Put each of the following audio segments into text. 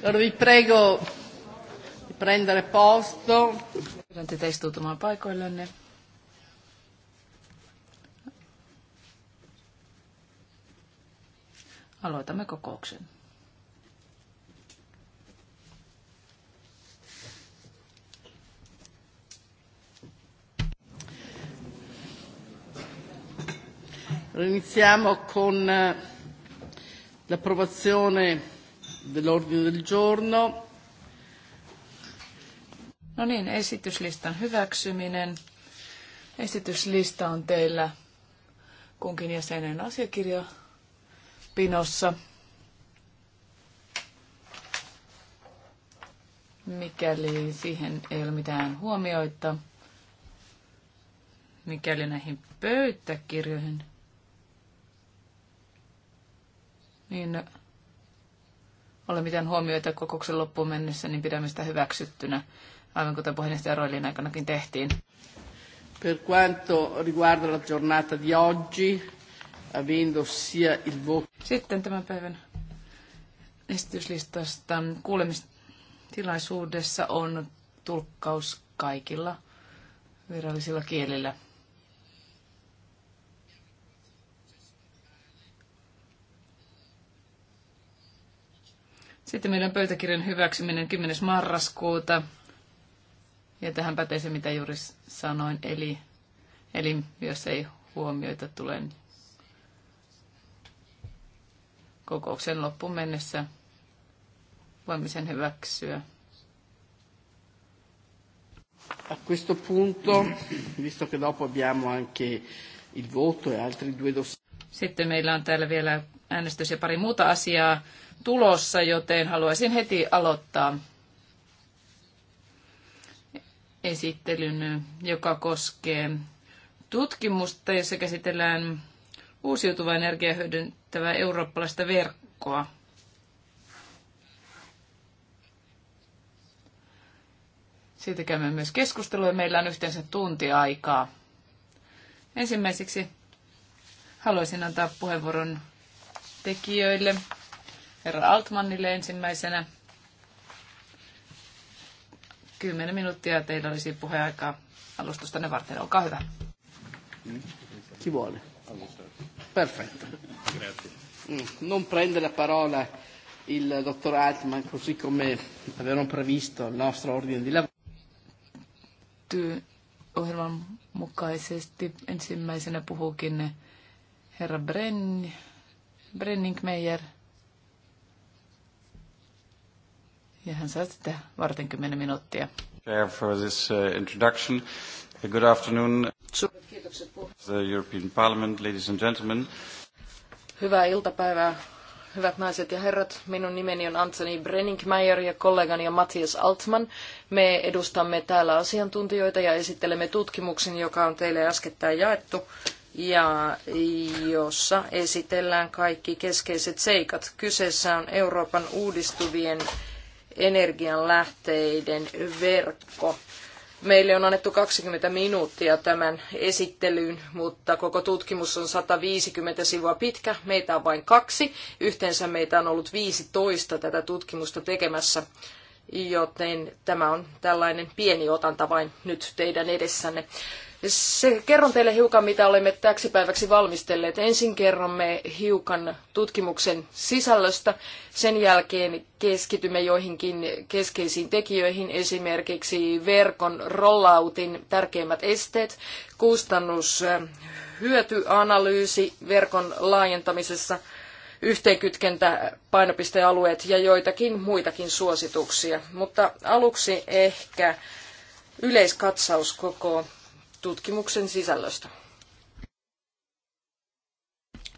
Allora vi prego di prendere posto. Pyydän teitä istuutumaan paikoillenne. Aloitamme kokouksen. Iniziamo con eh, l'approvazione dell'ordine del giorno. No niin, esityslistan hyväksyminen. Esityslista on teillä kunkin jäsenen asiakirja pinossa. Mikäli siihen ei ole mitään huomioita, mikäli näihin pöytäkirjoihin, niin ole mitään huomioita kokouksen loppuun mennessä, niin pidämme sitä hyväksyttynä, aivan kuten puheenjohtaja Roilin aikanakin tehtiin. Per quanto riguarda la giornata di oggi, avendo sia il voto... Sitten tämän päivän esityslistasta kuulemistilaisuudessa on tulkkaus kaikilla virallisilla kielillä. Sitten meillä on pöytäkirjan hyväksyminen 10. marraskuuta. Ja tähän pätee se, mitä juuri sanoin. Eli, eli jos ei huomioita tule kokouksen loppuun mennessä, voimme sen hyväksyä. A questo punto, visto che dopo abbiamo anche il voto e altri due dossier. Sitten meillä on täällä vielä äänestys ja pari muuta asiaa tulossa, joten haluaisin heti aloittaa esittelyn, joka koskee tutkimusta, jossa käsitellään uusiutuvaa energiaa hyödyntävää eurooppalaista verkkoa. Siitä käymme myös keskustelua. Meillä on yhteensä tunti aikaa. Ensimmäiseksi haluaisin antaa puheenvuoron tekijöille herra Altmannille ensimmäisenä. Kymmenen minuuttia teillä olisi puheaikaa alustustanne varten. Olkaa hyvä. Chi vuole? Perfetto. Mm. Non prende la parola il dottor Altman così come avevano previsto il nostro ordine di lavoro. Työohjelman mukaisesti ensimmäisenä puhuukin herra Brenn, Meijer. ja hän saa sitten varten 10 minuuttia. For this uh, introduction. Uh, good afternoon. The European Parliament, ladies and gentlemen. Hyvää iltapäivää, hyvät naiset ja herrat. Minun nimeni on Anthony Brenningmeier ja kollegani on Matthias Altman. Me edustamme täällä asiantuntijoita ja esittelemme tutkimuksen, joka on teille äskettäin jaettu ja jossa esitellään kaikki keskeiset seikat. Kyseessä on Euroopan uudistuvien energianlähteiden verkko. Meille on annettu 20 minuuttia tämän esittelyyn, mutta koko tutkimus on 150 sivua pitkä. Meitä on vain kaksi. Yhteensä meitä on ollut 15 tätä tutkimusta tekemässä, joten tämä on tällainen pieni otanta vain nyt teidän edessänne. Se, kerron teille hiukan, mitä olemme täksi päiväksi valmistelleet. Ensin kerromme hiukan tutkimuksen sisällöstä, sen jälkeen keskitymme joihinkin keskeisiin tekijöihin, esimerkiksi verkon rolloutin tärkeimmät esteet, kustannushyötyanalyysi verkon laajentamisessa, yhteenkytkentä, painopistealueet ja joitakin muitakin suosituksia. Mutta aluksi ehkä yleiskatsaus koko tutkimuksen sisällöstä.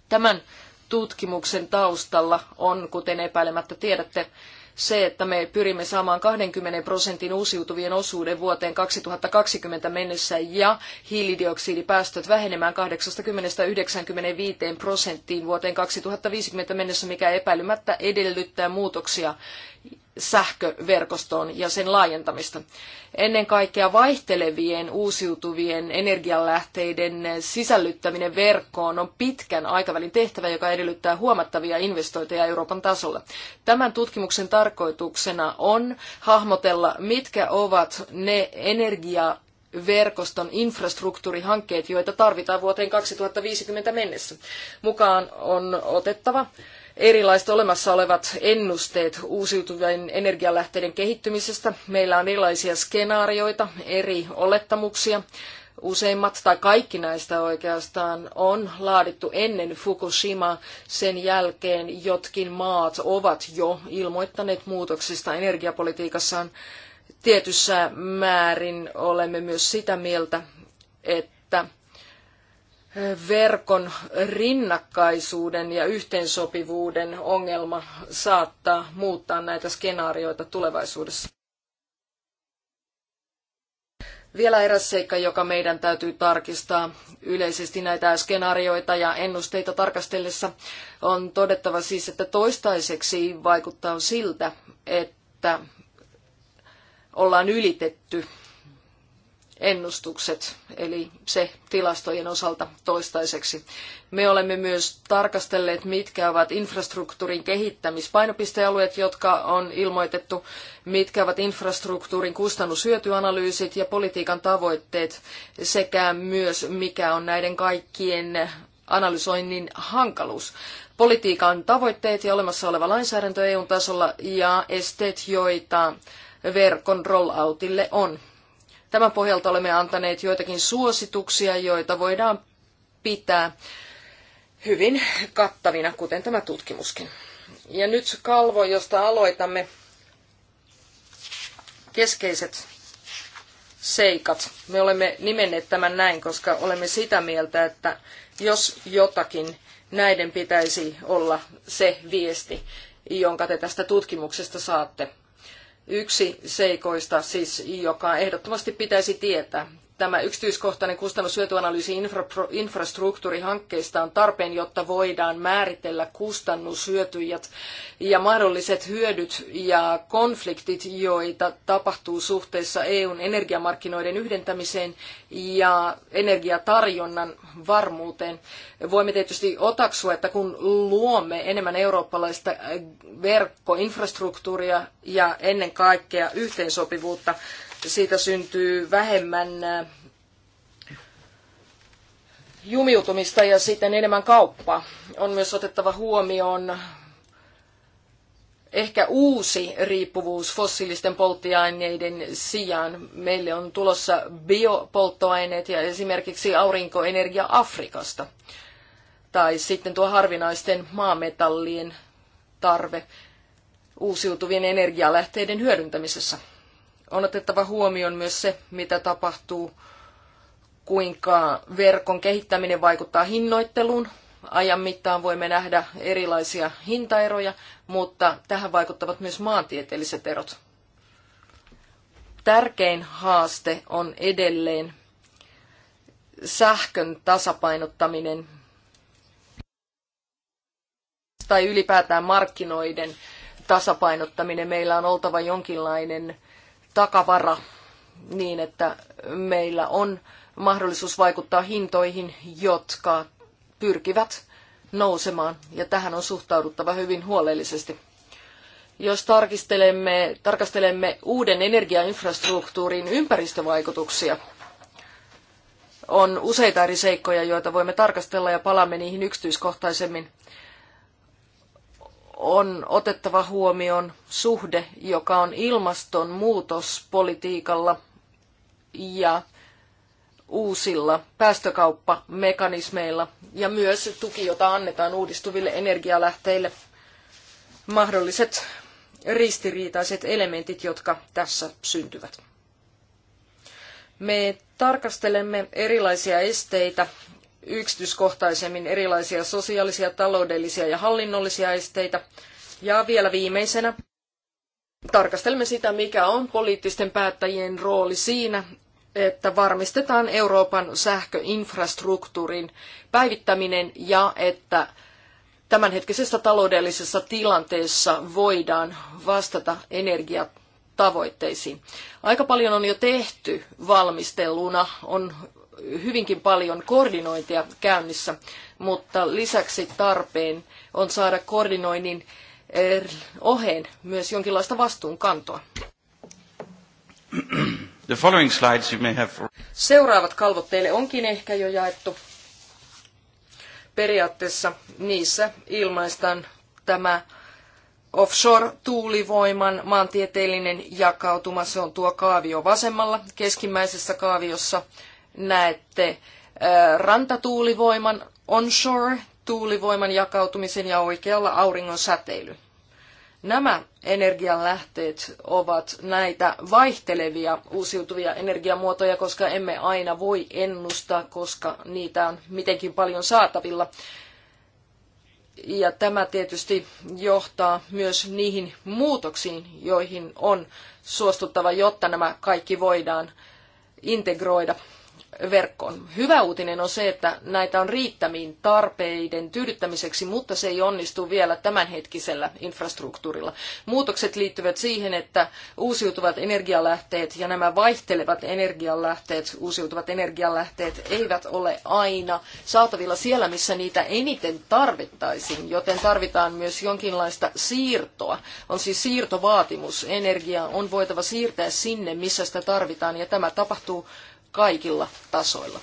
Tämän tutkimuksen taustalla on, kuten epäilemättä tiedätte, se, että me pyrimme saamaan 20 prosentin uusiutuvien osuuden vuoteen 2020 mennessä ja hiilidioksidipäästöt vähenemään 80-95 prosenttiin vuoteen 2050 mennessä, mikä epäilymättä edellyttää muutoksia sähköverkostoon ja sen laajentamista. Ennen kaikkea vaihtelevien uusiutuvien energialähteiden sisällyttäminen verkkoon on pitkän aikavälin tehtävä, joka edellyttää huomattavia investointeja Euroopan tasolla. Tämän tutkimuksen tarkoituksena on hahmotella, mitkä ovat ne energia verkoston infrastruktuurihankkeet, joita tarvitaan vuoteen 2050 mennessä. Mukaan on otettava erilaiset olemassa olevat ennusteet uusiutuvien energialähteiden kehittymisestä. Meillä on erilaisia skenaarioita, eri olettamuksia. Useimmat tai kaikki näistä oikeastaan on laadittu ennen Fukushimaa. Sen jälkeen jotkin maat ovat jo ilmoittaneet muutoksista energiapolitiikassaan. Tietyssä määrin olemme myös sitä mieltä, että verkon rinnakkaisuuden ja yhteensopivuuden ongelma saattaa muuttaa näitä skenaarioita tulevaisuudessa. Vielä eräs seikka, joka meidän täytyy tarkistaa yleisesti näitä skenaarioita ja ennusteita tarkastellessa, on todettava siis, että toistaiseksi vaikuttaa siltä, että ollaan ylitetty ennustukset, eli se tilastojen osalta toistaiseksi. Me olemme myös tarkastelleet, mitkä ovat infrastruktuurin kehittämispainopistealueet, jotka on ilmoitettu, mitkä ovat infrastruktuurin kustannushyötyanalyysit ja politiikan tavoitteet, sekä myös mikä on näiden kaikkien analysoinnin hankaluus politiikan tavoitteet ja olemassa oleva lainsäädäntö EUn tasolla ja esteet, joita verkon rolloutille on. Tämän pohjalta olemme antaneet joitakin suosituksia, joita voidaan pitää hyvin kattavina, kuten tämä tutkimuskin. Ja nyt kalvo, josta aloitamme keskeiset seikat. Me olemme nimenneet tämän näin, koska olemme sitä mieltä, että jos jotakin, näiden pitäisi olla se viesti, jonka te tästä tutkimuksesta saatte yksi seikoista, siis, joka ehdottomasti pitäisi tietää tämä yksityiskohtainen kustannushyötyanalyysi infra, infrastruktuurihankkeista on tarpeen, jotta voidaan määritellä kustannushyötyjät ja mahdolliset hyödyt ja konfliktit, joita tapahtuu suhteessa EUn energiamarkkinoiden yhdentämiseen ja energiatarjonnan varmuuteen. Voimme tietysti otaksua, että kun luomme enemmän eurooppalaista verkkoinfrastruktuuria ja ennen kaikkea yhteensopivuutta, siitä syntyy vähemmän äh, jumiutumista ja sitten enemmän kauppa. On myös otettava huomioon ehkä uusi riippuvuus fossiilisten polttoaineiden sijaan. Meille on tulossa biopolttoaineet ja esimerkiksi aurinkoenergia Afrikasta. Tai sitten tuo harvinaisten maametallien tarve uusiutuvien energialähteiden hyödyntämisessä. On otettava huomioon myös se, mitä tapahtuu, kuinka verkon kehittäminen vaikuttaa hinnoitteluun. Ajan mittaan voimme nähdä erilaisia hintaeroja, mutta tähän vaikuttavat myös maantieteelliset erot. Tärkein haaste on edelleen sähkön tasapainottaminen tai ylipäätään markkinoiden tasapainottaminen. Meillä on oltava jonkinlainen takavara niin, että meillä on mahdollisuus vaikuttaa hintoihin, jotka pyrkivät nousemaan, ja tähän on suhtauduttava hyvin huolellisesti. Jos tarkistelemme, tarkastelemme uuden energiainfrastruktuurin ympäristövaikutuksia, on useita eri seikkoja, joita voimme tarkastella ja palaamme niihin yksityiskohtaisemmin on otettava huomioon suhde, joka on ilmastonmuutospolitiikalla ja uusilla päästökauppamekanismeilla ja myös tuki, jota annetaan uudistuville energialähteille. Mahdolliset ristiriitaiset elementit, jotka tässä syntyvät. Me tarkastelemme erilaisia esteitä, yksityiskohtaisemmin erilaisia sosiaalisia, taloudellisia ja hallinnollisia esteitä. Ja vielä viimeisenä tarkastelemme sitä, mikä on poliittisten päättäjien rooli siinä, että varmistetaan Euroopan sähköinfrastruktuurin päivittäminen ja että tämänhetkisessä taloudellisessa tilanteessa voidaan vastata energiatavoitteisiin. Aika paljon on jo tehty valmisteluna, on hyvinkin paljon koordinointia käynnissä, mutta lisäksi tarpeen on saada koordinoinnin eh, oheen myös jonkinlaista vastuunkantoa. The following slides you may have... Seuraavat kalvot teille onkin ehkä jo jaettu. Periaatteessa niissä ilmaistaan tämä offshore-tuulivoiman maantieteellinen jakautuma. Se on tuo kaavio vasemmalla keskimmäisessä kaaviossa näette rantatuulivoiman, onshore tuulivoiman jakautumisen ja oikealla auringon säteily. Nämä energianlähteet ovat näitä vaihtelevia uusiutuvia energiamuotoja, koska emme aina voi ennustaa, koska niitä on mitenkin paljon saatavilla. Ja tämä tietysti johtaa myös niihin muutoksiin, joihin on suostuttava, jotta nämä kaikki voidaan integroida verkkoon. Hyvä uutinen on se, että näitä on riittämiin tarpeiden tyydyttämiseksi, mutta se ei onnistu vielä tämänhetkisellä infrastruktuurilla. Muutokset liittyvät siihen, että uusiutuvat energialähteet ja nämä vaihtelevat energialähteet, uusiutuvat energialähteet eivät ole aina saatavilla siellä, missä niitä eniten tarvittaisiin, joten tarvitaan myös jonkinlaista siirtoa. On siis siirtovaatimus. Energiaa on voitava siirtää sinne, missä sitä tarvitaan, ja tämä tapahtuu kaikilla tasoilla.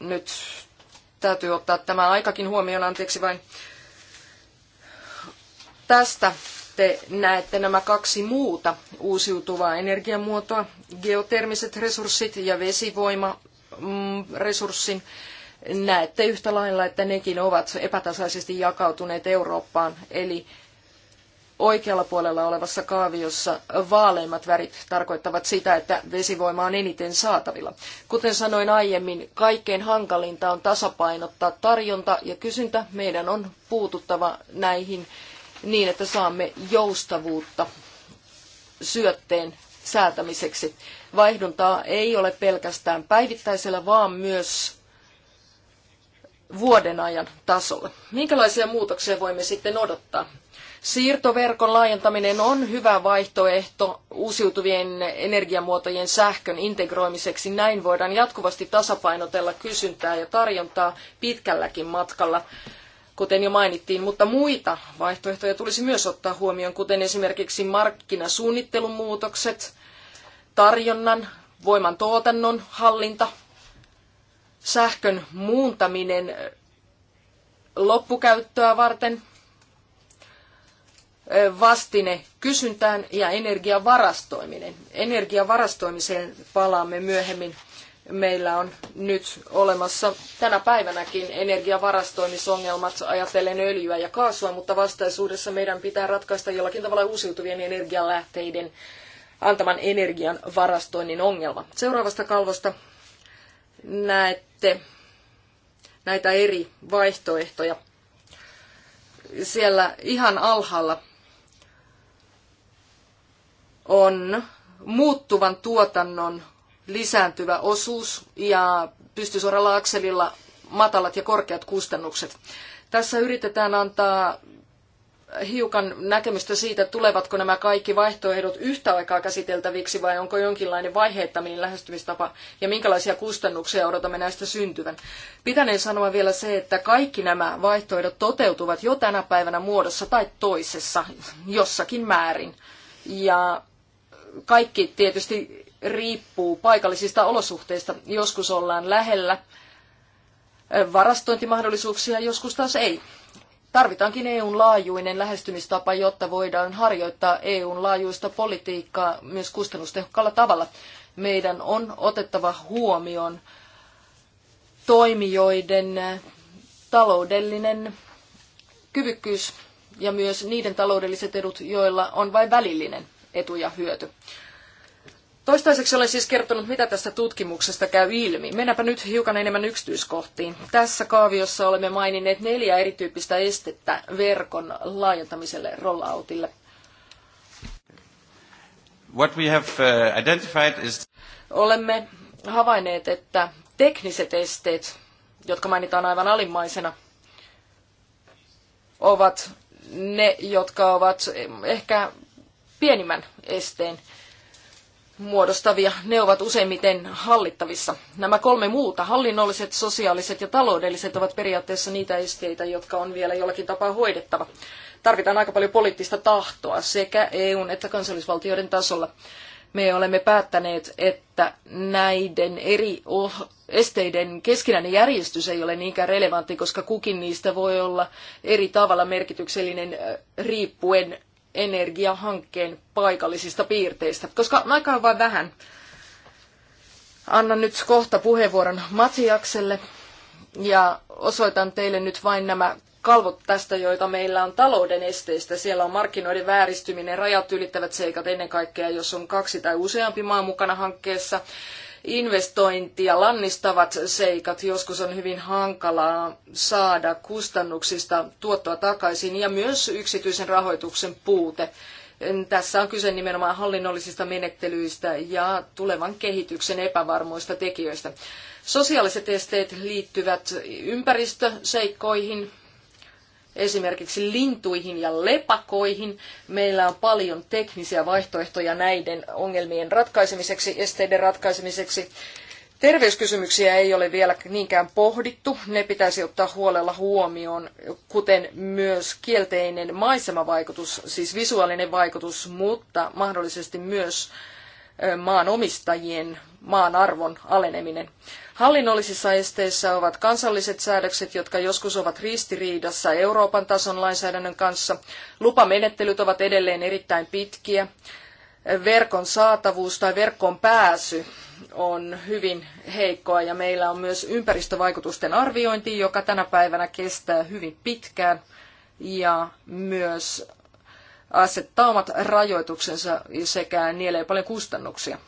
Nyt täytyy ottaa tämä aikakin huomioon, anteeksi vain. Tästä te näette nämä kaksi muuta uusiutuvaa energiamuotoa, geotermiset resurssit ja vesivoima mm, resurssin. Näette yhtä lailla, että nekin ovat epätasaisesti jakautuneet Eurooppaan, eli oikealla puolella olevassa kaaviossa vaaleimmat värit tarkoittavat sitä, että vesivoima on eniten saatavilla. Kuten sanoin aiemmin, kaikkein hankalinta on tasapainottaa tarjonta ja kysyntä. Meidän on puututtava näihin niin, että saamme joustavuutta syötteen säätämiseksi. Vaihduntaa ei ole pelkästään päivittäisellä, vaan myös vuoden ajan tasolla. Minkälaisia muutoksia voimme sitten odottaa? Siirtoverkon laajentaminen on hyvä vaihtoehto uusiutuvien energiamuotojen sähkön integroimiseksi. Näin voidaan jatkuvasti tasapainotella kysyntää ja tarjontaa pitkälläkin matkalla kuten jo mainittiin, mutta muita vaihtoehtoja tulisi myös ottaa huomioon, kuten esimerkiksi markkinasuunnittelun muutokset, tarjonnan, voiman tuotannon hallinta, sähkön muuntaminen loppukäyttöä varten, vastine kysyntään ja energiavarastoiminen. Energiavarastoimiseen palaamme myöhemmin. Meillä on nyt olemassa tänä päivänäkin energiavarastoimisongelmat ajatellen öljyä ja kaasua, mutta vastaisuudessa meidän pitää ratkaista jollakin tavalla uusiutuvien energialähteiden antaman energian varastoinnin ongelma. Seuraavasta kalvosta näette näitä eri vaihtoehtoja. Siellä ihan alhaalla on muuttuvan tuotannon lisääntyvä osuus ja pystysuoralla akselilla matalat ja korkeat kustannukset. Tässä yritetään antaa hiukan näkemystä siitä, tulevatko nämä kaikki vaihtoehdot yhtä aikaa käsiteltäviksi vai onko jonkinlainen vaiheittaminen lähestymistapa ja minkälaisia kustannuksia odotamme näistä syntyvän. Pitäneen sanoa vielä se, että kaikki nämä vaihtoehdot toteutuvat jo tänä päivänä muodossa tai toisessa jossakin määrin. Ja kaikki tietysti riippuu paikallisista olosuhteista. Joskus ollaan lähellä varastointimahdollisuuksia, joskus taas ei. Tarvitaankin EUn laajuinen lähestymistapa, jotta voidaan harjoittaa EUn laajuista politiikkaa myös kustannustehokkaalla tavalla. Meidän on otettava huomioon toimijoiden taloudellinen kyvykkyys ja myös niiden taloudelliset edut, joilla on vain välillinen etu ja hyöty. Toistaiseksi olen siis kertonut, mitä tästä tutkimuksesta käy ilmi. Mennäänpä nyt hiukan enemmän yksityiskohtiin. Tässä kaaviossa olemme maininneet neljä erityyppistä estettä verkon laajentamiselle rolloutille. What we have uh, identified is... Olemme havainneet, että tekniset esteet, jotka mainitaan aivan alimmaisena, ovat ne, jotka ovat ehkä pienimmän esteen muodostavia, ne ovat useimmiten hallittavissa. Nämä kolme muuta, hallinnolliset, sosiaaliset ja taloudelliset, ovat periaatteessa niitä esteitä, jotka on vielä jollakin tapaa hoidettava. Tarvitaan aika paljon poliittista tahtoa sekä EUn että kansallisvaltioiden tasolla. Me olemme päättäneet, että näiden eri oh, esteiden keskinäinen järjestys ei ole niinkään relevantti, koska kukin niistä voi olla eri tavalla merkityksellinen riippuen energiahankkeen paikallisista piirteistä, koska aika on vain vähän. Annan nyt kohta puheenvuoron Matiakselle ja osoitan teille nyt vain nämä kalvot tästä, joita meillä on talouden esteistä. Siellä on markkinoiden vääristyminen, rajat ylittävät seikat ennen kaikkea, jos on kaksi tai useampi maa mukana hankkeessa investointia lannistavat seikat. Joskus on hyvin hankalaa saada kustannuksista tuottoa takaisin ja myös yksityisen rahoituksen puute. Tässä on kyse nimenomaan hallinnollisista menettelyistä ja tulevan kehityksen epävarmoista tekijöistä. Sosiaaliset esteet liittyvät ympäristöseikkoihin, esimerkiksi lintuihin ja lepakoihin. Meillä on paljon teknisiä vaihtoehtoja näiden ongelmien ratkaisemiseksi, esteiden ratkaisemiseksi. Terveyskysymyksiä ei ole vielä niinkään pohdittu. Ne pitäisi ottaa huolella huomioon, kuten myös kielteinen maisemavaikutus, siis visuaalinen vaikutus, mutta mahdollisesti myös maanomistajien maan arvon aleneminen. Hallinnollisissa esteissä ovat kansalliset säädökset, jotka joskus ovat ristiriidassa Euroopan tason lainsäädännön kanssa. Lupamenettelyt ovat edelleen erittäin pitkiä. Verkon saatavuus tai verkkoon pääsy on hyvin heikkoa ja meillä on myös ympäristövaikutusten arviointi, joka tänä päivänä kestää hyvin pitkään ja myös asettaa omat rajoituksensa sekä nielee paljon kustannuksia.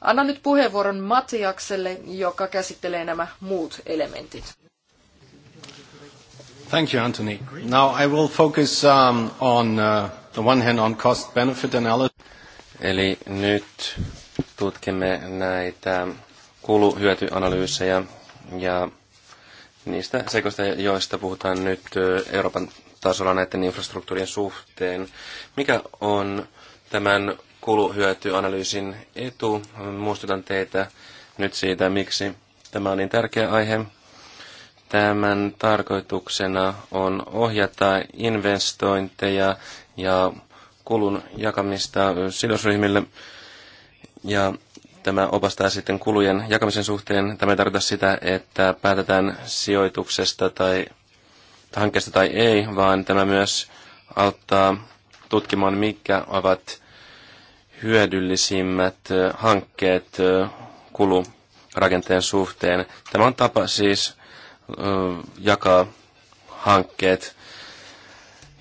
Annan nyt puheenvuoron Matiakselle, joka käsittelee nämä muut elementit. Thank you, Anthony. Now I will focus um, on uh, the one hand on cost benefit analysis. Eli nyt tutkimme näitä kuluhyötyanalyysejä ja niistä seikoista, joista puhutaan nyt Euroopan tasolla näiden infrastruktuurien suhteen. Mikä on tämän kuluhyötyanalyysin etu. Muistutan teitä nyt siitä, miksi tämä on niin tärkeä aihe. Tämän tarkoituksena on ohjata investointeja ja kulun jakamista sidosryhmille. Ja tämä opastaa sitten kulujen jakamisen suhteen. Tämä ei tarkoita sitä, että päätetään sijoituksesta tai hankkeesta tai ei, vaan tämä myös auttaa tutkimaan, mikä ovat hyödyllisimmät hankkeet kulurakenteen suhteen. Tämä on tapa siis jakaa hankkeet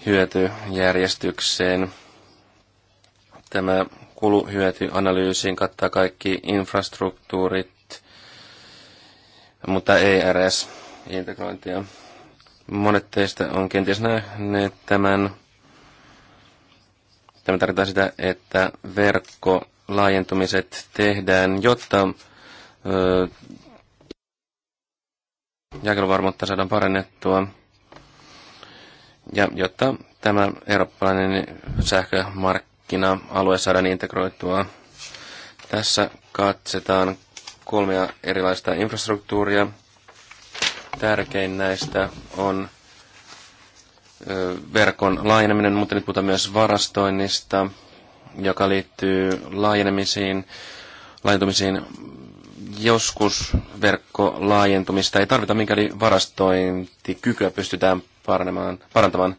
hyötyjärjestykseen. Tämä kuluhyötyanalyysiin kattaa kaikki infrastruktuurit, mutta ei RS-integrointia. Monet teistä on kenties nähneet tämän Tämä tarkoittaa sitä, että verkkolaajentumiset tehdään, jotta jakeluvarmuutta saadaan parannettua ja jotta tämä eurooppalainen sähkömarkkina-alue saadaan integroitua. Tässä katsetaan kolmea erilaista infrastruktuuria. Tärkein näistä on verkon laajeneminen, mutta nyt puhutaan myös varastoinnista, joka liittyy laajenemisiin, laajentumisiin. Joskus verkkolaajentumista ei tarvita, mikäli varastointikykyä pystytään parantamaan.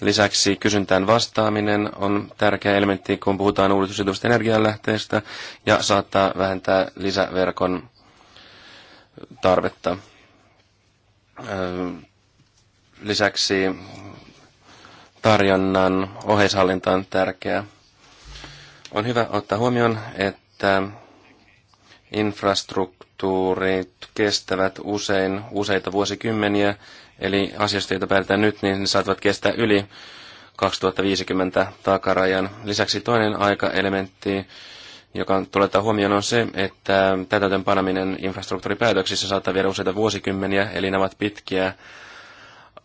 Lisäksi kysyntään vastaaminen on tärkeä elementti, kun puhutaan uudistusetuvista energialähteistä ja saattaa vähentää lisäverkon tarvetta. Lisäksi tarjonnan oheishallinta on tärkeää. On hyvä ottaa huomioon, että infrastruktuurit kestävät usein useita vuosikymmeniä, eli asioista, joita päätetään nyt, niin ne saattavat kestää yli 2050 takarajan. Lisäksi toinen aikaelementti, joka tulee ottaa huomioon, on se, että täytäntöön paneminen infrastruktuuripäätöksissä saattaa viedä useita vuosikymmeniä, eli nämä ovat pitkiä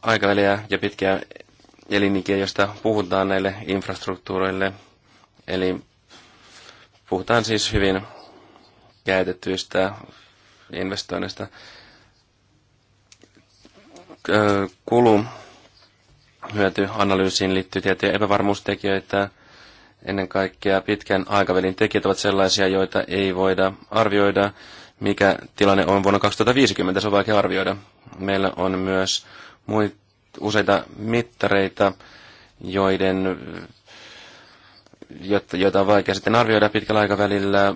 aikaväliä ja pitkiä elinikä, josta puhutaan näille infrastruktuureille. Eli puhutaan siis hyvin käytettyistä investoinneista. Kulu hyötyanalyysiin liittyy tiettyjä epävarmuustekijöitä. Ennen kaikkea pitkän aikavälin tekijät ovat sellaisia, joita ei voida arvioida. Mikä tilanne on vuonna 2050, se on vaikea arvioida. Meillä on myös muita useita mittareita, joiden, joita on vaikea sitten arvioida pitkällä aikavälillä.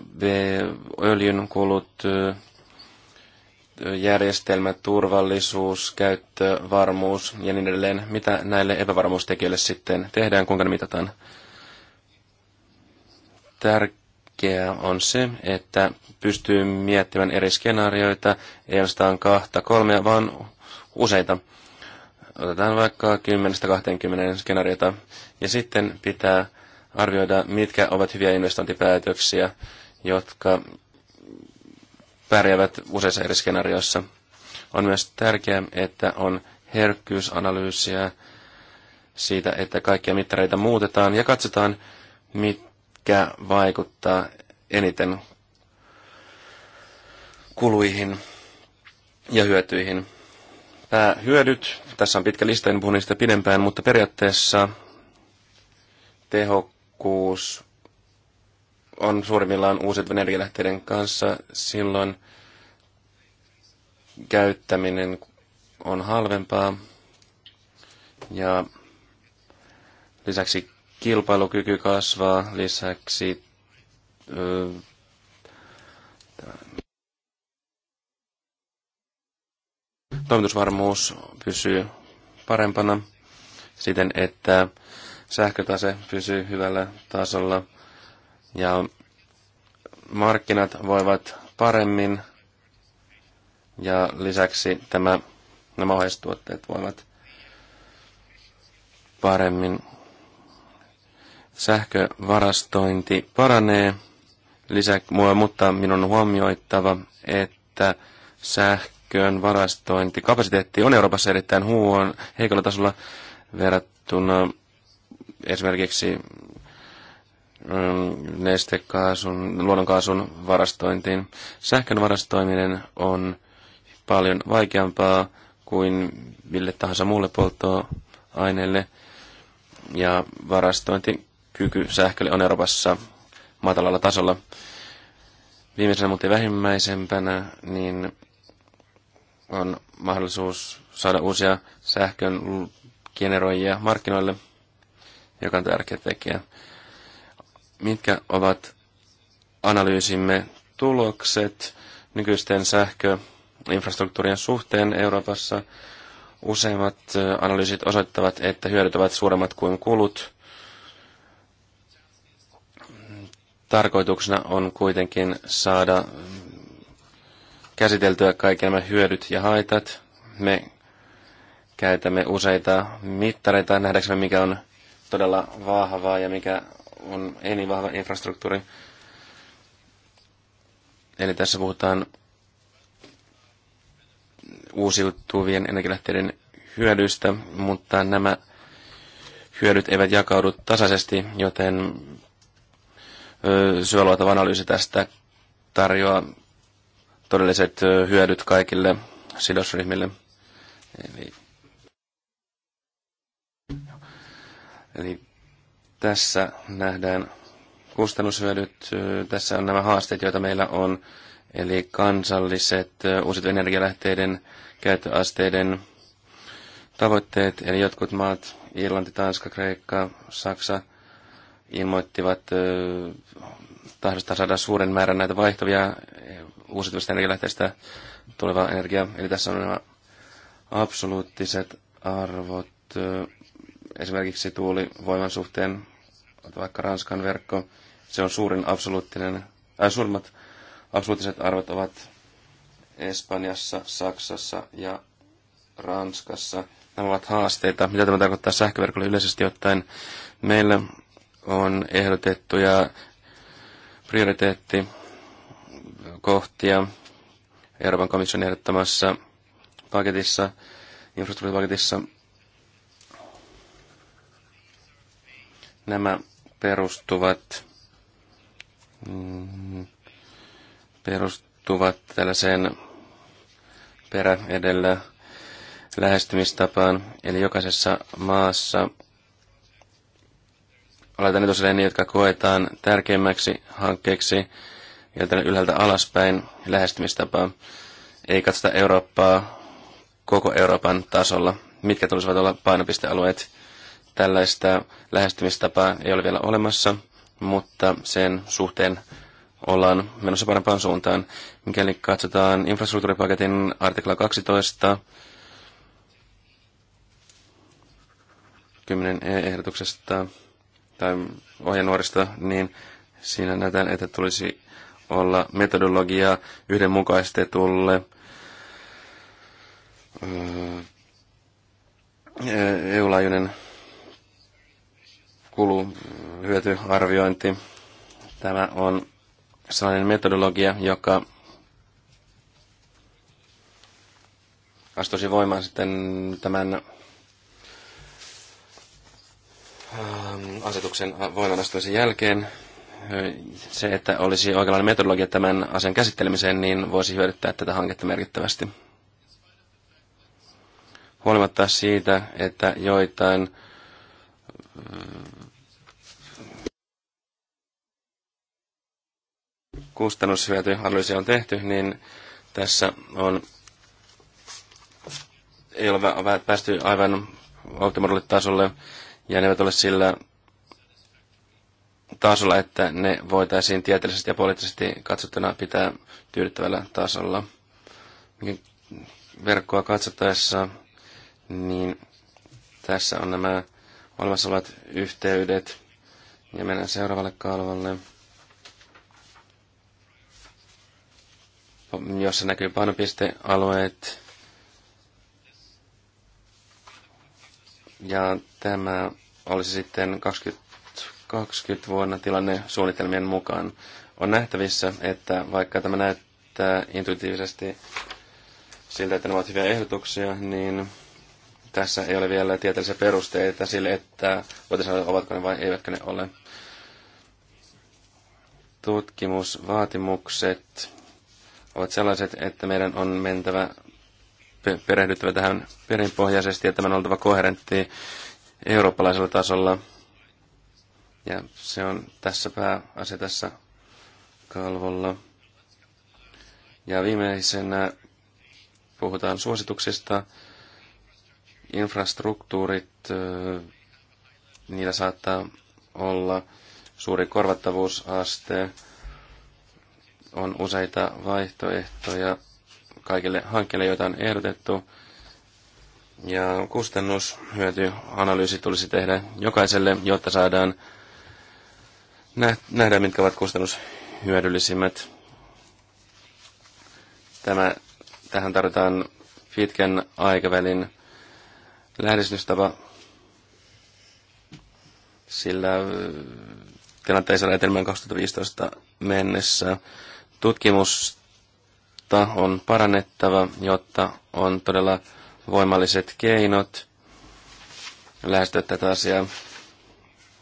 Öljyn kulut, järjestelmä, turvallisuus, käyttö, varmuus ja niin edelleen. Mitä näille epävarmuustekijöille sitten tehdään, kuinka ne mitataan? Tärkeää on se, että pystyy miettimään eri skenaarioita, ei ainoastaan kahta, kolmea, vaan useita Otetaan vaikka 10-20 skenaariota ja sitten pitää arvioida, mitkä ovat hyviä investointipäätöksiä, jotka pärjäävät useissa eri skenaarioissa. On myös tärkeää, että on herkkyysanalyysiä siitä, että kaikkia mittareita muutetaan ja katsotaan, mitkä vaikuttaa eniten kuluihin ja hyötyihin päähyödyt. Tässä on pitkä lista, en puhu niistä pidempään, mutta periaatteessa tehokkuus on suurimmillaan uusiutuvan energialähteiden kanssa. Silloin käyttäminen on halvempaa ja lisäksi kilpailukyky kasvaa, lisäksi toimitusvarmuus pysyy parempana siten, että sähkötase pysyy hyvällä tasolla ja markkinat voivat paremmin ja lisäksi tämä, nämä ohjeistuotteet voivat paremmin. Sähkövarastointi paranee, lisä, mutta minun on huomioittava, että sähkö sähkön varastointikapasiteetti on Euroopassa erittäin huon heikolla tasolla verrattuna esimerkiksi mm, nestekaasun, luonnonkaasun varastointiin. Sähkön varastoiminen on paljon vaikeampaa kuin mille tahansa muulle polttoaineelle, ja varastointikyky sähkölle on Euroopassa matalalla tasolla. Viimeisenä, mutta vähimmäisempänä, niin on mahdollisuus saada uusia sähkön generoijia markkinoille, joka on tärkeä tekijä. Mitkä ovat analyysimme tulokset nykyisten sähköinfrastruktuurien suhteen Euroopassa? Useimmat analyysit osoittavat, että hyödyt ovat suuremmat kuin kulut. Tarkoituksena on kuitenkin saada käsiteltyä kaikki nämä hyödyt ja haitat. Me käytämme useita mittareita nähdäksemme, mikä on todella vahvaa ja mikä on ei niin vahva infrastruktuuri. Eli tässä puhutaan uusiutuvien energialähteiden hyödyistä, mutta nämä hyödyt eivät jakaudu tasaisesti, joten syöluotava analyysi tästä tarjoaa todelliset hyödyt kaikille sidosryhmille. Eli, eli tässä nähdään kustannushyödyt. Tässä on nämä haasteet, joita meillä on. Eli kansalliset uusiutuvien energialähteiden käyttöasteiden tavoitteet. Eli jotkut maat, Irlanti, Tanska, Kreikka, Saksa, ilmoittivat tahdosta saada suuren määrän näitä vaihtavia uusiutuvista energialähteistä tulevaa energiaa. Eli tässä on nämä absoluuttiset arvot esimerkiksi tuulivoiman suhteen, vaikka Ranskan verkko, se on suurin absoluuttinen, äh, suurimmat absoluuttiset arvot ovat Espanjassa, Saksassa ja Ranskassa. Nämä ovat haasteita. Mitä tämä tarkoittaa sähköverkolle yleisesti ottaen? Meillä on ehdotettuja prioriteetti kohtia Euroopan komission ehdottamassa paketissa, infrastruktuuripaketissa. Nämä perustuvat, mm, perustuvat tällaiseen perä edellä lähestymistapaan. Eli jokaisessa maassa aletaan etusilleen ne, jotka koetaan tärkeimmäksi hankkeeksi ja ylhäältä alaspäin lähestymistapaa. Ei katsota Eurooppaa koko Euroopan tasolla. Mitkä tulisivat olla painopistealueet? Tällaista lähestymistapaa ei ole vielä olemassa, mutta sen suhteen ollaan menossa parempaan suuntaan. Mikäli katsotaan infrastruktuuripaketin artikla 12, 10 e-ehdotuksesta tai ohjenuorista, niin siinä näytän, että tulisi olla metodologiaa yhdenmukaistetulle EU-laajuinen kuluhyötyarviointi. Tämä on sellainen metodologia, joka astuisi voimaan sitten tämän ähm, asetuksen voimaan jälkeen se, että olisi oikeanlainen metodologia tämän asian käsittelemiseen, niin voisi hyödyttää tätä hanketta merkittävästi. Huolimatta siitä, että joitain äh, kustannushyötyanalyysiä on tehty, niin tässä on, ei ole päästy aivan optimaalille ja ne eivät ole sillä tasolla, että ne voitaisiin tieteellisesti ja poliittisesti katsottuna pitää tyydyttävällä tasolla. Verkkoa katsottaessa, niin tässä on nämä olemassa olevat yhteydet. Ja mennään seuraavalle kalvolle, jossa näkyy painopistealueet. Ja tämä olisi sitten 20 2020 vuonna tilanne suunnitelmien mukaan. On nähtävissä, että vaikka tämä näyttää intuitiivisesti siltä, että ne ovat hyviä ehdotuksia, niin tässä ei ole vielä tieteellisiä perusteita sille, että voitaisiin sanoa, ovatko ne vai eivätkö ne ole. Tutkimusvaatimukset ovat sellaiset, että meidän on mentävä perehdyttävä tähän perinpohjaisesti ja tämän on oltava koherentti eurooppalaisella tasolla ja se on tässä pääasia tässä kalvolla. Ja viimeisenä puhutaan suosituksista. Infrastruktuurit, niillä saattaa olla suuri korvattavuusaste. On useita vaihtoehtoja kaikille hankkeille, joita on ehdotettu. Ja kustannushyötyanalyysi tulisi tehdä jokaiselle, jotta saadaan Nähdään, mitkä ovat kustannushyödyllisimmät. Tämä, tähän tarvitaan pitkän aikavälin lähdistystapa, sillä tilanteessa on etelmään 2015 mennessä. Tutkimusta on parannettava, jotta on todella voimalliset keinot lähestyä tätä asiaa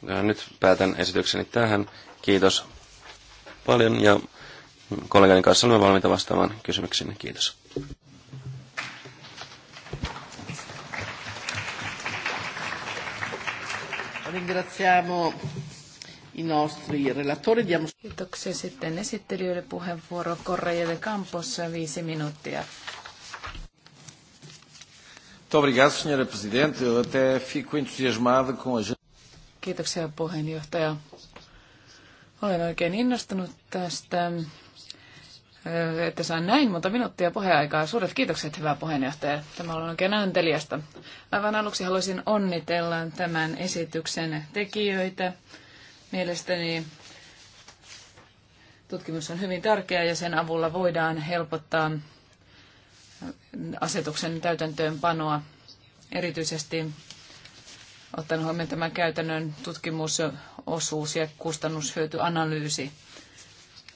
ja Nyt päätän esitykseni tähän. Kiitos paljon ja kollegani kanssa olemme valmiita vastaamaan kysymyksiin. Kiitos. Kiitoksia sitten esittelijöille puheenvuoro. Correia de Campos, viisi minuuttia. Muito obrigado, Sra. Presidente. Eu até fico entusiasmado com a... Kiitoksia puheenjohtaja. Olen oikein innostunut tästä, että saan näin monta minuuttia puheaikaa. Suuret kiitokset, hyvä puheenjohtaja. Tämä on oikein anteliasta. Aivan aluksi haluaisin onnitella tämän esityksen tekijöitä. Mielestäni tutkimus on hyvin tärkeä ja sen avulla voidaan helpottaa asetuksen täytäntöönpanoa erityisesti ottanut huomioon tämän käytännön tutkimusosuus ja kustannushyötyanalyysi.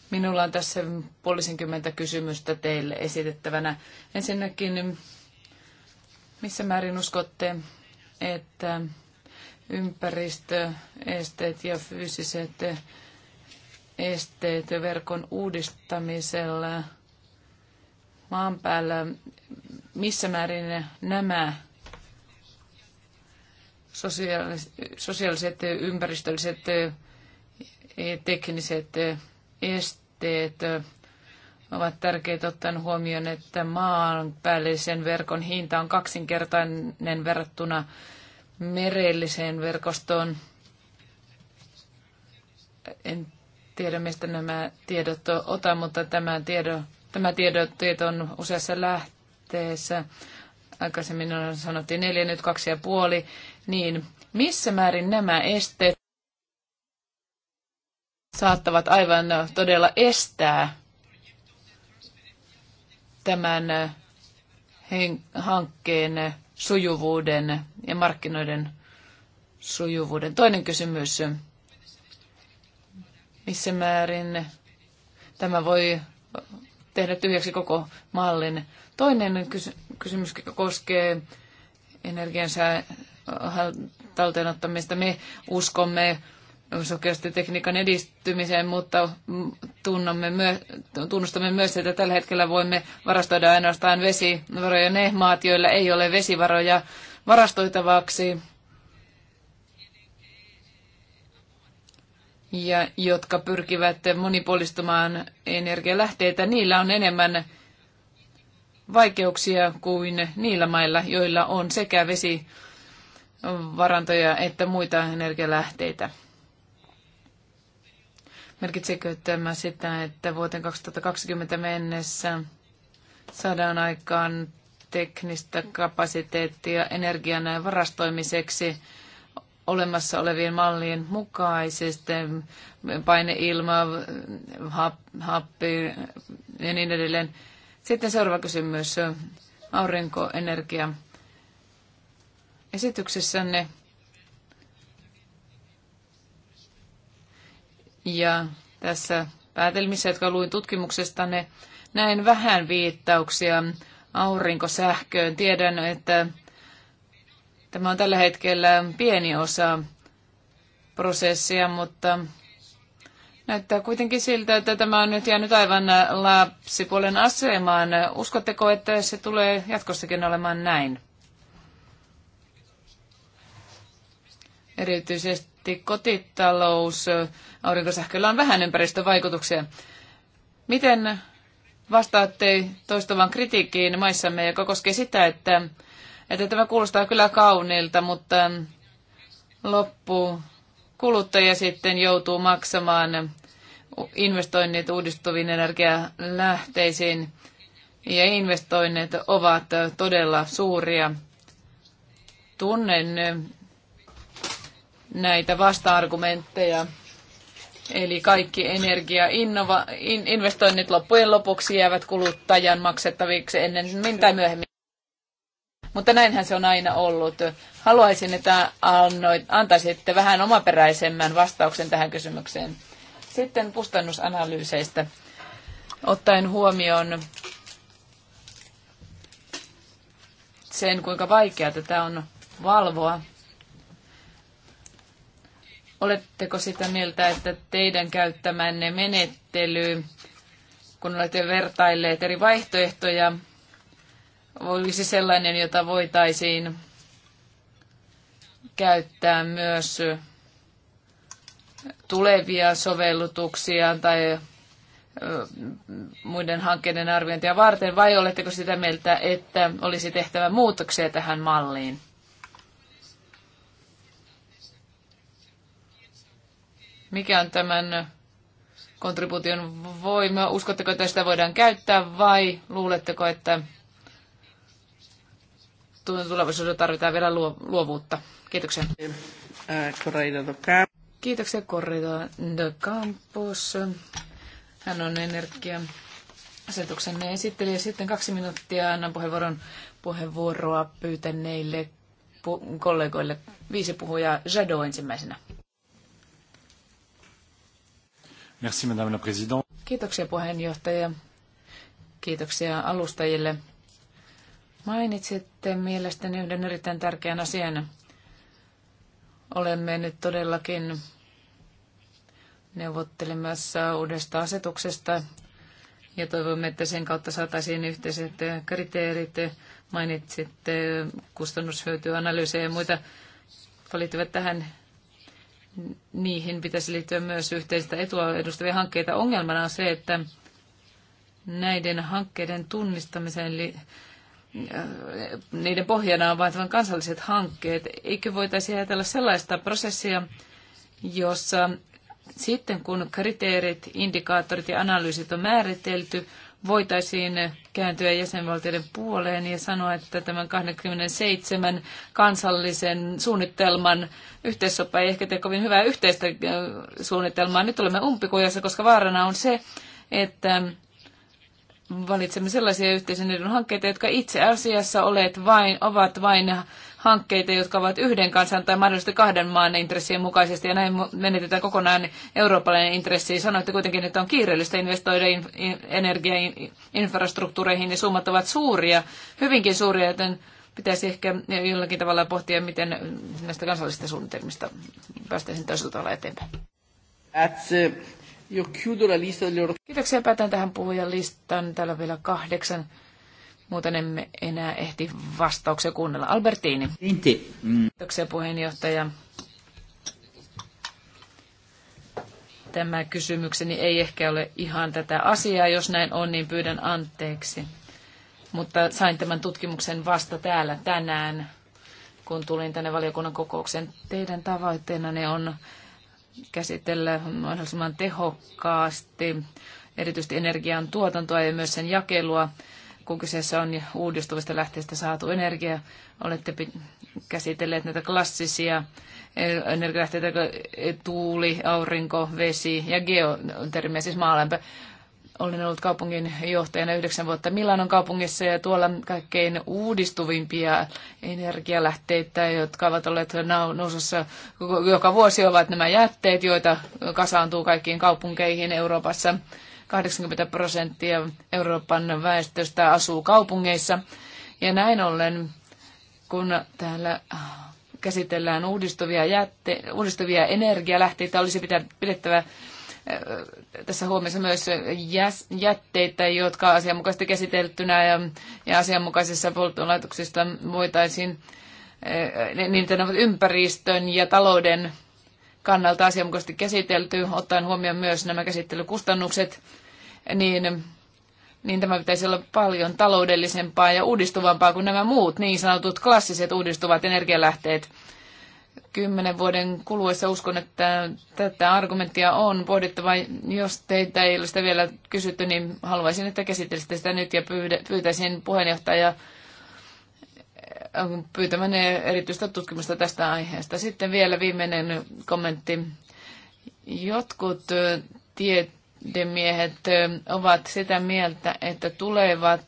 Minulla on tässä puolisenkymmentä kysymystä teille esitettävänä. Ensinnäkin, missä määrin uskotte, että ympäristöesteet ja fyysiset esteet verkon uudistamisella maan päällä, missä määrin nämä sosiaaliset, ympäristölliset, tekniset esteet ovat tärkeitä ottaen huomioon, että maanpäällisen verkon hinta on kaksinkertainen verrattuna merelliseen verkostoon. En tiedä, mistä nämä tiedot otan, mutta tämä, tiedo, tämä tiedo, tieto on useassa lähteessä. Aikaisemmin on sanottiin neljä, nyt kaksi ja puoli niin missä määrin nämä esteet saattavat aivan todella estää tämän äh, hankkeen äh, sujuvuuden ja markkinoiden sujuvuuden. Toinen kysymys, missä määrin tämä voi tehdä tyhjäksi koko mallin. Toinen kysymys koskee energiansa talteenottamista. Me uskomme sokeasti tekniikan edistymiseen, mutta tunnamme myö, tunnustamme myös, että tällä hetkellä voimme varastoida ainoastaan vesivaroja ne maat, joilla ei ole vesivaroja varastoitavaksi. ja jotka pyrkivät monipuolistumaan energialähteitä, niillä on enemmän vaikeuksia kuin niillä mailla, joilla on sekä vesi varantoja että muita energialähteitä. Merkitsekö tämä sitä, että vuoteen 2020 mennessä saadaan aikaan teknistä kapasiteettia energian varastoimiseksi olemassa olevien mallien mukaisesti, paineilma, happi ja niin edelleen. Sitten seuraava kysymys, aurinkoenergia esityksessänne ja tässä päätelmissä, jotka luin tutkimuksestanne, näin vähän viittauksia aurinkosähköön. Tiedän, että tämä on tällä hetkellä pieni osa prosessia, mutta näyttää kuitenkin siltä, että tämä on nyt jäänyt aivan lapsipuolen asemaan. Uskotteko, että se tulee jatkossakin olemaan näin? Erityisesti kotitalous, aurinkosähköllä on vähän ympäristövaikutuksia. Miten vastaatte toistuvan kritiikkiin maissamme, joka koskee sitä, että, että tämä kuulostaa kyllä kauniilta, mutta loppu kuluttaja sitten joutuu maksamaan investoinnit uudistuviin energialähteisiin ja investoinnit ovat todella suuria. Tunnen näitä vasta-argumentteja. Eli kaikki energia, in, loppujen lopuksi jäävät kuluttajan maksettaviksi ennen tai myöhemmin. Mutta näinhän se on aina ollut. Haluaisin, että annoit, antaisitte vähän omaperäisemmän vastauksen tähän kysymykseen. Sitten kustannusanalyyseistä. Ottaen huomioon sen, kuinka vaikeaa tätä on valvoa Oletteko sitä mieltä, että teidän käyttämänne menettely, kun olette vertailleet eri vaihtoehtoja, olisi sellainen, jota voitaisiin käyttää myös tulevia sovellutuksia tai muiden hankkeiden arviointia varten, vai oletteko sitä mieltä, että olisi tehtävä muutoksia tähän malliin? Mikä on tämän kontribuution voima? Uskotteko, että sitä voidaan käyttää vai luuletteko, että tulevaisuudessa tarvitaan vielä luovuutta? Kiitoksia. Kiitoksia Corrida de Campos. Hän on energia asetuksenne esittelijä. Sitten kaksi minuuttia annan puheenvuoron puheenvuoroa pyytäneille pu- kollegoille. Viisi puhujaa. Jado ensimmäisenä. Merci, Madame la Présidente. Kiitoksia puheenjohtaja. Kiitoksia alustajille. Mainitsitte mielestäni yhden erittäin tärkeän asian. Olemme nyt todellakin neuvottelemassa uudesta asetuksesta ja toivomme, että sen kautta saataisiin yhteiset kriteerit. Mainitsitte kustannushyötyanalyysejä ja muita, jotka tähän niihin pitäisi liittyä myös yhteistä etua edustavia hankkeita. Ongelmana on se, että näiden hankkeiden tunnistamiseen li- äh, niiden pohjana ovat vain kansalliset hankkeet. Eikö voitaisi ajatella sellaista prosessia, jossa sitten kun kriteerit, indikaattorit ja analyysit on määritelty, voitaisiin kääntyä jäsenvaltioiden puoleen ja sanoa, että tämän 27 kansallisen suunnitelman yhteissoppa ei ehkä tee kovin hyvää yhteistä äh, suunnitelmaa. Nyt olemme umpikujassa, koska vaarana on se, että valitsemme sellaisia yhteisen edun hankkeita, jotka itse asiassa olet vain, ovat vain hankkeita, jotka ovat yhden kansan tai mahdollisesti kahden maan intressien mukaisesti, ja näin menetetään kokonaan eurooppalainen intressi. Sanoitte kuitenkin, että on kiireellistä investoida in, in, energiainfrastruktuureihin, ja summat ovat suuria, hyvinkin suuria, joten pitäisi ehkä jollakin tavalla pohtia, miten näistä kansallisista suunnitelmista päästäisiin toisella tavalla eteenpäin. Kiitoksia. Päätän tähän puhujan listan. Täällä on vielä kahdeksan Muuten emme enää ehti vastauksia kuunnella. Albertini. Inti. Mm. Kiitoksia puheenjohtaja. Tämä kysymykseni ei ehkä ole ihan tätä asiaa. Jos näin on, niin pyydän anteeksi. Mutta sain tämän tutkimuksen vasta täällä tänään, kun tulin tänne valiokunnan kokoukseen. Teidän tavoitteena ne on käsitellä mahdollisimman tehokkaasti erityisesti energian tuotantoa ja myös sen jakelua kun kyseessä on uudistuvista lähteistä saatu energia. Olette käsitelleet näitä klassisia energialähteitä, tuuli, aurinko, vesi ja geotermia, siis maalämpö. Olen ollut kaupungin johtajana yhdeksän vuotta Milanon kaupungissa ja tuolla kaikkein uudistuvimpia energialähteitä, jotka ovat olleet nousussa joka vuosi, ovat nämä jätteet, joita kasaantuu kaikkiin kaupunkeihin Euroopassa. 80 prosenttia Euroopan väestöstä asuu kaupungeissa. Ja näin ollen, kun täällä käsitellään uudistuvia, jätte, uudistuvia energialähteitä, olisi pidettävä äh, tässä huomiossa myös jätteitä, jotka asianmukaisesti käsiteltynä ja, ja asianmukaisessa polttoonlaitoksista voitaisiin, niin ne ovat ympäristön ja talouden kannalta asianmukaisesti käsitelty, ottaen huomioon myös nämä käsittelykustannukset niin, niin tämä pitäisi olla paljon taloudellisempaa ja uudistuvampaa kuin nämä muut niin sanotut klassiset uudistuvat energialähteet. Kymmenen vuoden kuluessa uskon, että tätä argumenttia on pohdittava. Jos teitä ei ole sitä vielä kysytty, niin haluaisin, että käsittelisitte sitä nyt ja pyytäisin puheenjohtaja äh, pyytämään erityistä tutkimusta tästä aiheesta. Sitten vielä viimeinen kommentti. Jotkut äh, tiet miehet ovat sitä mieltä, että tulevat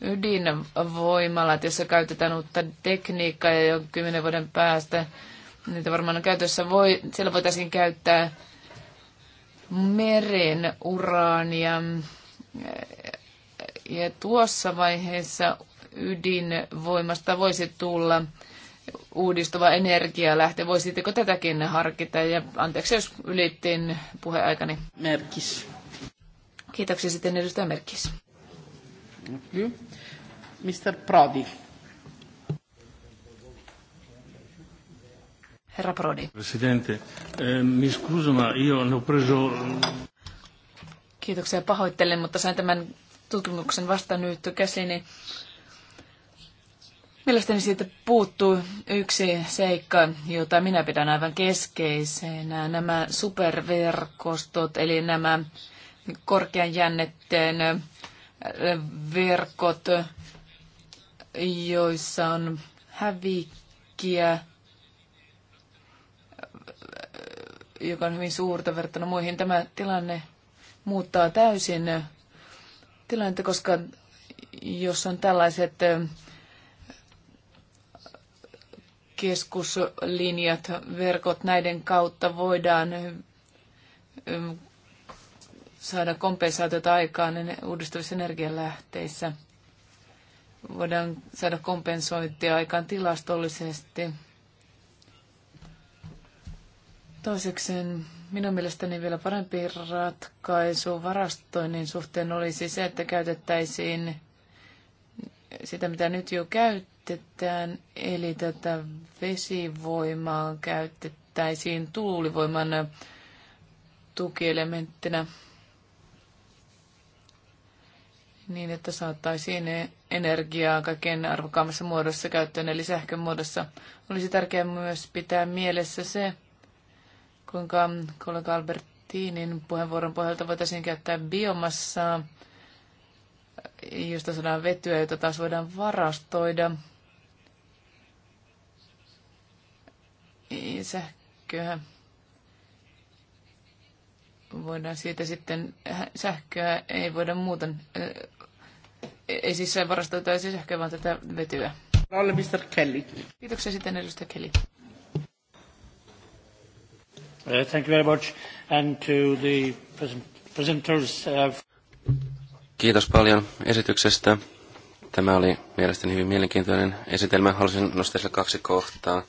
ydinvoimalat, jossa käytetään uutta tekniikkaa ja jo kymmenen vuoden päästä niitä varmaan on käytössä, voi, siellä voitaisiin käyttää meren uraania. Ja tuossa vaiheessa ydinvoimasta voisi tulla uudistuva energialähte. Voisitteko tätäkin harkita? Ja anteeksi, jos ylittiin puheaikani. Merkis. Kiitoksia sitten edustaja Merkis. Okay. Mr. Prodi. Herra Prodi. Presidente, eh, mi scuso, ma io ne ho preso... Kiitoksia, pahoittelen, mutta sain tämän tutkimuksen vasta nyt käsini. Niin Mielestäni siitä puuttuu yksi seikka, jota minä pidän aivan keskeisenä. Nämä superverkostot, eli nämä korkean jännitteen verkot, joissa on hävikkiä, joka on hyvin suurta verrattuna muihin. Tämä tilanne muuttaa täysin tilannetta, koska jos on tällaiset keskuslinjat, verkot näiden kautta voidaan saada kompensaatiota aikaan uudistuvissa energialähteissä. Voidaan saada kompensointia aikaan tilastollisesti. Toiseksi minun mielestäni vielä parempi ratkaisu varastoinnin suhteen olisi se, että käytettäisiin sitä, mitä nyt jo käytetään, eli tätä vesivoimaa käytettäisiin tuulivoiman tukielementtinä niin, että saattaisiin energiaa kaiken arvokkaammassa muodossa käyttöön, eli sähkön muodossa. Olisi tärkeää myös pitää mielessä se, kuinka kollega Albertinin puheenvuoron pohjalta voitaisiin käyttää biomassaa josta saadaan vetyä, jota taas voidaan varastoida. Sähköä voidaan siitä sitten, sähköä ei voida muuten, ei siis siis sähköä, vaan tätä vetyä. Olen Mr. Kelly. Kiitoksia sitten edustaja Kelly. Uh, thank you very much and to the presenters. Uh, Kiitos paljon esityksestä. Tämä oli mielestäni hyvin mielenkiintoinen esitelmä. Haluaisin nostaa sille kaksi kohtaa.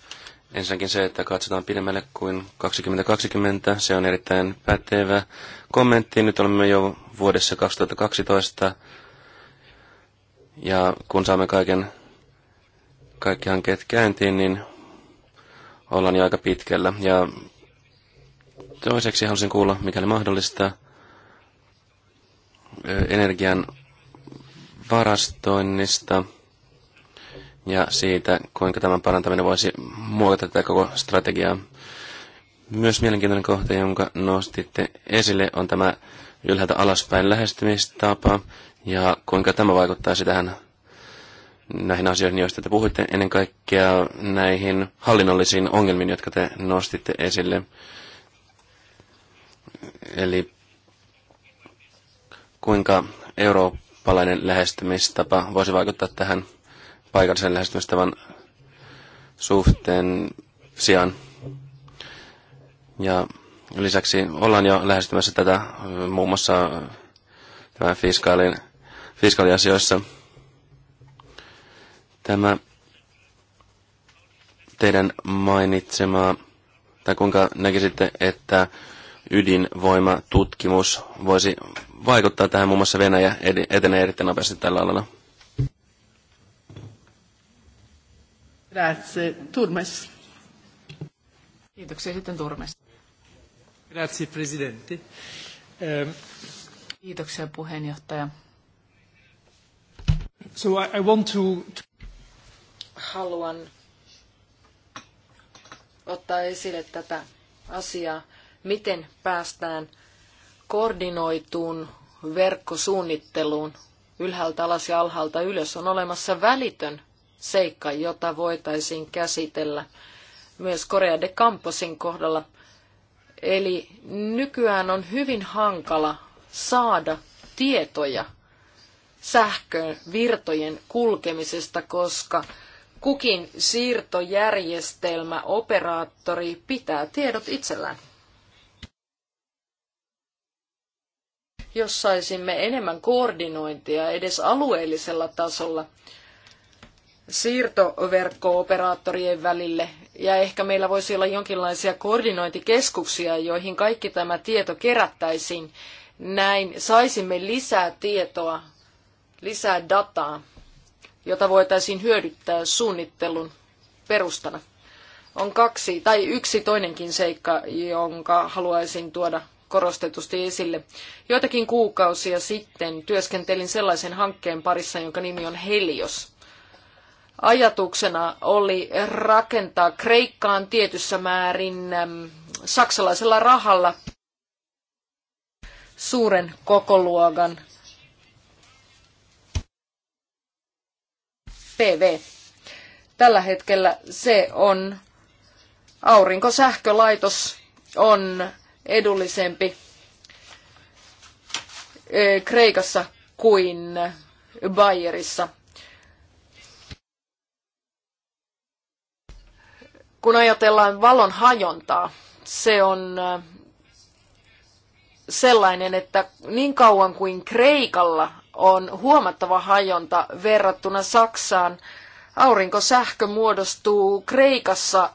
Ensinnäkin se, että katsotaan pidemmälle kuin 2020. Se on erittäin pätevä kommentti. Nyt olemme jo vuodessa 2012. Ja kun saamme kaiken, kaikki hankkeet käyntiin, niin ollaan jo aika pitkällä. Ja toiseksi haluaisin kuulla, mikäli mahdollista, energian varastoinnista ja siitä, kuinka tämän parantaminen voisi muokata tätä koko strategiaa. Myös mielenkiintoinen kohta, jonka nostitte esille, on tämä ylhäältä alaspäin lähestymistapa ja kuinka tämä vaikuttaisi tähän näihin asioihin, joista te puhuitte, ennen kaikkea näihin hallinnollisiin ongelmiin, jotka te nostitte esille. Eli kuinka eurooppalainen lähestymistapa voisi vaikuttaa tähän paikallisen lähestymistavan suhteen sijaan. Ja lisäksi ollaan jo lähestymässä tätä äh, muun muassa äh, tämän fiskaalin, fiskaaliasioissa. Tämä teidän mainitsemaa, tai kuinka näkisitte, että ydinvoimatutkimus voisi vaikuttaa tähän muun muassa Venäjä etenee erittäin nopeasti tällä alalla. Grazie. Turmes. Kiitoksia sitten Turmes. Grazie, presidente. Ehm, Kiitoksia puheenjohtaja. So I, I want to... Haluan ottaa esille tätä asiaa, miten päästään – koordinoituun verkkosuunnitteluun ylhäältä alas ja alhaalta ylös on olemassa välitön seikka, jota voitaisiin käsitellä myös Korea de Camposin kohdalla. Eli nykyään on hyvin hankala saada tietoja sähkövirtojen kulkemisesta, koska kukin siirtojärjestelmäoperaattori pitää tiedot itsellään. jos saisimme enemmän koordinointia edes alueellisella tasolla siirtoverkko-operaattorien välille, ja ehkä meillä voisi olla jonkinlaisia koordinointikeskuksia, joihin kaikki tämä tieto kerättäisiin. Näin saisimme lisää tietoa, lisää dataa, jota voitaisiin hyödyttää suunnittelun perustana. On kaksi tai yksi toinenkin seikka, jonka haluaisin tuoda korostetusti esille. Joitakin kuukausia sitten työskentelin sellaisen hankkeen parissa, jonka nimi on Helios. Ajatuksena oli rakentaa Kreikkaan tietyssä määrin saksalaisella rahalla suuren kokoluokan PV. Tällä hetkellä se on aurinkosähkölaitos on edullisempi Kreikassa kuin Bayerissa. Kun ajatellaan valon hajontaa, se on sellainen, että niin kauan kuin Kreikalla on huomattava hajonta verrattuna Saksaan, aurinkosähkö muodostuu Kreikassa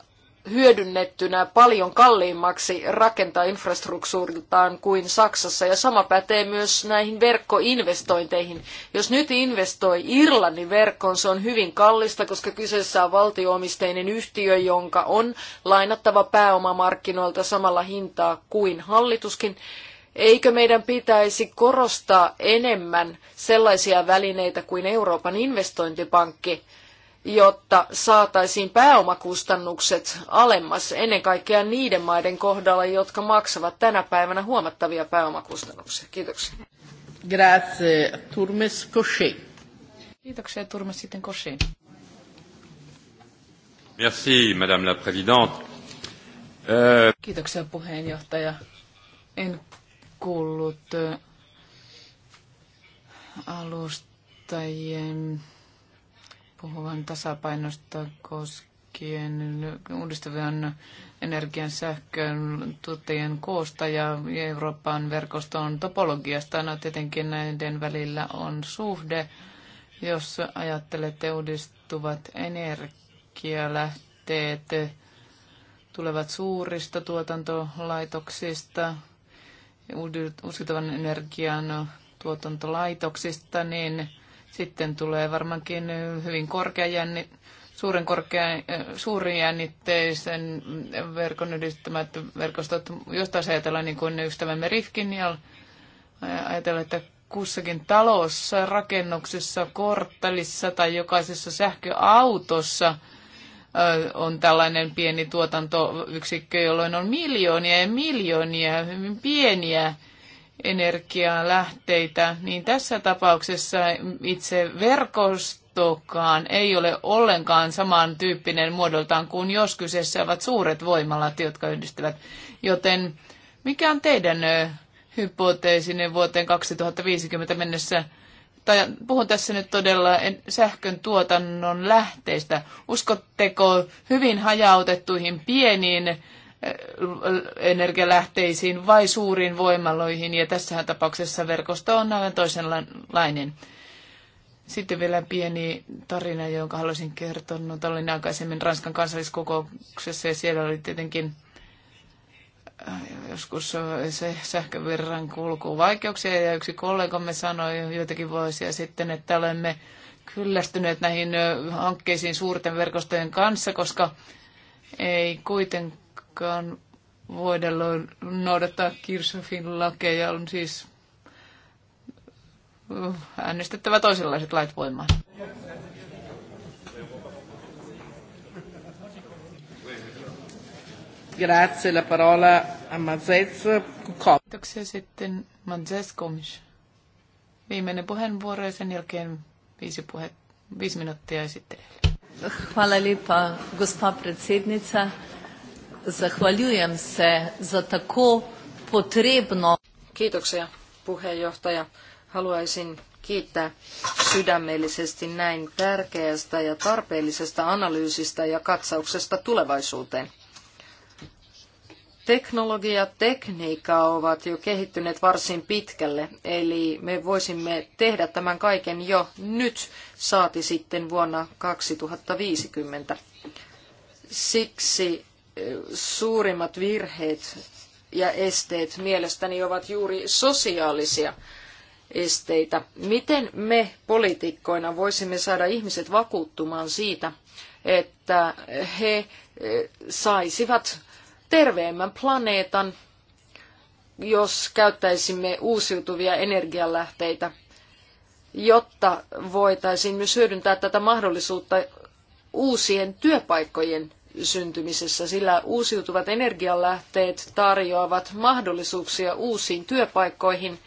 hyödynnettynä paljon kalliimmaksi rakentaa infrastruktuuriltaan kuin Saksassa. Ja sama pätee myös näihin verkkoinvestointeihin. Jos nyt investoi Irlannin verkkoon, se on hyvin kallista, koska kyseessä on valtioomisteinen yhtiö, jonka on lainattava pääomamarkkinoilta samalla hintaa kuin hallituskin. Eikö meidän pitäisi korostaa enemmän sellaisia välineitä kuin Euroopan investointipankki, jotta saataisiin pääomakustannukset alemmas ennen kaikkea niiden maiden kohdalla, jotka maksavat tänä päivänä huomattavia pääomakustannuksia. Kiitoksia. Grazie, Turmes Cochet. Kiitoksia, Turmes sitten Cochet. Merci, Madame la Présidente. Euh... Kiitoksia, puheenjohtaja. En kuullut äh, alustajien puhuvan tasapainosta koskien uudistuvan energian sähkön tuottajien koosta ja Euroopan verkoston topologiasta. No tietenkin näiden välillä on suhde. Jos ajattelette uudistuvat energialähteet, tulevat suurista tuotantolaitoksista, uusiutuvan energian tuotantolaitoksista, niin sitten tulee varmaankin hyvin korkea jänni, suuren korkean, suurin jännitteisen verkon yhdistämät verkostot, josta ajatellaan niin kuin ystävämme Rifkin ja ajatellaan, että kussakin talossa, rakennuksessa, korttelissa tai jokaisessa sähköautossa on tällainen pieni tuotantoyksikkö, jolloin on miljoonia ja miljoonia hyvin pieniä energialähteitä, niin tässä tapauksessa itse verkostokaan ei ole ollenkaan samantyyppinen muodoltaan kuin jos kyseessä ovat suuret voimalat, jotka yhdistävät. Joten mikä on teidän hypoteesinne vuoteen 2050 mennessä? Tai puhun tässä nyt todella sähkön tuotannon lähteistä. Uskotteko hyvin hajautettuihin pieniin Eh, energialähteisiin vai suuriin voimaloihin, ja tässä tapauksessa verkosto on aivan toisenlainen. Sitten vielä pieni tarina, jonka haluaisin kertoa. No, olin aikaisemmin Ranskan kansalliskokouksessa ja siellä oli tietenkin äh, joskus se sähkövirran kulku vaikeuksia ja yksi kollegamme sanoi joitakin vuosia sitten, että olemme kyllästyneet näihin äh, hankkeisiin suurten verkostojen kanssa, koska ei kuitenkaan mukaan voida noudattaa Kirsofin lakeja, on siis äänestettävä toisenlaiset lait voimaan. Grazie, la parola a Mazes Kiitoksia sitten Mazzez Komis. Viimeinen puheenvuoro ja sen jälkeen viisi, puhe, viisi minuuttia esittelijälle. Hvala lipa, gospa predsednica. Zahvaljujem se za tako potrebno. Kiitoksia puheenjohtaja. Haluaisin kiittää sydämellisesti näin tärkeästä ja tarpeellisesta analyysistä ja katsauksesta tulevaisuuteen. Teknologia ja tekniikka ovat jo kehittyneet varsin pitkälle, eli me voisimme tehdä tämän kaiken jo nyt, saati sitten vuonna 2050. Siksi suurimmat virheet ja esteet mielestäni ovat juuri sosiaalisia esteitä. Miten me poliitikkoina voisimme saada ihmiset vakuuttumaan siitä, että he eh, saisivat terveemmän planeetan, jos käyttäisimme uusiutuvia energialähteitä, jotta voitaisiin myös hyödyntää tätä mahdollisuutta uusien työpaikkojen syntymisessä, sillä uusiutuvat energialähteet tarjoavat mahdollisuuksia uusiin työpaikkoihin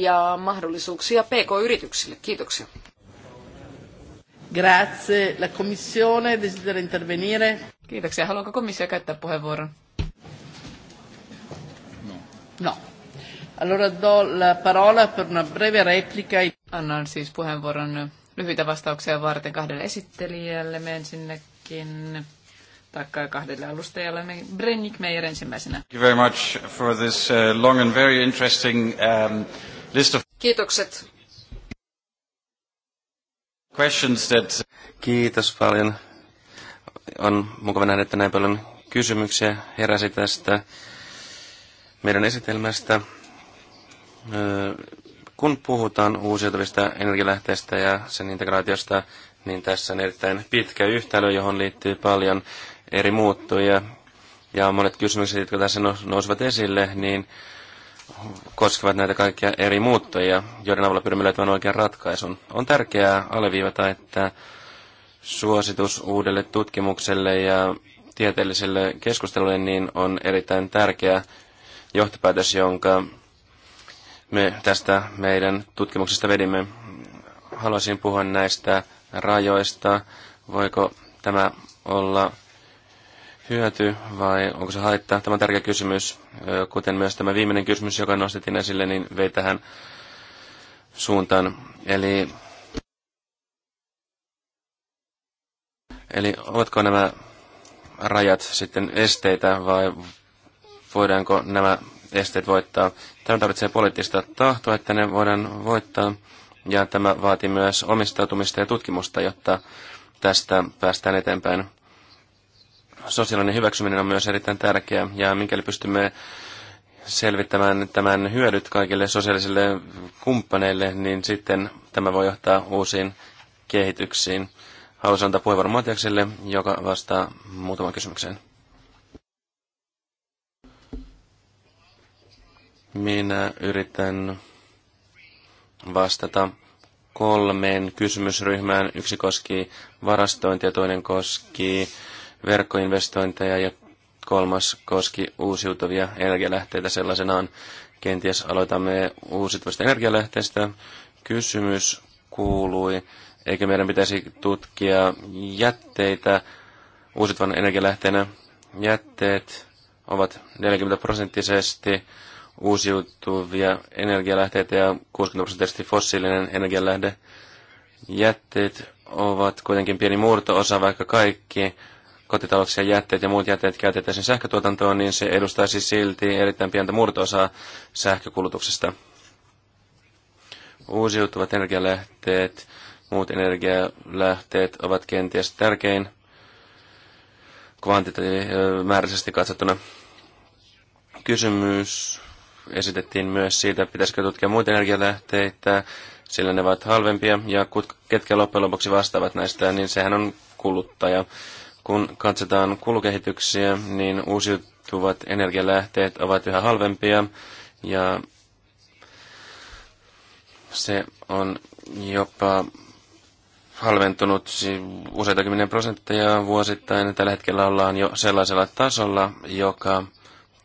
ja mahdollisuuksia PK-yrityksille. Kiitoksia. Grazie. La Commissione desidera intervenire. Kiitoksia. Haluanko komissio käyttää puheenvuoron? No. no. Allora do la parola per una breve replica. Annan siis puheenvuoron lyhyitä vastauksia varten kahdelle esittelijälle. Me ensinnäkin taikka kahdelle alustajallemme. Niin Brennick Meijer ensimmäisenä. Thank you very much for this uh, long and very interesting um, list of... Kiitokset. Questions that... Kiitos paljon. On mukava nähdä, että näin paljon kysymyksiä heräsi tästä meidän esitelmästä. Kun puhutaan uusiutuvista energialähteistä ja sen integraatiosta, niin tässä on erittäin pitkä yhtälö, johon liittyy paljon eri muuttuja ja monet kysymykset, jotka tässä nousivat esille, niin koskevat näitä kaikkia eri muuttoja, joiden avulla pyrimme löytämään oikean ratkaisun. On tärkeää alleviivata, että suositus uudelle tutkimukselle ja tieteelliselle keskustelulle niin on erittäin tärkeä johtopäätös, jonka me tästä meidän tutkimuksesta vedimme. Haluaisin puhua näistä rajoista. Voiko tämä olla hyöty vai onko se haittaa? Tämä on tärkeä kysymys, kuten myös tämä viimeinen kysymys, joka nostettiin esille, niin vei tähän suuntaan. Eli, eli ovatko nämä rajat sitten esteitä vai voidaanko nämä esteet voittaa? Tämä tarvitsee poliittista tahtoa, että ne voidaan voittaa ja tämä vaatii myös omistautumista ja tutkimusta, jotta tästä päästään eteenpäin sosiaalinen hyväksyminen on myös erittäin tärkeä, ja mikäli pystymme selvittämään tämän hyödyt kaikille sosiaalisille kumppaneille, niin sitten tämä voi johtaa uusiin kehityksiin. Haluaisin antaa puheenvuoron Matiakselle, joka vastaa muutamaan kysymykseen. Minä yritän vastata kolmeen kysymysryhmään. Yksi koski varastointia, toinen koski verkkoinvestointeja ja kolmas koski uusiutuvia energialähteitä sellaisenaan. Kenties aloitamme uusiutuvista energialähteistä. Kysymys kuului, eikö meidän pitäisi tutkia jätteitä uusiutuvan energialähteenä? Jätteet ovat 40 prosenttisesti uusiutuvia energialähteitä ja 60 prosenttisesti fossiilinen energialähde. Jätteet ovat kuitenkin pieni murto-osa, vaikka kaikki kotitalouksien jätteet ja muut jätteet käytetään sen sähkötuotantoon, niin se edustaa siis silti erittäin pientä murtoosaa sähkökulutuksesta. Uusiutuvat energialähteet, muut energialähteet ovat kenties tärkein kvantitatiivisesti katsottuna. Kysymys esitettiin myös siitä, pitäisikö tutkia muita energialähteitä, sillä ne ovat halvempia, ja ketkä loppujen lopuksi vastaavat näistä, niin sehän on kuluttaja. Kun katsotaan kulukehityksiä, niin uusiutuvat energialähteet ovat yhä halvempia ja se on jopa halventunut useita kymmenen prosenttia vuosittain. Tällä hetkellä ollaan jo sellaisella tasolla, joka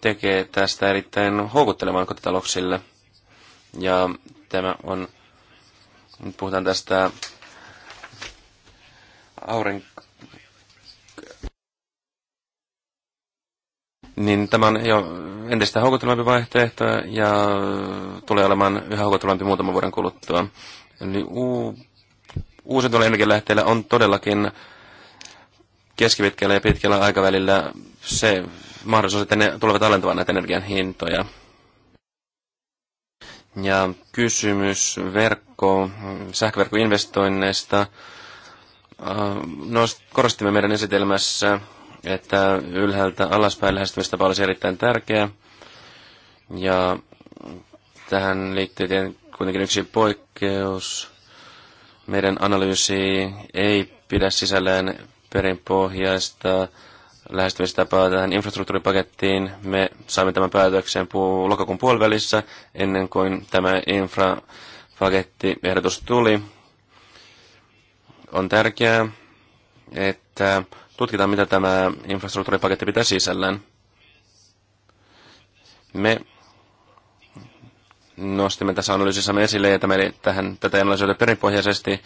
tekee tästä erittäin houkuttelevan kotitalouksille. Ja tämä on, nyt puhutaan tästä aurinko niin tämä on jo entistä houkuttelevampi vaihtoehto ja tulee olemaan yhä houkuttelevampi muutaman vuoden kuluttua. Eli uusiutuvilla energialähteillä on todellakin keskipitkällä ja pitkällä aikavälillä se mahdollisuus, että ne tulevat alentamaan näitä energian hintoja. Ja kysymys verkko, sähköverkkoinvestoinneista. No, korostimme meidän esitelmässä että ylhäältä alaspäin lähestymistapa olisi erittäin tärkeä. Ja tähän liittyy kuitenkin yksi poikkeus. Meidän analyysi ei pidä sisällään perinpohjaista lähestymistapaa tähän infrastruktuuripakettiin. Me saimme tämän päätöksen lokakuun puolivälissä ennen kuin tämä infrapakettiehdotus tuli. On tärkeää, että tutkitaan, mitä tämä infrastruktuuripaketti pitää sisällään. Me nostimme tässä analyysissamme esille, että tämä, tähän, tätä ei analysoida perinpohjaisesti,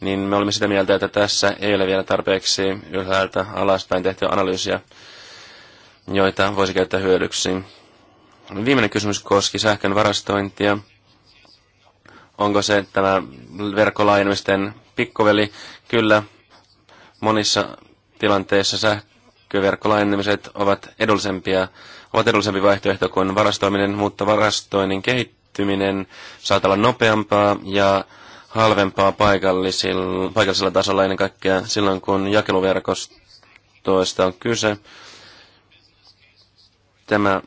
niin me olimme sitä mieltä, että tässä ei ole vielä tarpeeksi ylhäältä alaspäin tehtyä analyysiä, joita voisi käyttää hyödyksi. Viimeinen kysymys koski sähkön varastointia. Onko se tämä verkkolaajenemisten pikkoveli? Kyllä, monissa tilanteessa sähköverkkolaajenemiset ovat edullisempia, ovat edullisempi vaihtoehto kuin varastoiminen, mutta varastoinnin kehittyminen saattaa olla nopeampaa ja halvempaa paikallisilla, paikallisella tasolla ennen kaikkea silloin, kun jakeluverkostoista on kyse. Tämä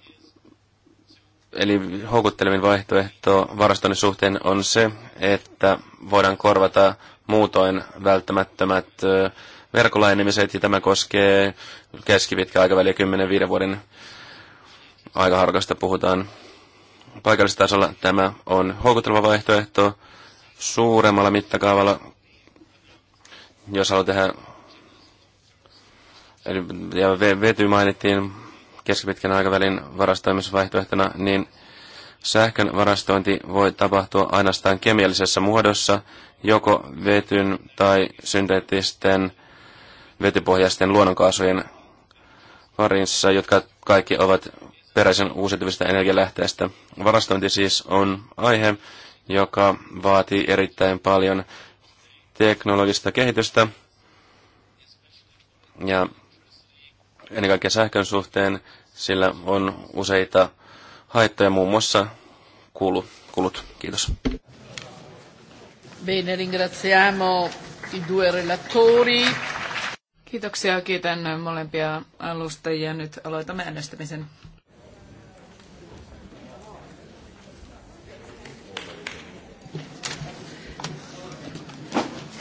eli houkuttelevin vaihtoehto varastoinnin suhteen on se, että voidaan korvata muutoin välttämättömät verkkolaajenemiset, ja tämä koskee keskipitkä aikaväliä 10-5 vuoden aikaharkasta puhutaan. Paikallistasolla tämä on houkutteleva vaihtoehto suuremmalla mittakaavalla, jos haluaa tehdä, eli, ja vety mainittiin keskipitkän aikavälin varastoimisvaihtoehtona, niin sähkön varastointi voi tapahtua ainoastaan kemiallisessa muodossa, joko vetyn tai synteettisten vetypohjaisten luonnonkaasujen parissa, jotka kaikki ovat peräisin uusiutuvista energialähteistä. Varastointi siis on aihe, joka vaatii erittäin paljon teknologista kehitystä ja ennen kaikkea sähkön suhteen sillä on useita haittoja, muun muassa kulu, kulut. Kiitos. Bene, ringraziamo i due relatori. Kiitoksia, kiitän molempia alustajia. Nyt aloitamme äänestämisen.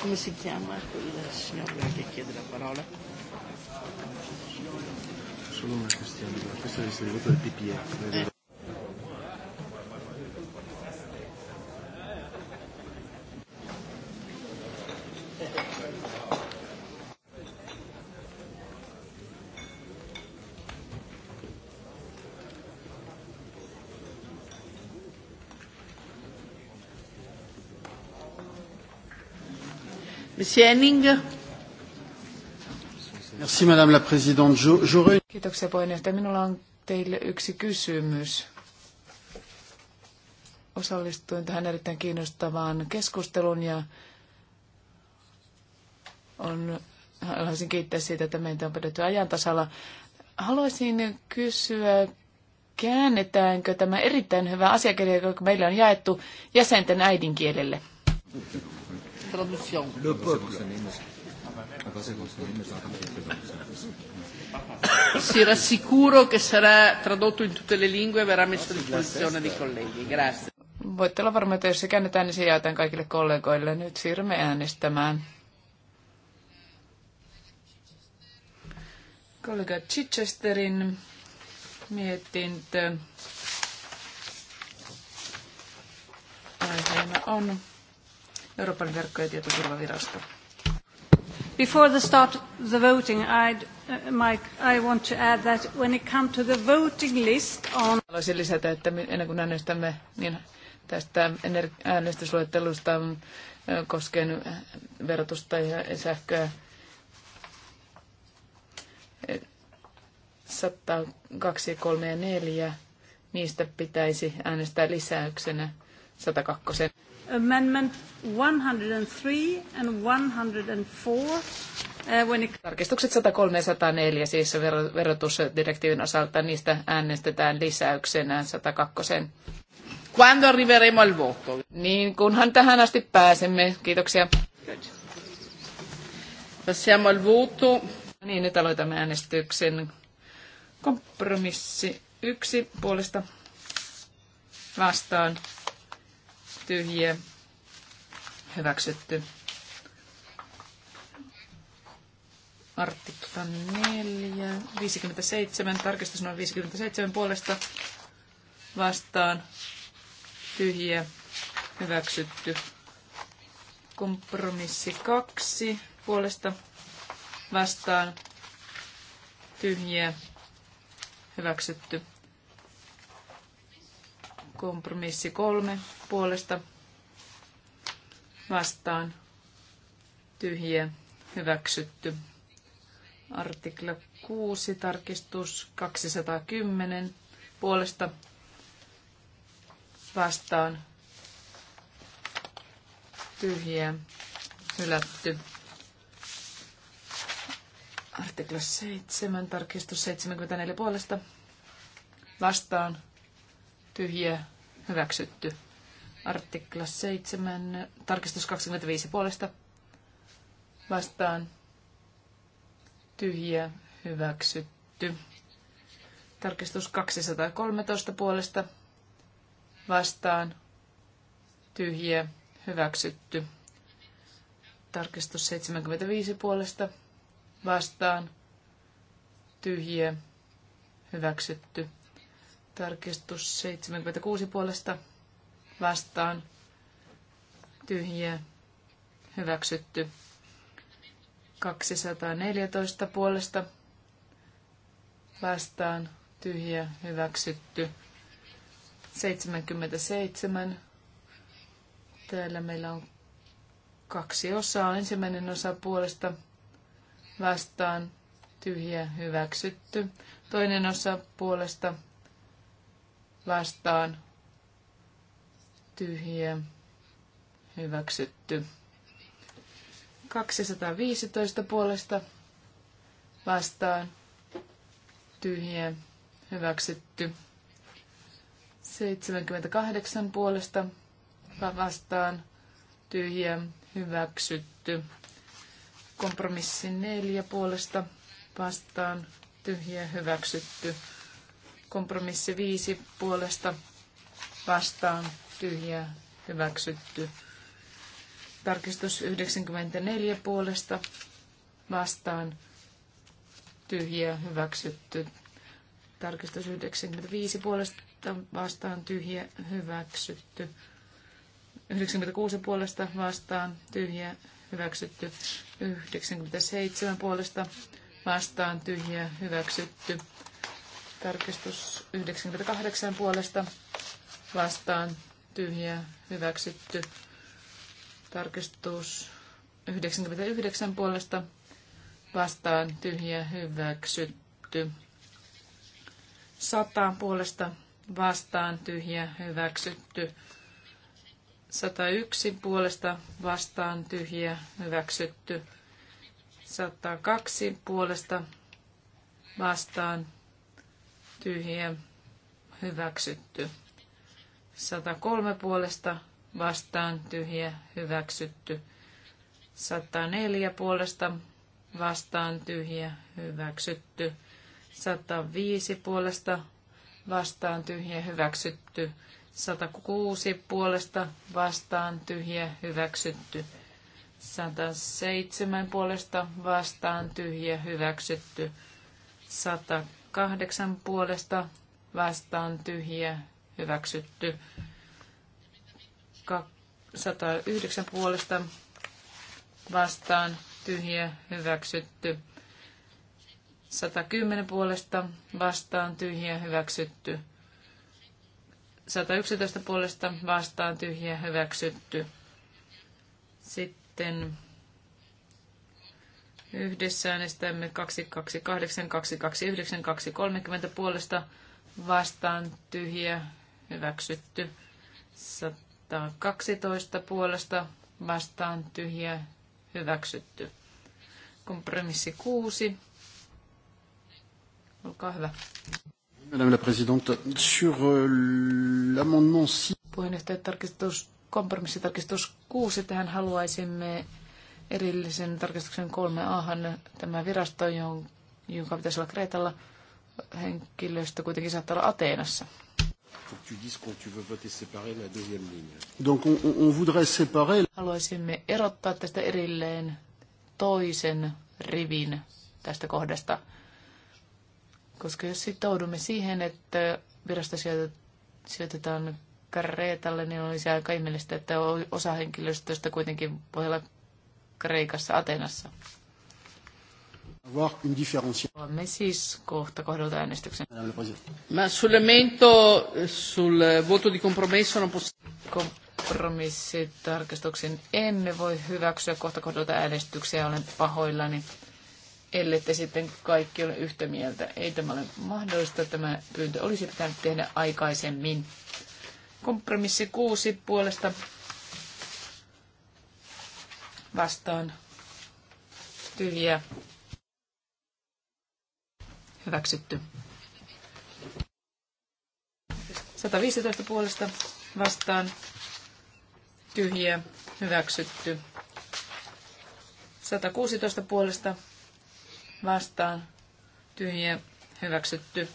Come si chiama che chiede la parola? Solo una questione, questa è il del PPF. Kiitoksia puheenjohtaja. Minulla on teille yksi kysymys. Osallistuin tähän erittäin kiinnostavaan keskusteluun ja on, haluaisin kiittää siitä, että meitä on pidetty ajan tasalla. Haluaisin kysyä, käännetäänkö tämä erittäin hyvä asiakirja, joka meillä on jaettu jäsenten äidinkielelle? traducción. Le peuple. No si rassicuro che sarà tradotto in tutte le lingue e verrà messo a disposizione dei colleghi. Grazie. Voitte olla varma, että jos se käännetään, niin se jaetaan kaikille kollegoille. Nyt siirrymme äänestämään. Kollega Chichesterin mietintö. Aiheena on Euroopan verkko- ja tietoturvavirasto. Before the start the voting, I'd, uh, Mike, I want to add that when it comes to the voting list on... Haluaisin lisätä, että ennen kuin äänestämme niin tästä äänestysluettelusta mm, äh, koskien äh, verotusta ja sähköä, 102, äh, 3 ja 4, niistä pitäisi äänestää lisäyksenä 102. Amendment 103 and 104. Uh, when it... Tarkistukset 103 ja 104, siis verotusdirektiivin osalta, niistä äänestetään lisäyksenä 102. Quando arriveremo al voto? Niin, kunhan tähän asti pääsemme. Kiitoksia. Passiamo al voto. No niin, nyt aloitamme äänestyksen. Kompromissi yksi puolesta vastaan tyhjiä hyväksytty. Artikla 4, 57, tarkistus noin 57 puolesta vastaan tyhjiä hyväksytty. Kompromissi 2 puolesta vastaan tyhjiä hyväksytty. Kompromissi kolme puolesta vastaan tyhjiä hyväksytty. Artikla 6, tarkistus 210 puolesta vastaan tyhjiä hylätty. Artikla 7, tarkistus 74 puolesta vastaan tyhjiä hyväksytty. Artikla 7, tarkistus 25 puolesta vastaan tyhjiä hyväksytty. Tarkistus 213 puolesta vastaan tyhjiä hyväksytty. Tarkistus 75 puolesta vastaan tyhjiä hyväksytty Tarkistus 76 puolesta vastaan. Tyhjiä. Hyväksytty. 214 puolesta vastaan. Tyhjiä. Hyväksytty. 77. Täällä meillä on kaksi osaa. Ensimmäinen osa puolesta vastaan tyhjä hyväksytty. Toinen osa puolesta vastaan tyhjiä hyväksytty. 215 puolesta vastaan tyhjiä hyväksytty. 78 puolesta vastaan tyhjiä hyväksytty. Kompromissi 4 puolesta vastaan tyhjiä hyväksytty. Kompromissi viisi puolesta vastaan tyhjä hyväksytty. Tarkistus 94 puolesta vastaan tyhjä hyväksytty. Tarkistus 95 puolesta vastaan tyhjä hyväksytty. 96 puolesta vastaan tyhjä hyväksytty. 97 puolesta vastaan tyhjä hyväksytty. Tarkistus 98 puolesta vastaan tyhjä hyväksytty. Tarkistus 99 puolesta vastaan tyhjä hyväksytty. 100 puolesta vastaan tyhjä hyväksytty. 101 puolesta vastaan tyhjä hyväksytty. 102 puolesta vastaan tyhjiä hyväksytty. 103 puolesta vastaan tyhjiä hyväksytty. 104 puolesta vastaan tyhjiä hyväksytty. 105 puolesta vastaan tyhjiä hyväksytty. 106 puolesta vastaan tyhjiä hyväksytty. 107 puolesta vastaan tyhjiä hyväksytty. 110 kahdeksan puolesta vastaan tyhjiä hyväksytty. 109 puolesta vastaan tyhjiä hyväksytty. 110 puolesta vastaan tyhjiä hyväksytty. 111 puolesta vastaan tyhjiä hyväksytty. Sitten Yhdessä äänestämme 228, 229, 230 puolesta vastaan tyhjä hyväksytty. 112 puolesta vastaan tyhjä hyväksytty. Kompromissi 6. Olkaa hyvä. Madame la Présidente, sur euh, l'amendement 6... tarkistus, kompromissitarkistus 6, tähän haluaisimme erillisen tarkastuksen 3a, tämä virasto, jonka pitäisi olla Kreetalla, henkilöstö kuitenkin saattaa olla Ateenassa. Haluaisimme erottaa tästä erilleen toisen rivin tästä kohdasta. Koska jos sitoudumme siihen, että virasto sijoitetaan Kreetalle, niin olisi aika ihmeellistä, että osa henkilöstöstä kuitenkin voi olla Kreikassa, Atenassa. Voimme siis kohta kohdalta äänestyksen. Ma sull'emento, sul voto di compromesso non posso... Kompromissitarkistuksen emme voi hyväksyä kohta kohdalta äänestyksiä, olen pahoillani ellette sitten kaikki ole yhtä mieltä. Ei tämä ole mahdollista. Tämä pyyntö olisi pitänyt tehdä aikaisemmin. Kompromissi kuusi puolesta vastaan tyhjiä hyväksytty. 115 puolesta vastaan tyhjiä hyväksytty. 116 puolesta vastaan tyhjiä hyväksytty.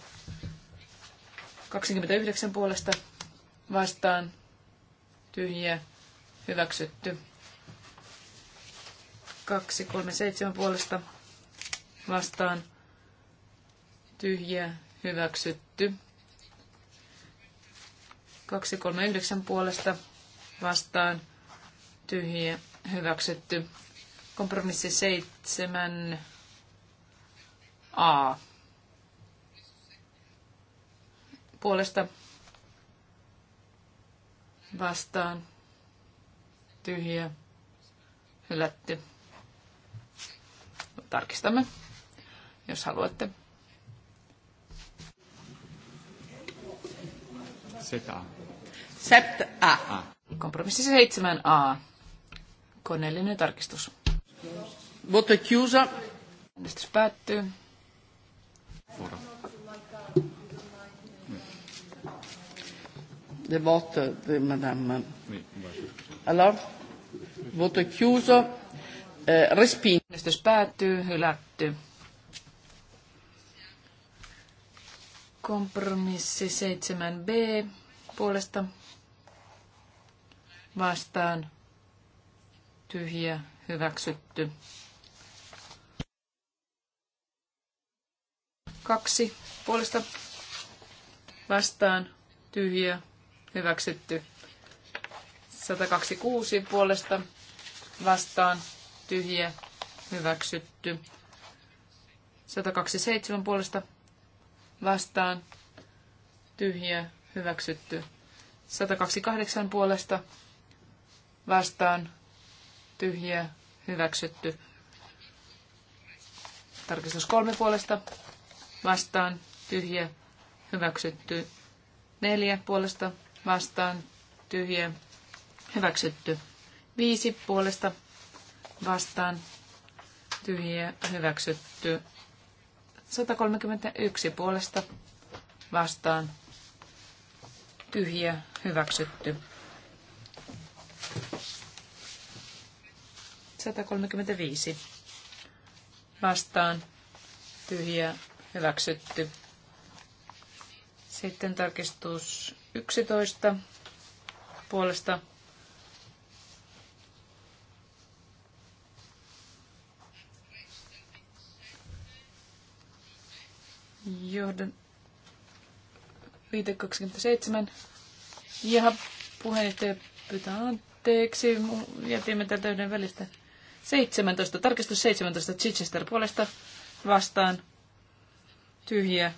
29 puolesta vastaan tyhjiä hyväksytty. 237 puolesta vastaan tyhjä hyväksytty. 239 puolesta vastaan tyhjä hyväksytty. Kompromissi 7 A puolesta vastaan tyhjä hylätty tarkistamme, jos haluatte. Seta. Sept A. A. Kompromissi 7 A. Koneellinen tarkistus. Voto chiusa. Äänestys päättyy. Fora. Le vote de madame. Niin, allora, voto chiuso. Eh, respinto. Äänestys päättyy, hylätty. Kompromissi 7b puolesta vastaan tyhjä hyväksytty. Kaksi puolesta vastaan tyhjä hyväksytty. 126 puolesta vastaan tyhjä hyväksytty. 127 puolesta vastaan tyhjä hyväksytty. 128 puolesta vastaan tyhjä hyväksytty. Tarkistus kolme puolesta vastaan tyhjä hyväksytty. Neljä puolesta vastaan tyhjä hyväksytty. Viisi puolesta vastaan tyhjiä hyväksytty. 131 puolesta vastaan tyhjiä hyväksytty. 135 vastaan tyhjiä hyväksytty. Sitten tarkistus 11 puolesta Johdan viite 27. Ja puheenjohtaja pyytää anteeksi. Jätimme tätä yhden välistä. 17. Tarkistus 17. Chichester puolesta vastaan. Tyhjä.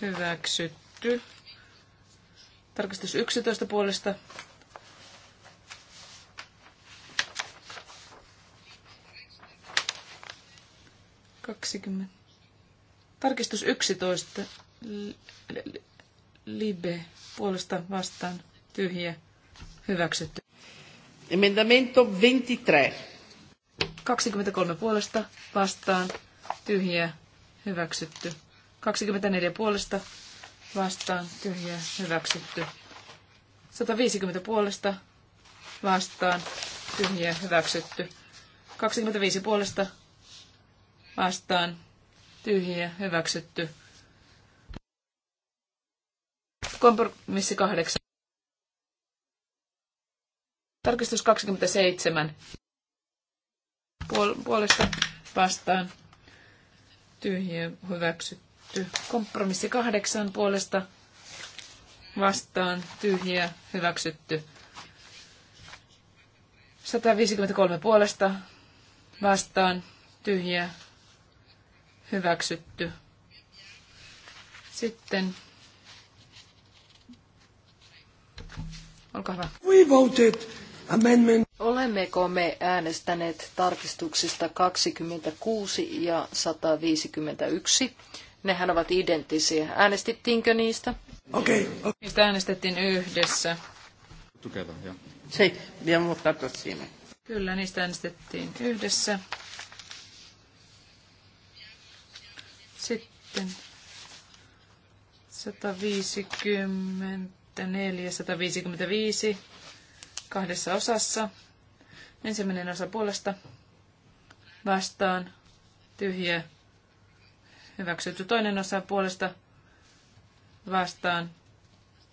Hyväksytty. Tarkistus 11 puolesta. Kaksikymmentä. Tarkistus 11. Libe puolesta vastaan tyhjä hyväksytty. Emendamento 23. 23 puolesta vastaan tyhjä hyväksytty. 24 puolesta vastaan tyhjä hyväksytty. 150 puolesta vastaan tyhjä hyväksytty. 25 puolesta vastaan tyhjiä, hyväksytty. Kompromissi 8. Tarkistus 27. Puol- puolesta vastaan tyhjiä, hyväksytty. Kompromissi 8 puolesta vastaan tyhjiä, hyväksytty. 153 puolesta vastaan tyhjiä, hyväksytty. Sitten, olkaa hyvä. We voted amendment. Olemmeko me äänestäneet tarkistuksista 26 ja 151? Nehän ovat identtisiä. Äänestettiinkö niistä? Okei. Okay, okay. Niistä äänestettiin yhdessä. Tukeva, joo. Se, vielä muuttaa siinä. Kyllä, niistä äänestettiin yhdessä. Sitten 154, 155 kahdessa osassa. Ensimmäinen osa puolesta vastaan tyhjä. Hyväksytty toinen osa puolesta vastaan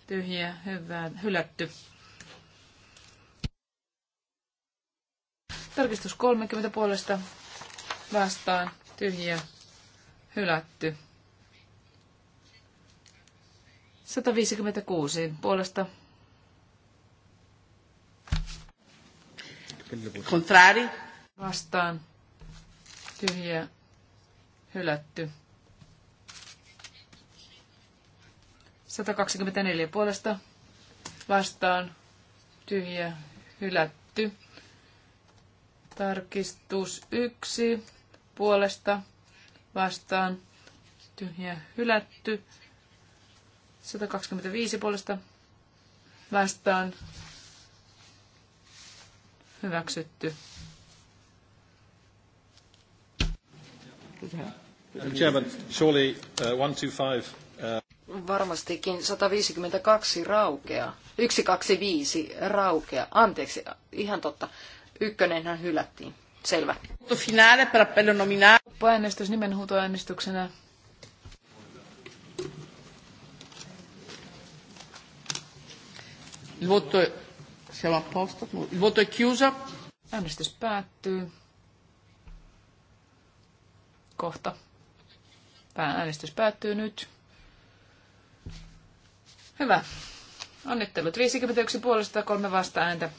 tyhjä, hyvä, hylätty. Tarkistus 30 puolesta vastaan tyhjä, hylätty. 156 puolesta. Contrari. Vastaan. Tyhjä. Hylätty. 124 puolesta. Vastaan. Tyhjä. Hylätty. Tarkistus 1 puolesta vastaan tyhjä hylätty. 125 puolesta vastaan hyväksytty. Chairman, surely uh, 125 uh, Varmastikin 152 raukea. 125 raukea. Anteeksi, ihan totta. Ykkönenhän hylättiin selvä. Finale per appello nominale. Äänestys nimenhuutoäänestyksenä. Il voto è... Siamo a posto? Il voto è chiuso. Äänestys päättyy. Kohta. Äänestys päättyy nyt. Hyvä. Onnittelut. 51 puolesta, kolme vasta ääntä.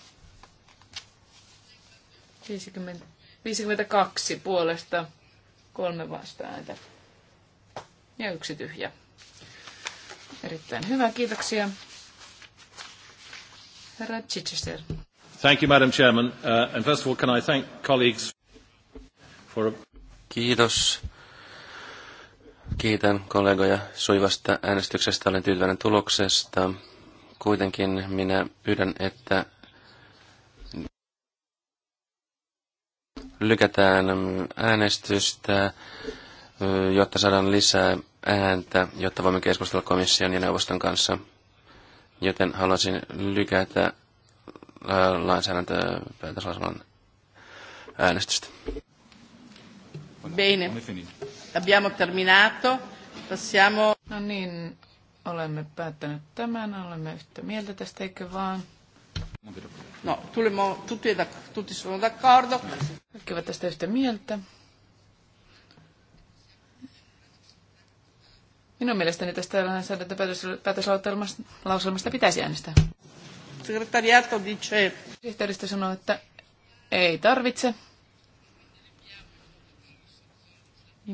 50. 52 puolesta, kolme vastaääntä ja yksi tyhjä. Erittäin hyvä, kiitoksia. Herra Chichester. Thank you, Madam Chairman. Uh, and first of all, can I thank colleagues for a... Kiitos. Kiitän kollegoja suivasta äänestyksestä. Olen tyytyväinen tuloksesta. Kuitenkin minä pyydän, että lykätään äänestystä, jotta saadaan lisää ääntä, jotta voimme keskustella komission ja neuvoston kanssa. Joten haluaisin lykätä lainsäädäntöpäätöslauselman äänestystä. Bene. Abbiamo terminato. Passiamo... No niin, olemme päättäneet tämän, olemme yhtä mieltä tästä, eikö vaan? No, tutti, tutti sono d'accordo. Che va testa sta mieltä. Minun mielestäni tästä lainsäädäntöpäätöslauselmasta pitäisi äänestää. Sekretariato dice... Sihteeristö sanoo, että ei tarvitse,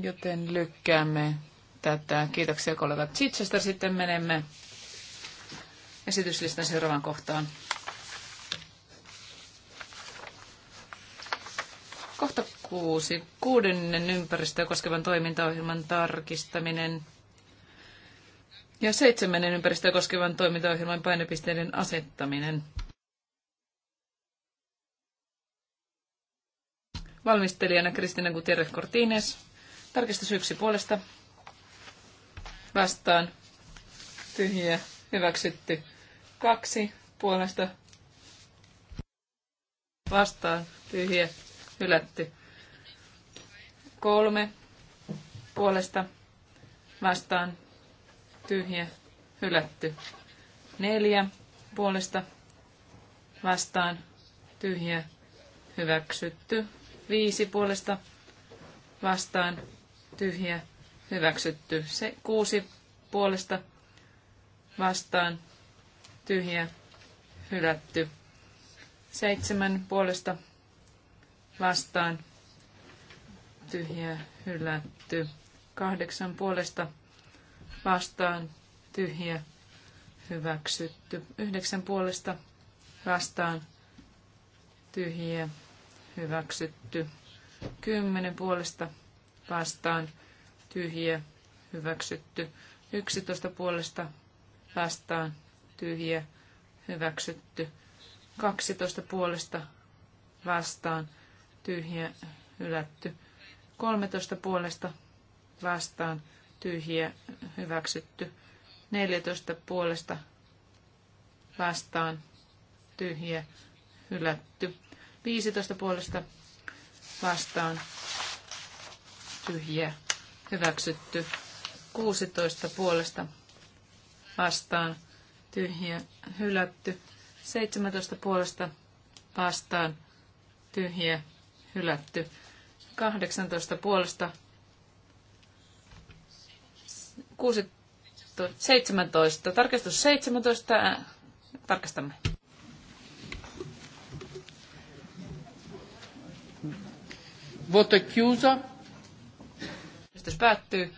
joten lykkäämme tätä. Kiitoksia kollegat Chichester. Sitten menemme esityslistan seuraavaan kohtaan. Kohta kuusi. Kuudennen ympäristöä koskevan toimintaohjelman tarkistaminen. Ja seitsemännen ympäristöä koskevan toimintaohjelman painopisteiden asettaminen. Valmistelijana Kristina Gutierrez Cortines. Tarkistus yksi puolesta. Vastaan. tyhjä Hyväksytty. Kaksi puolesta. Vastaan. tyhjä hylätty. Kolme puolesta vastaan tyhjä hylätty. Neljä puolesta vastaan tyhjä hyväksytty. Viisi puolesta vastaan tyhjä hyväksytty. Se, kuusi puolesta vastaan tyhjä hylätty. Seitsemän puolesta vastaan tyhjä hylätty. Kahdeksan puolesta vastaan tyhjä hyväksytty. Yhdeksän puolesta vastaan tyhjä hyväksytty. Kymmenen puolesta vastaan tyhjä hyväksytty. Yksitoista puolesta vastaan tyhjä hyväksytty. Kaksitoista puolesta vastaan tyhjä tyhjä, hylätty. 13 puolesta vastaan tyhjä, hyväksytty. 14 puolesta vastaan tyhjä, hylätty. 15 puolesta vastaan tyhjä, hyväksytty. 16 puolesta vastaan tyhjä, hylätty. 17 puolesta vastaan tyhjä, hylätty. 18 puolesta 17. Tarkistus 17. Tarkistamme. Voto chiusa. Äänestys päättyy.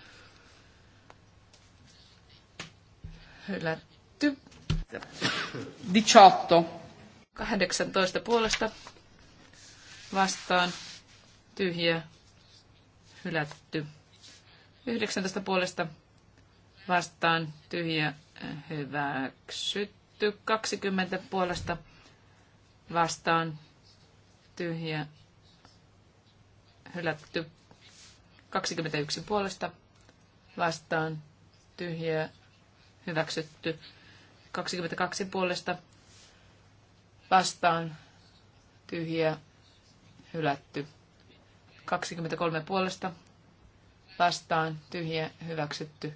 Hylätty. 18. 18 puolesta vastaan tyhjä hylätty. 19 puolesta vastaan tyhjä hyväksytty. 20 puolesta vastaan tyhjä hylätty. 21 puolesta vastaan tyhjä hyväksytty. 22 puolesta vastaan tyhjä hylätty. 23 puolesta vastaan tyhjä hyväksytty.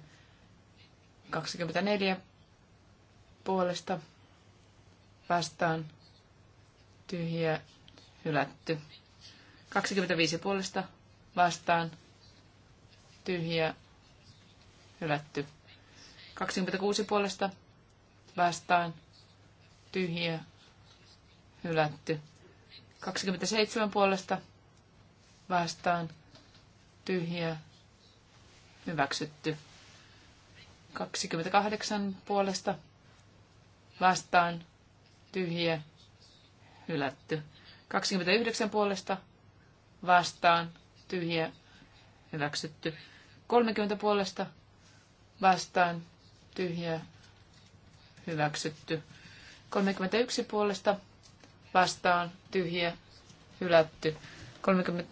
24 puolesta vastaan tyhjä hylätty. 25 puolesta vastaan tyhjä hylätty. 26 puolesta vastaan tyhjä hylätty. 27 puolesta vastaan tyhjä hyväksytty. 28 puolesta vastaan tyhjä hylätty. 29 puolesta vastaan tyhjä hyväksytty. 30 puolesta vastaan tyhjä hyväksytty. 31 puolesta vastaan tyhjä hylätty. 30,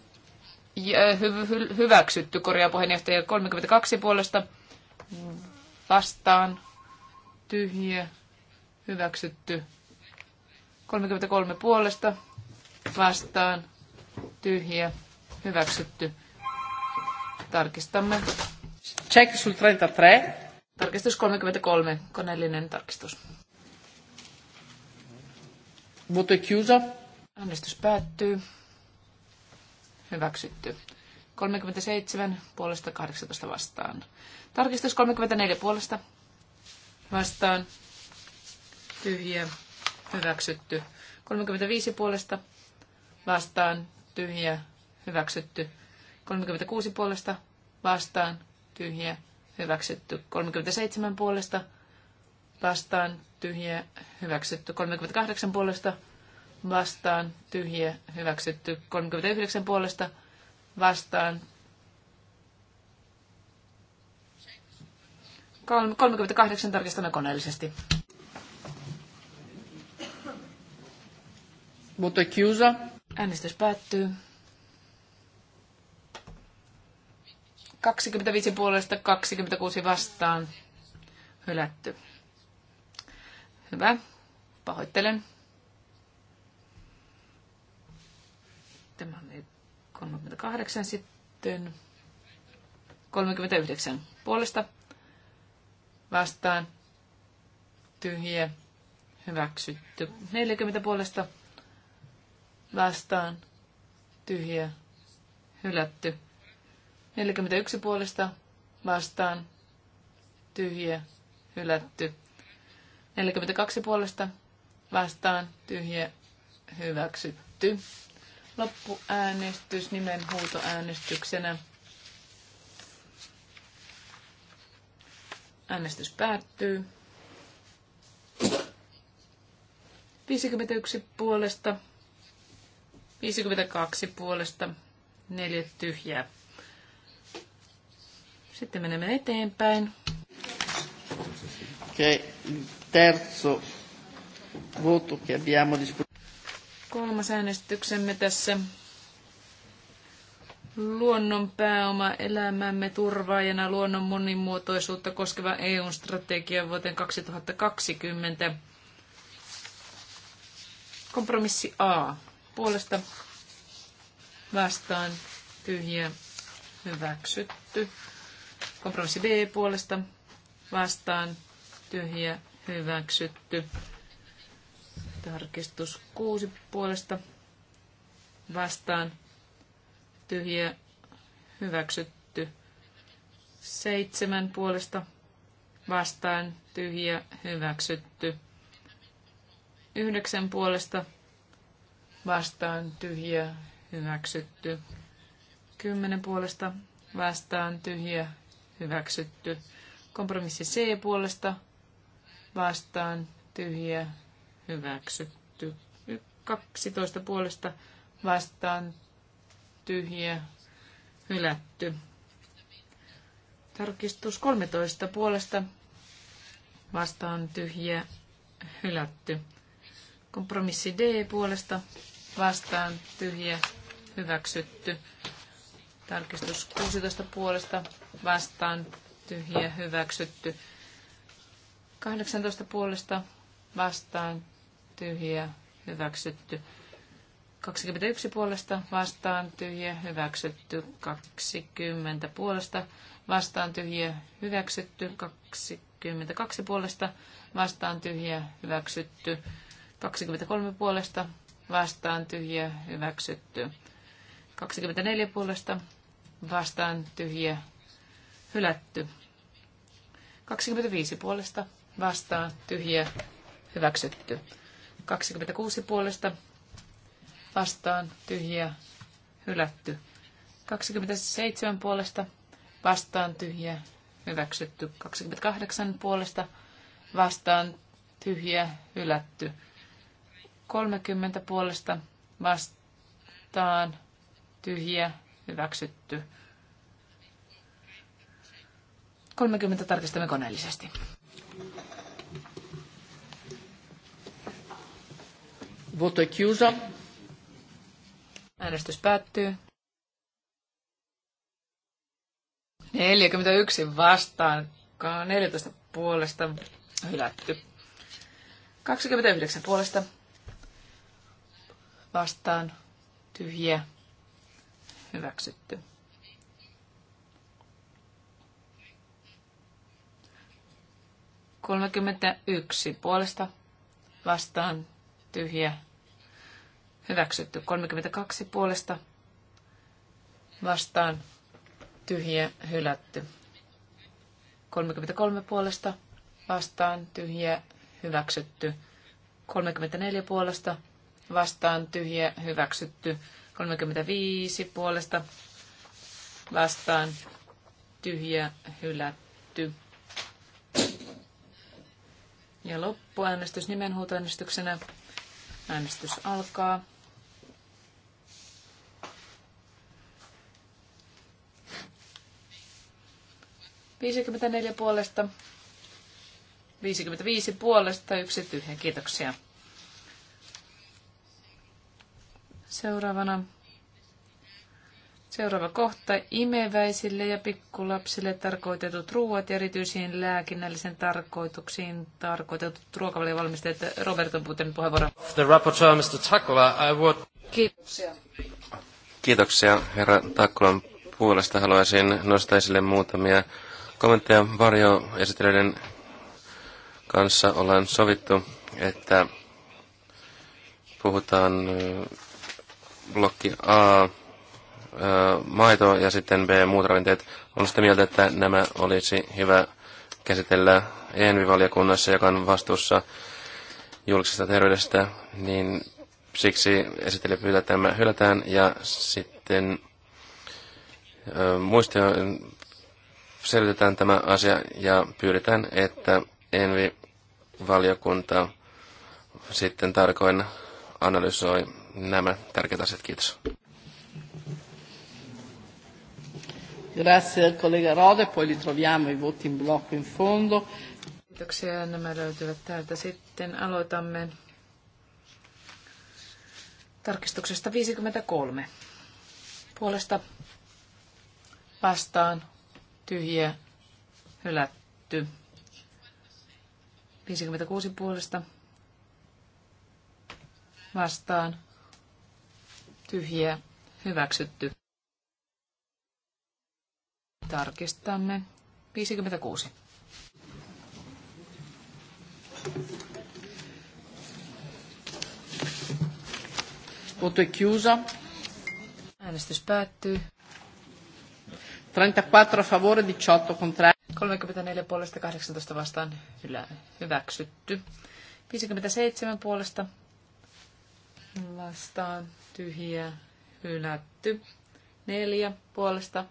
hy, hy, hyväksytty korjaa puheenjohtaja 32 puolesta vastaan tyhjä hyväksytty. 33 puolesta vastaan tyhjä hyväksytty. Tarkistamme. Check sul 33. Tarkistus 33, koneellinen tarkistus. Vote chiusa. Äänestys päättyy. Hyväksytty. 37 puolesta 18 vastaan. Tarkistus 34 puolesta vastaan. Tyhjä. Hyväksytty. 35 puolesta vastaan. Tyhjä. Hyväksytty. 36 puolesta vastaan. Tyhjä. Hyväksytty. 37 puolesta vastaan vastaan tyhjä hyväksytty. 38 puolesta vastaan tyhjä hyväksytty. 39 puolesta vastaan 38 tarkistamme koneellisesti. Mutta kiusa. Äänestys päättyy. 25 puolesta 26 vastaan hylätty. Hyvä. Pahoittelen. Tämä on 38 sitten. 39 puolesta vastaan tyhjiä hyväksytty. 40 puolesta vastaan tyhjiä hylätty. 41 puolesta vastaan tyhjiä hylätty. 42 puolesta vastaan tyhjä hyväksytty. Loppuäänestys nimen huutoäänestyksenä. Äänestys päättyy. 51 puolesta, 52 puolesta, neljä tyhjää. Sitten menemme eteenpäin. Okei, okay terzo voto che abbiamo disputato. Kolmas äänestyksemme tässä luonnon pääoma elämämme turvaajana luonnon monimuotoisuutta koskeva eu strategia vuoteen 2020. Kompromissi A. Puolesta vastaan tyhjä hyväksytty. Kompromissi B puolesta vastaan tyhjä hyväksytty. Tarkistus kuusi puolesta vastaan tyhjä hyväksytty. Seitsemän puolesta vastaan tyhjä hyväksytty. Yhdeksän puolesta vastaan tyhjä hyväksytty. Kymmenen puolesta vastaan tyhjä hyväksytty. Kompromissi C puolesta vastaan tyhjä hyväksytty. 12 puolesta vastaan tyhjä hylätty. Tarkistus 13 puolesta vastaan tyhjä hylätty. Kompromissi D puolesta vastaan tyhjä hyväksytty. Tarkistus 16 puolesta vastaan tyhjä hyväksytty. 18 puolesta vastaan tyhjä hyväksytty. 21 puolesta vastaan tyhjä hyväksytty. 20 puolesta vastaan tyhjä hyväksytty. 22 puolesta vastaan tyhjä hyväksytty. 23 puolesta vastaan tyhjä hyväksytty. 24 puolesta vastaan tyhjä hylätty. 25 puolesta vastaa tyhjä hyväksytty. 26 puolesta vastaan tyhjä hylätty. 27 puolesta vastaan tyhjä hyväksytty. 28 puolesta vastaan tyhjä hylätty. 30 puolesta vastaan tyhjä hyväksytty. 30 tarkistamme koneellisesti. Voto chiuso. Äänestys päättyy. 41 vastaan, 14 puolesta hylätty. 29 puolesta vastaan tyhjä hyväksytty. Kolmekymmentä yksi puolesta vastaan tyhjä Hyväksytty. 32 puolesta vastaan tyhjä hylätty. 33 puolesta vastaan tyhjä hyväksytty. 34 puolesta vastaan tyhjä hyväksytty. 35 puolesta vastaan tyhjä hylätty. Ja loppuäänestys nimenhuutoäänestyksenä. Äänestys alkaa. 54 puolesta, 55 puolesta, yksi tyhjä. Kiitoksia. Seuraavana Seuraava kohta. Imeväisille ja pikkulapsille tarkoitetut ruoat ja erityisiin lääkinnällisen tarkoituksiin tarkoitetut ruokavaliovalmisteet. Robert on puuten puheenvuoro. The rapporteur, Mr. Takula, I would... Kiitoksia. Kiitoksia herra Takulan puolesta. Haluaisin nostaa esille muutamia kommentteja varjoesittelyiden kanssa ollaan sovittu, että puhutaan blokki A, maito ja sitten B, muut ravinteet. On sitä mieltä, että nämä olisi hyvä käsitellä ENVI-valiokunnassa, joka on vastuussa julkisesta terveydestä, niin siksi esittelijä pyytää tämä hylätään ja sitten muistio selvitetään tämä asia ja pyydetään, että Envi-valiokunta sitten tarkoin analysoi nämä tärkeät asiat. Kiitos. Grazie al collega Rode, poi li troviamo i voti in blocco in fondo. Kiitoksia, nämä löytyvät täältä. Sitten aloitamme tarkistuksesta 53. Puolesta vastaan tyhjiä hylätty. 56 puolesta vastaan tyhjiä hyväksytty. Tarkistamme 56. Voto è chiusa. Äänestys päättyy. 34 a favore, 18 contrari. 34 puolesta 18 vastaan hyväksytty. 57 puolesta vastaan tyhjä, hylätty. 4 puolesta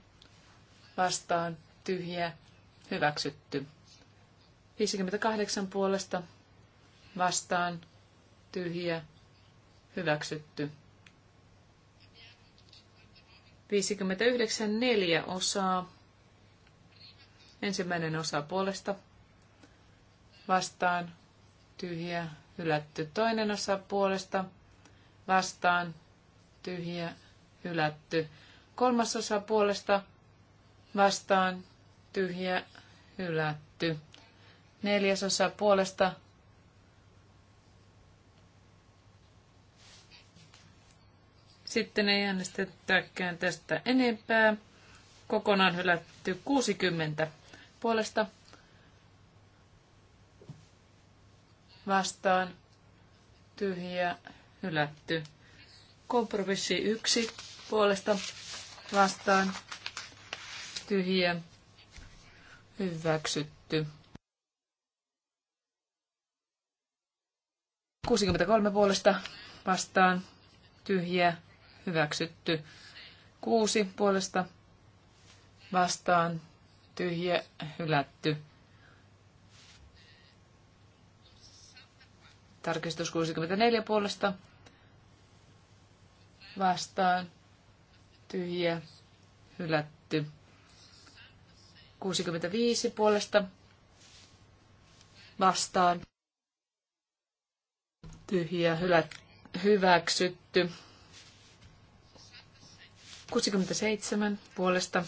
vastaan tyhjä, hyväksytty. 58 puolesta vastaan tyhjä, hyväksytty. 59 neljä osaa. Ensimmäinen osa puolesta vastaan tyhjä hylätty. Toinen osa puolesta vastaan tyhjä hylätty. Kolmas osa puolesta vastaan tyhjä hylätty. Neljäs osa puolesta Sitten ei äänestetäkään tästä enempää. Kokonaan hylätty 60 puolesta vastaan tyhjä hylätty. Kompromissi 1 puolesta vastaan tyhjä hyväksytty. 63 puolesta vastaan tyhjä hyväksytty. Kuusi puolesta vastaan tyhjä hylätty. Tarkistus 64 puolesta vastaan tyhjä hylätty. 65 puolesta vastaan tyhjä hylä, hyväksytty. 67 puolesta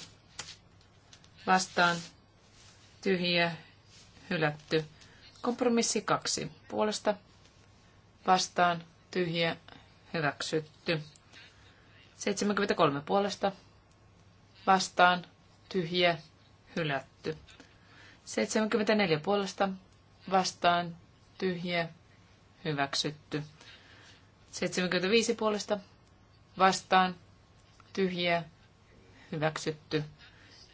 vastaan tyhjiä hylätty. Kompromissi 2 puolesta vastaan tyhjiä hyväksytty. 73 puolesta vastaan tyhjiä hylätty. 74 puolesta vastaan tyhjiä hyväksytty. 75 puolesta vastaan tyhjiä, hyväksytty.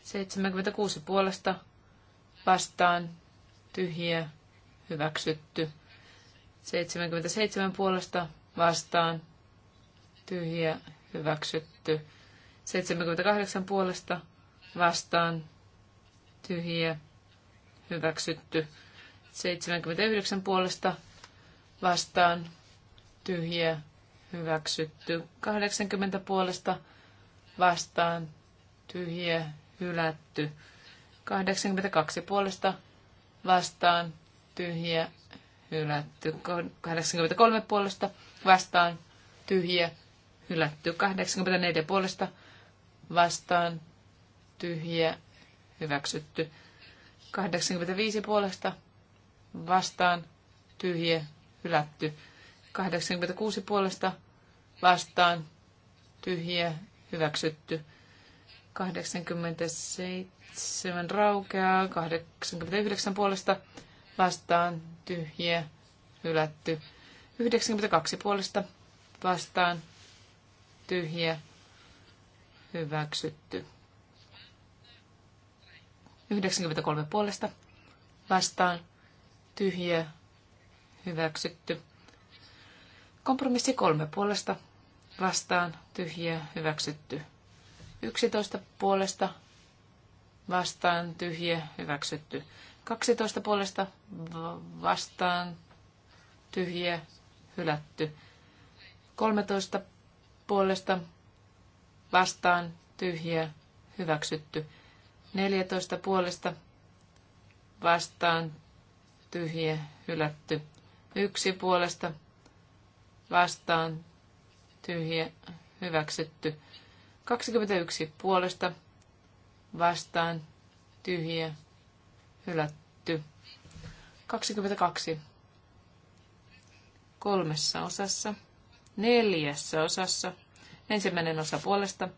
76 puolesta vastaan, tyhjiä, hyväksytty. 77 puolesta vastaan, tyhjiä, hyväksytty. 78 puolesta vastaan, tyhjiä, hyväksytty. 79 puolesta vastaan, tyhjiä, hyväksytty. 80 puolesta vastaan, vastaan tyhjä, hylätty. 82 puolesta vastaan tyhjä, hylätty. 83 puolesta vastaan tyhjä hylätty. 84 puolesta vastaan tyhjä hyväksytty. 85 puolesta vastaan tyhjä hylätty. 86 puolesta vastaan tyhjä hyväksytty. 87 raukeaa, 89 puolesta vastaan tyhjiä, hylätty. 92 puolesta vastaan tyhjiä, hyväksytty. 93 puolesta vastaan tyhjiä, hyväksytty. Kompromissi kolme puolesta vastaan tyhjiä hyväksytty. 11 puolesta vastaan tyhjiä hyväksytty. 12 puolesta vastaan tyhjiä hylätty. 13 puolesta vastaan tyhjiä hyväksytty. 14 puolesta vastaan tyhjiä hylätty. Yksi puolesta vastaan tyhjä, hyväksytty. 21 puolesta vastaan, tyhjä, hylätty. 22 kolmessa osassa, neljässä osassa. Ensimmäinen osa puolesta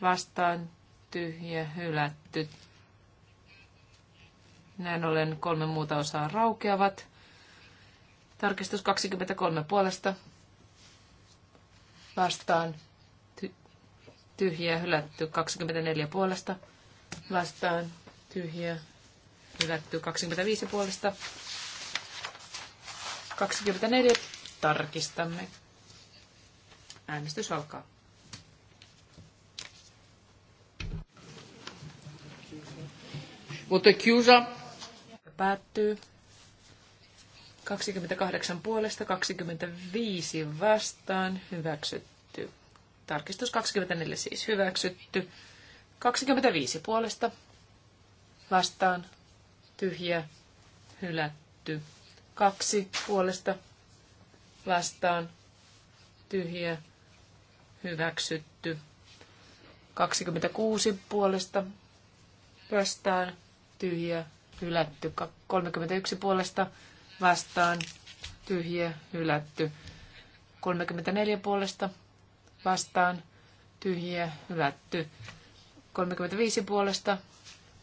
vastaan, tyhjä, hylätty. Näin ollen kolme muuta osaa raukeavat. Tarkistus 23 puolesta vastaan tyhjiä hylätty 24 puolesta vastaan tyhjiä hylätty 25 puolesta 24 tarkistamme. Äänestys alkaa. Mutta kiusa päättyy. 28 puolesta, 25 vastaan, hyväksytty. Tarkistus 24 siis hyväksytty. 25 puolesta, vastaan, tyhjä, hylätty. 2 puolesta, vastaan, tyhjä, hyväksytty. 26 puolesta, vastaan, tyhjä, hylätty. 31 puolesta, vastaan tyhjiä hylätty. 34 puolesta vastaan tyhjiä hylätty. 35 puolesta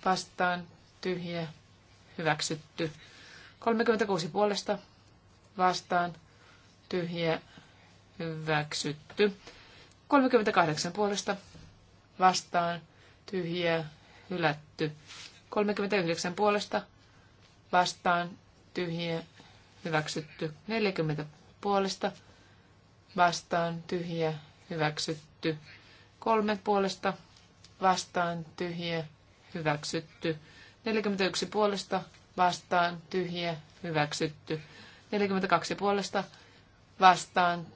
vastaan tyhjiä hyväksytty. 36 puolesta vastaan tyhjiä hyväksytty. 38 puolesta vastaan tyhjiä hylätty. 39 puolesta vastaan tyhjiä, hyväksytty. 40 puolesta vastaan tyhjiä, hyväksytty. Kolme puolesta vastaan tyhjiä, hyväksytty. 41 puolesta vastaan tyhjiä, hyväksytty. 42 puolesta vastaan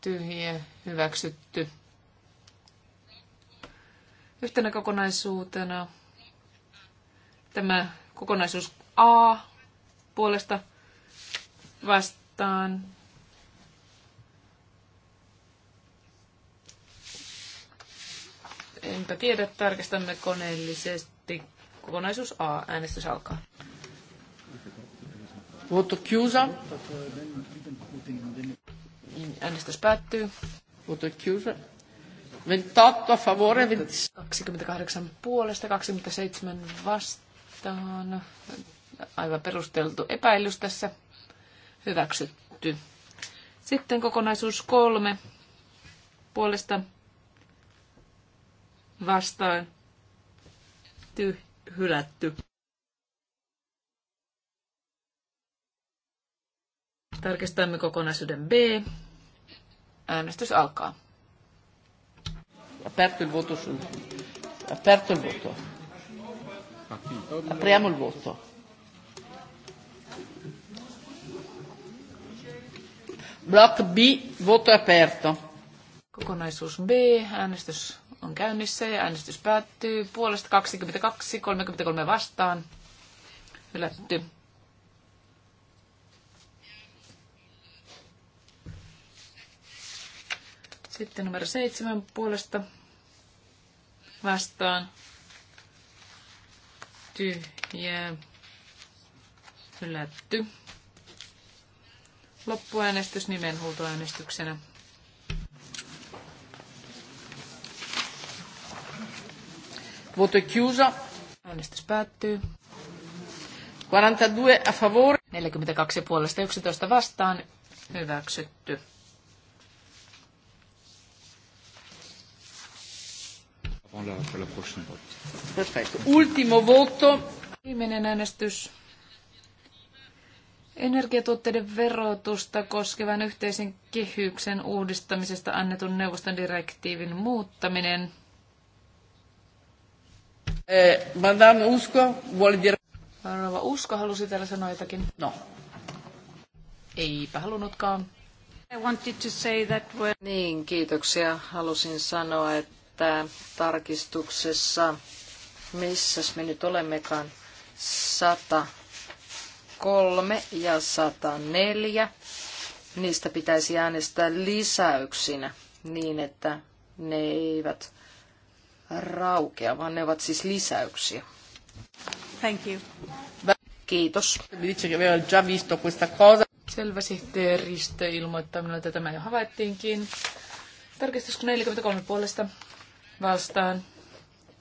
tyhjiä, hyväksytty. Yhtenä kokonaisuutena tämä kokonaisuus A puolesta vastaan. Enpä tiedä, tarkistamme koneellisesti. Kokonaisuus A, äänestys alkaa. Voto chiusa. Äänestys päättyy. Voto chiusa. 28 favore, 28 puolesta, 27 vastaan aivan perusteltu epäilys tässä hyväksytty. Sitten kokonaisuus kolme puolesta vastaan ty, hylätty. Tarkistamme kokonaisuuden B. Äänestys alkaa. Aperto il voto sul... Aperto il voto. Apriamo il voto. Block B, voto aperto. Kokonaisuus B, äänestys on käynnissä ja äänestys päättyy. Puolesta 22, 33 vastaan. Hylätty. Sitten numero seitsemän puolesta vastaan. Tyhjää. Hylätty. Loppuäänestys nimenhuutoäänestyksenä. Voto chiuso. Äänestys päättyy. 42 a favore. 42 puolesta 11 vastaan. Hyväksytty. Perfetto. Ultimo voto. Viimeinen äänestys. Energiatuotteiden verotusta koskevan yhteisen kehyksen uudistamisesta annetun neuvoston direktiivin muuttaminen. Eh, Madame Usko, Rova Usko halusi täällä sanoa jotakin. No. Eipä halunnutkaan. I wanted to say that when... Niin, kiitoksia. Halusin sanoa, että tarkistuksessa, missäs me nyt olemmekaan, 100 103 ja 104. Niistä pitäisi äänestää lisäyksinä niin, että ne eivät raukea, vaan ne ovat siis lisäyksiä. Thank you. Kiitos. Selvä sihteeristö ilmoittaa minulle, että tämä jo havaittiinkin. Tarkistus 43 puolesta vastaan.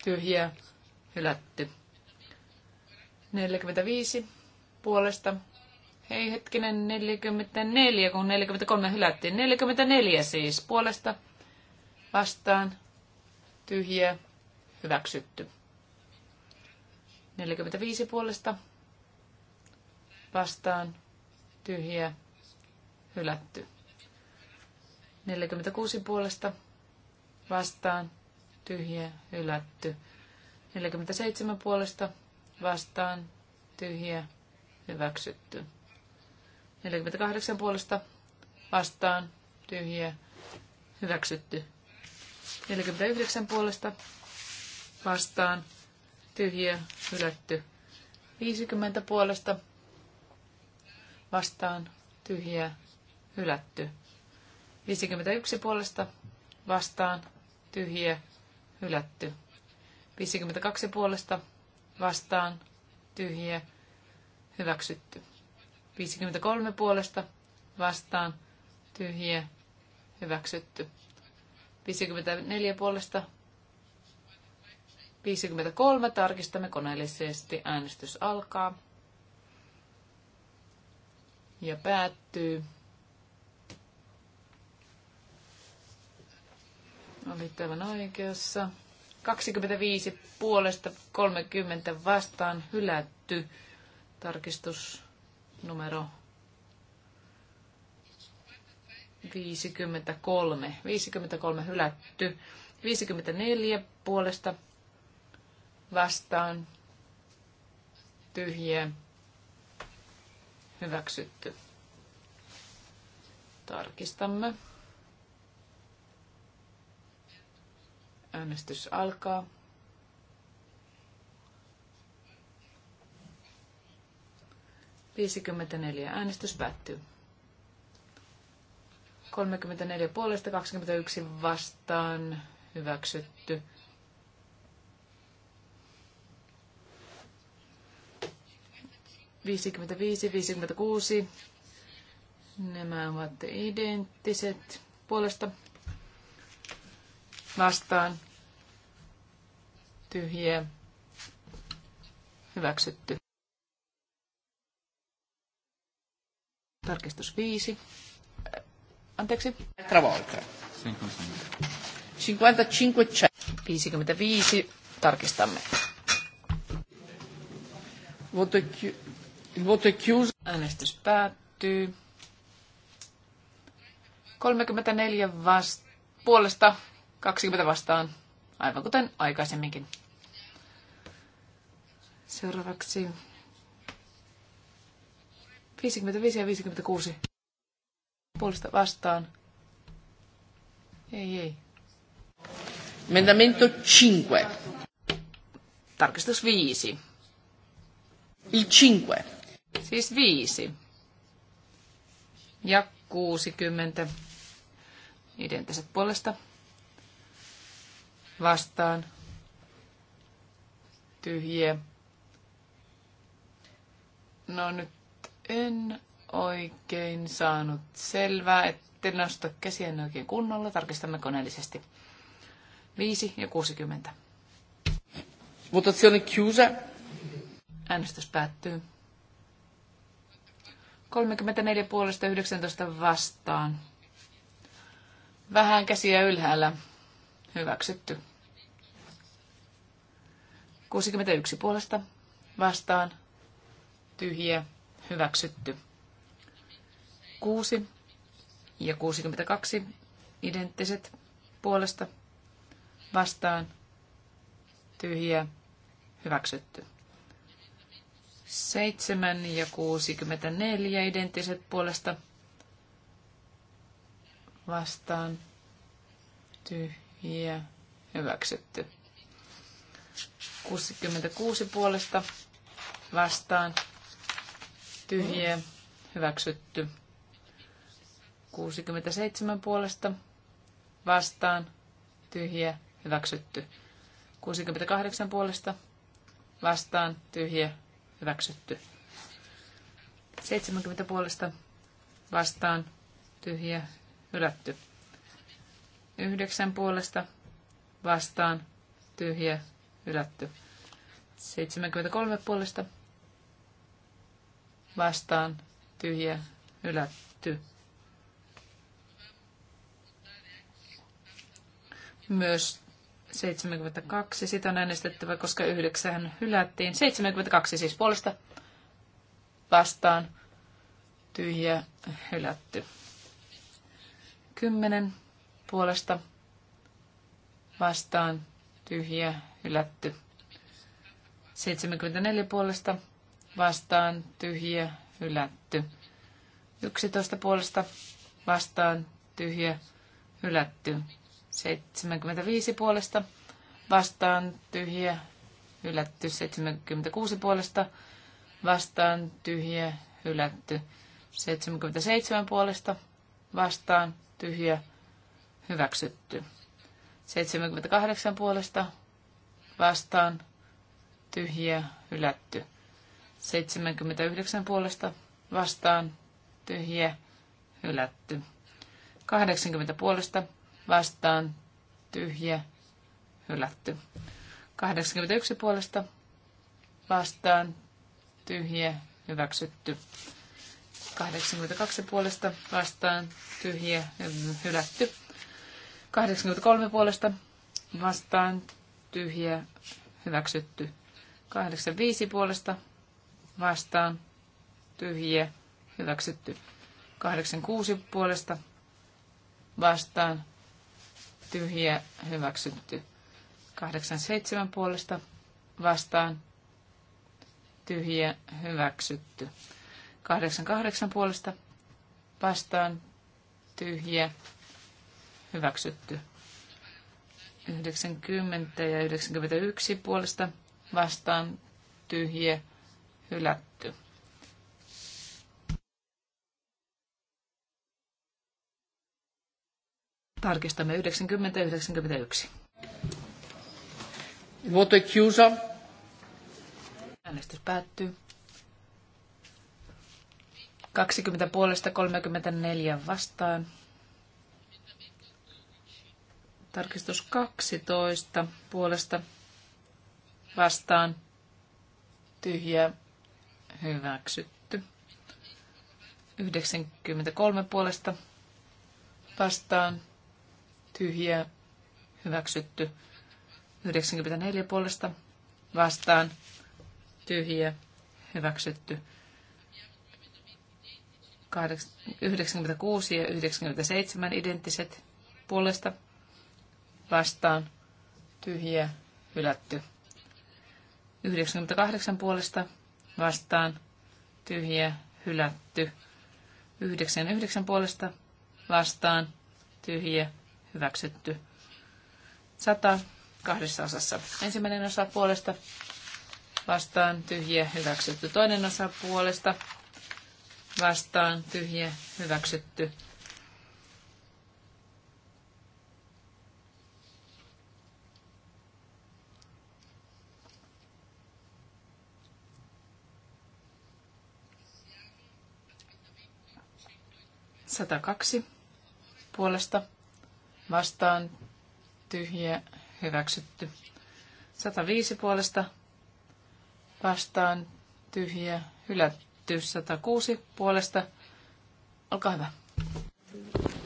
Tyhjää. Hylätty. 45 puolesta. Hei hetkinen, 44, kun 43 hylättiin. 44 siis puolesta vastaan Tyhjä, hyväksytty. 45 puolesta vastaan Tyhjä, hylätty. 46 puolesta vastaan Tyhjä, hylätty. 47 puolesta vastaan tyhjiä hyväksytty. 48 puolesta vastaan tyhjiä hyväksytty. 49 puolesta vastaan tyhjiä hylätty. 50 puolesta vastaan tyhjiä hylätty. 51 puolesta vastaan tyhjiä hylätty. 52 puolesta vastaan tyhjiä hylätty hyväksytty. 53 puolesta vastaan tyhjiä hyväksytty. 54 puolesta 53 tarkistamme koneellisesti. Äänestys alkaa ja päättyy. Olit aivan oikeassa. 25 puolesta 30 vastaan hylätty. Tarkistus numero 53. 53 hylätty. 54 puolesta vastaan tyhjä hyväksytty. Tarkistamme. Äänestys alkaa. 54. Äänestys päättyy. 34 puolesta, 21 vastaan. Hyväksytty. Viisikymmentäviisi, viisikymmentäkuusi. Nämä ovat identtiset puolesta vastaan tyhjiä hyväksytty. Tarkistus 5. Äh, anteeksi. Travolta. 55. 55. Tarkistamme. Äänestys päättyy. 34 vast- puolesta, 20 vastaan, aivan kuten aikaisemminkin. Seuraavaksi 55 ja 56 puolesta vastaan. Ei, ei. Mendamento 5. Tarkistus 5. Il 5. Siis 5. Ja 60. Identiset puolesta. Vastaan. Tyhjiä. No nyt en oikein saanut selvää, ette nosta käsiä oikein kunnolla. Tarkistamme koneellisesti. 5 ja 60. Votazione chiusa. Äänestys päättyy. 34 puolesta 19 vastaan. Vähän käsiä ylhäällä. Hyväksytty. 61 puolesta vastaan. Tyhjiä hyväksytty. 6 ja 62 identtiset puolesta vastaan tyhjä hyväksytty. 7 ja 64 identtiset puolesta vastaan tyhjä hyväksytty. 66 puolesta vastaan tyhjiä hyväksytty. 67 puolesta vastaan tyhjiä hyväksytty. 68 puolesta vastaan tyhjiä hyväksytty. 70 puolesta vastaan tyhjiä hylätty. 9 puolesta vastaan tyhjiä hylätty. 73 puolesta vastaan tyhjä ylätty. Myös 72, sitä on äänestettävä, koska yhdeksän hylättiin. 72 siis puolesta vastaan tyhjä hylätty. 10 puolesta vastaan tyhjä hylätty. 74 puolesta vastaan tyhjä hylätty. 11 puolesta vastaan tyhjä hylätty. 75 puolesta vastaan tyhjä hylätty. 76 puolesta vastaan tyhjä hylätty. 77 puolesta vastaan tyhjä hyväksytty. 78 puolesta vastaan tyhjä hylätty. 79 puolesta vastaan tyhjä, hylätty. 80 puolesta vastaan tyhjä, hylätty. 81 puolesta vastaan tyhjä, hyväksytty. 82 puolesta vastaan tyhjä, hylätty. 83 puolesta vastaan tyhjä, hyväksytty. 85 puolesta vastaan tyhjiä hyväksytty. 86 puolesta vastaan tyhjiä hyväksytty. 87 puolesta vastaan tyhjiä hyväksytty. 88 puolesta vastaan tyhjiä hyväksytty. 90 ja 91 puolesta vastaan tyhjiä hylätty. Tarkistamme 90 91. Voto Kiusa. Äänestys päättyy. 20 puolesta 34 vastaan. Tarkistus 12 puolesta vastaan. Tyhjää hyväksytty. 93 puolesta vastaan tyhjä hyväksytty. 94 puolesta vastaan tyhjä hyväksytty. 96 ja 97 identtiset puolesta vastaan tyhjä hylätty. 98 puolesta vastaan Tyhjä, hylätty. 99 puolesta vastaan tyhjä hyväksytty. 100 kahdessa osassa. Ensimmäinen osa puolesta vastaan tyhjä hyväksytty. Toinen osa puolesta vastaan tyhjä hyväksytty. 102 puolesta vastaan tyhjä hyväksytty. 105 puolesta vastaan tyhjä hylätty. 106 puolesta. Olkaa hyvä.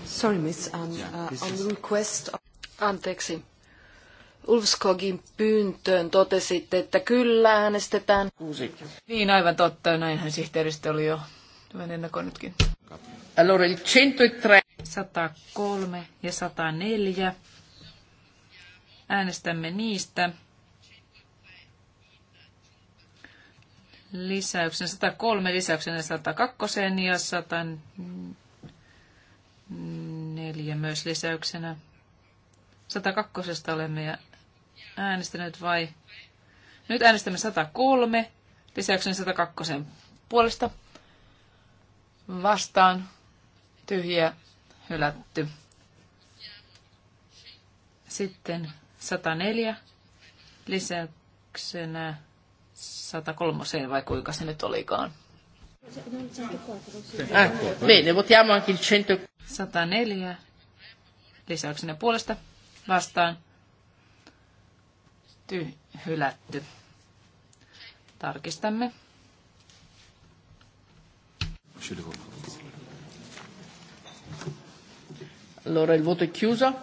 Sorry, miss. Um, uh, on request... Anteeksi. Ulfskogin pyyntöön totesitte, että kyllä äänestetään. Kuusi. Niin, aivan totta. Näinhän sihteeristö oli jo tämän ennakoinutkin. Allora il 103. 103 ja 104. Äänestämme niistä. Lisäyksen 103, lisäyksen 102 ja 104 myös lisäyksenä. 102 olemme ja äänestäneet vai? Nyt äänestämme 103, lisäyksen 102 puolesta vastaan tyhjä, hylätty. Sitten 104 lisäyksenä 103, vai kuinka se nyt olikaan. Ah, bene, votiamo 104 lisäyksenä puolesta vastaan. Ty, hylätty. Tarkistamme. Should Allora il voto è chiuso.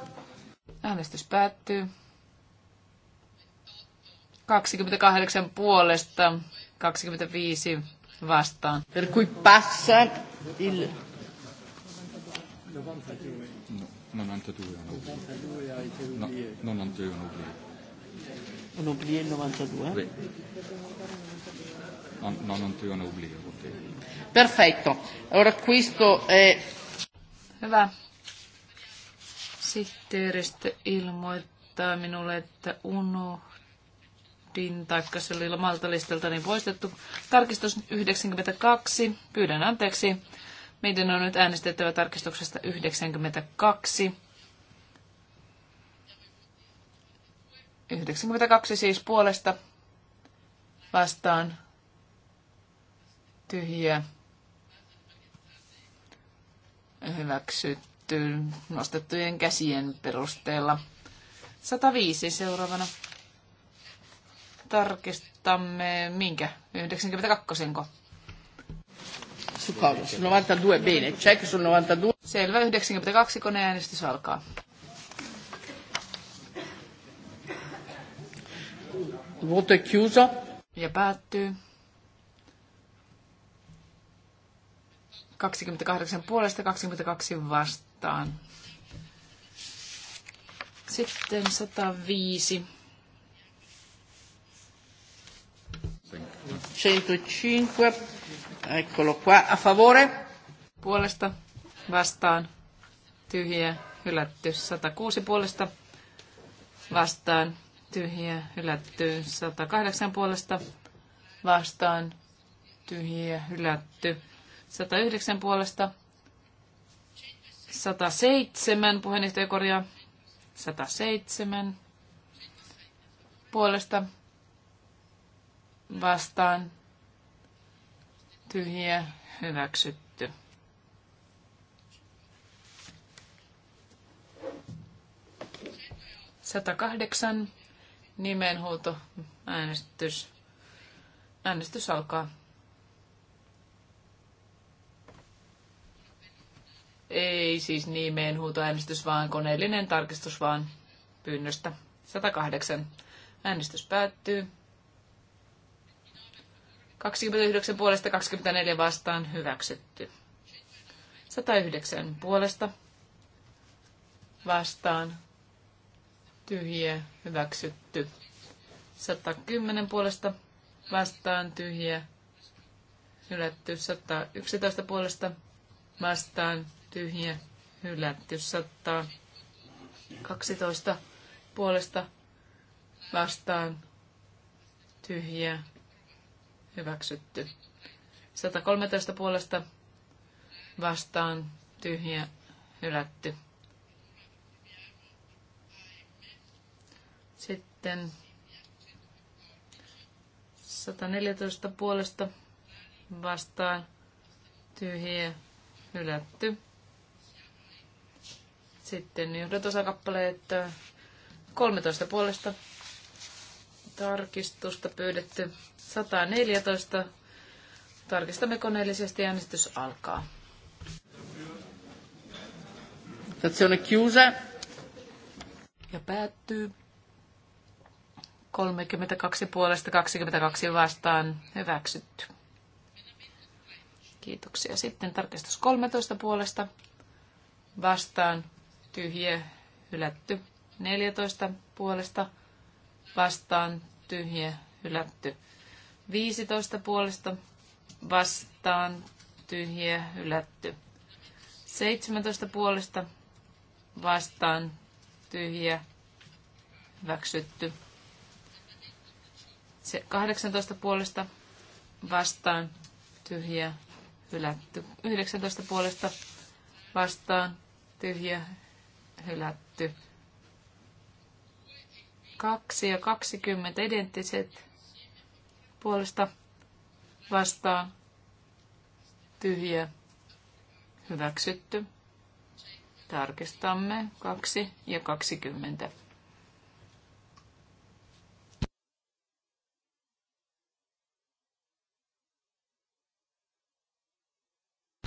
Äänestys päättyy. 28 puolesta, 25 vastaan. Per cui passa il... 92. No, 92 on oublié. No, 92 on oublié. 92? Sì. No, no, Perfetto. Allora questo è... Hyvä. Sihteeristö ilmoittaa minulle, että unohdin, taikka se oli lomalta listalta niin poistettu. Tarkistus 92. Pyydän anteeksi. Meidän on nyt äänestettävä tarkistuksesta 92. 92 siis puolesta vastaan tyhjä hyväksyt hyväksytty nostettujen käsien perusteella. 105 seuraavana. Tarkistamme minkä? 92 ko? 92 bene, check sul 92. Selvä, 92 koneäänestys alkaa. Voto chiuso. Ja päättyy. 28 puolesta, 22 vastaan kohtaan. Sitten 105. 105, eccolo qua, a favore. Puolesta vastaan, tyhjä, hylätty, 106 puolesta vastaan, tyhjä, hylätty, 108 puolesta vastaan, tyhjä, hylätty, 109 puolesta 107, puheenjohtaja korjaa. 107 puolesta vastaan tyhjiä hyväksytty. Satakahdeksan nimenhuuto äänestys. Äänestys alkaa. Ei siis nimeen huutoäänestys, vaan koneellinen tarkistus vaan pyynnöstä. 108. Äänestys päättyy. 29 puolesta 24 vastaan hyväksytty. 109 puolesta vastaan tyhjiä hyväksytty. 110 puolesta vastaan tyhjiä hylätty. 111 puolesta vastaan tyhjä, hylätty 112 puolesta vastaan tyhjä, hyväksytty. 113 puolesta vastaan tyhjä, hylätty. Sitten 114 puolesta vastaan tyhjä, hylätty. Sitten johdatusakappaleet 13 äh, puolesta tarkistusta pyydetty 114. Tarkistamme koneellisesti äänestys alkaa. Stazione chiusa. Ja päättyy. 32 puolesta 22 vastaan hyväksytty. Kiitoksia. Sitten tarkistus 13 puolesta vastaan tyhjä, hylätty. 14 puolesta vastaan tyhjä, hylätty. 15 puolesta vastaan tyhjä, hylätty. 17 puolesta vastaan tyhjä, hyväksytty. 18 puolesta vastaan tyhjä, hylätty. 19 puolesta vastaan tyhjä, hylätty. 2 ja 20 identtiset puolesta vastaan tyhjä hyväksytty. Tarkistamme 2 ja 20.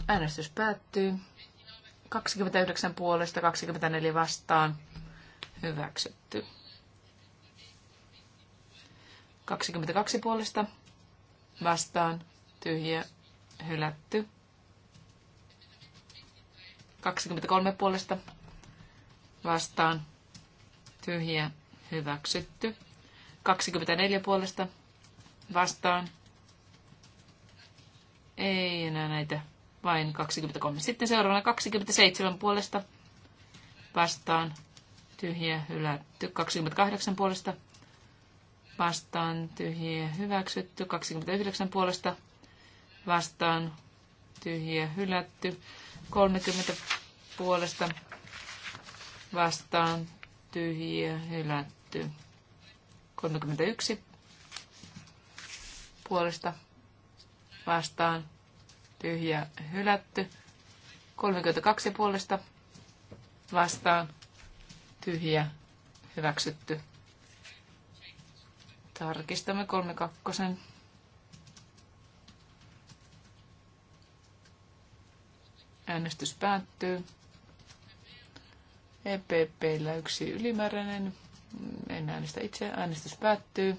Äänestys päättyy. 29 puolesta 24 vastaan hyväksytty. 22 puolesta vastaan tyhjä hylätty. 23 puolesta vastaan tyhjä hyväksytty. 24 puolesta vastaan. Ei enää näitä vain 23. Sitten seuraavana 27 puolesta vastaan tyhjiä hylätty. 28 puolesta vastaan tyhjiä hyväksytty. 29 puolesta vastaan tyhjiä hylätty. 30 puolesta vastaan tyhjiä hylätty. 31 puolesta vastaan tyhjä hylätty. 32 puolesta vastaan tyhjä hyväksytty. Tarkistamme 32. Äänestys päättyy. EPPllä yksi ylimääräinen. En äänestä itse. Äänestys päättyy.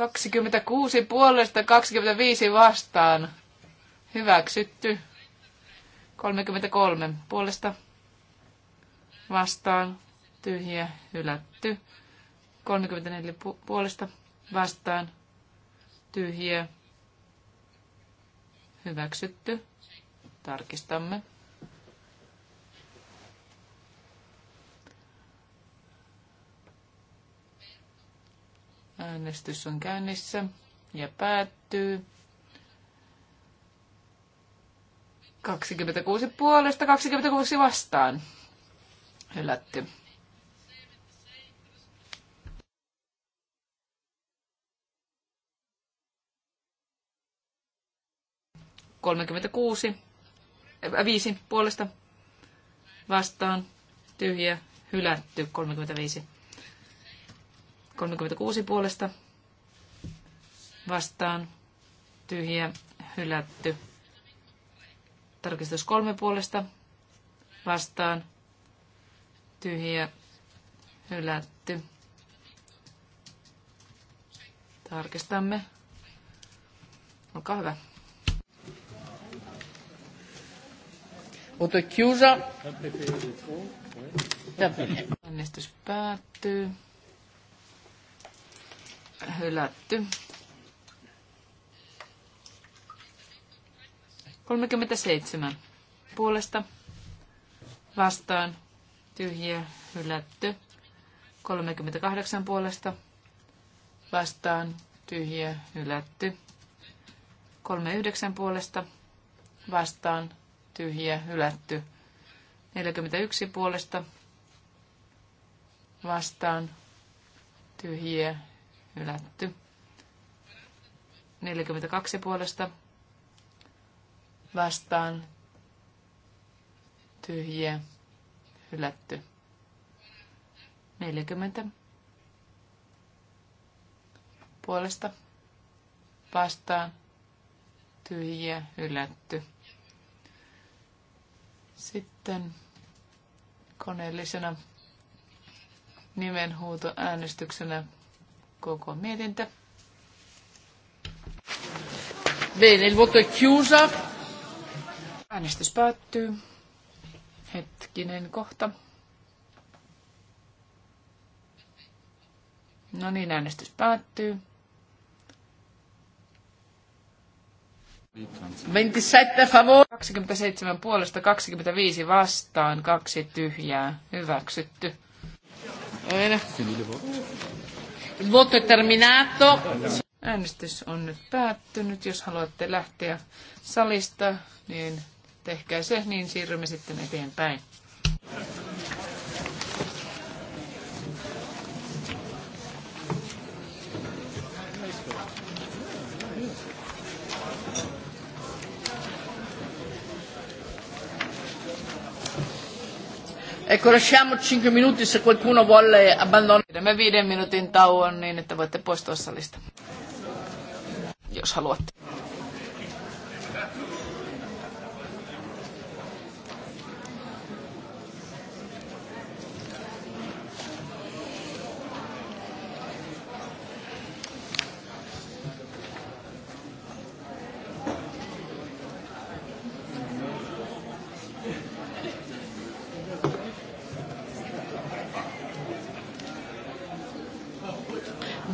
26 puolesta, 25 vastaan. Hyväksytty. 33 puolesta vastaan. Tyhjä, hylätty. 34 pu- puolesta vastaan. Tyhjä, hyväksytty. Tarkistamme. Äänestys on käynnissä ja päättyy. 26 puolesta, 26 vastaan. Hylätty. Kolmekymmentäkuusi, äh, viisi puolesta vastaan, tyhjä, hylätty, 35. 36 puolesta vastaan tyhjä hylätty. Tarkistus kolme puolesta vastaan tyhjä hylätty. Tarkistamme. Olkaa hyvä. Mutta kiusa. päättyy hylätty. 37 puolesta vastaan tyhjiä hylätty. 38 puolesta vastaan tyhjiä hylätty. 39 puolesta vastaan tyhjiä hylätty. 41 puolesta vastaan tyhjiä Hylätty. 42 puolesta vastaan tyhjiä, hylätty. 40 puolesta vastaan tyhjiä, hylätty. Sitten koneellisena nimenhuutoäänestyksenä koko mietintö. Bene, il voto è chiuso. Äänestys päättyy. Hetkinen kohta. No niin, äänestys päättyy. 27 favor. 27 puolesta, 25 vastaan, kaksi tyhjää. Hyväksytty. Aina voto è terminato. Äänestys on nyt päättynyt. Jos haluatte lähteä salista, niin tehkää se, niin siirrymme sitten eteenpäin. Ecco, lasciamo 5 minuti se qualcuno vuole abbandonare. Pidämme viiden minuutin tauon niin, että voitte poistua salista, jos haluatte.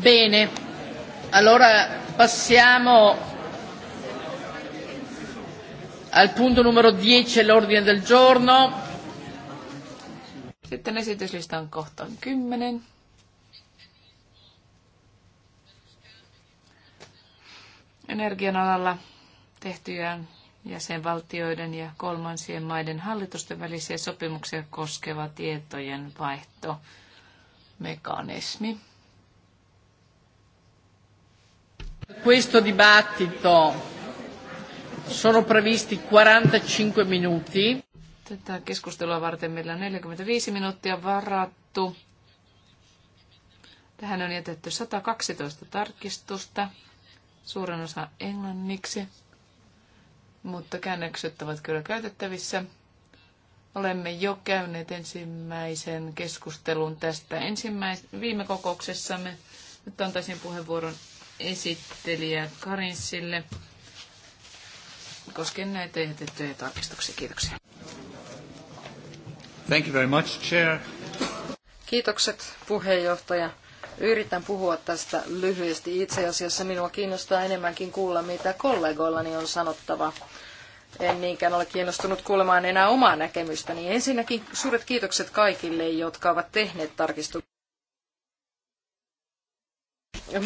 Bene, allora passiamo al punto numero 10 all'ordine del giorno. Sitten esityslistan kohtaan 10. Energian alalla tehtyjään jäsenvaltioiden ja kolmansien maiden hallitusten välisiä sopimuksia koskeva tietojen vaihto mekanismi. Questo dibattito sono previsti 45 minuti. Tätä keskustelua varten meillä on 45 minuuttia varattu. Tähän on jätetty 112 tarkistusta, suurin osa englanniksi, mutta käännökset ovat kyllä käytettävissä. Olemme jo käyneet ensimmäisen keskustelun tästä ensimmäis- viime kokouksessamme. Nyt antaisin puheenvuoron esittelijä Karinsille koskien näitä jätettyjä tarkistuksia. Kiitoksia. Thank you very much, Chair. Kiitokset puheenjohtaja. Yritän puhua tästä lyhyesti. Itse asiassa minua kiinnostaa enemmänkin kuulla, mitä kollegoillani on sanottava. En niinkään ole kiinnostunut kuulemaan enää omaa näkemystäni. Ensinnäkin suuret kiitokset kaikille, jotka ovat tehneet tarkistuksia.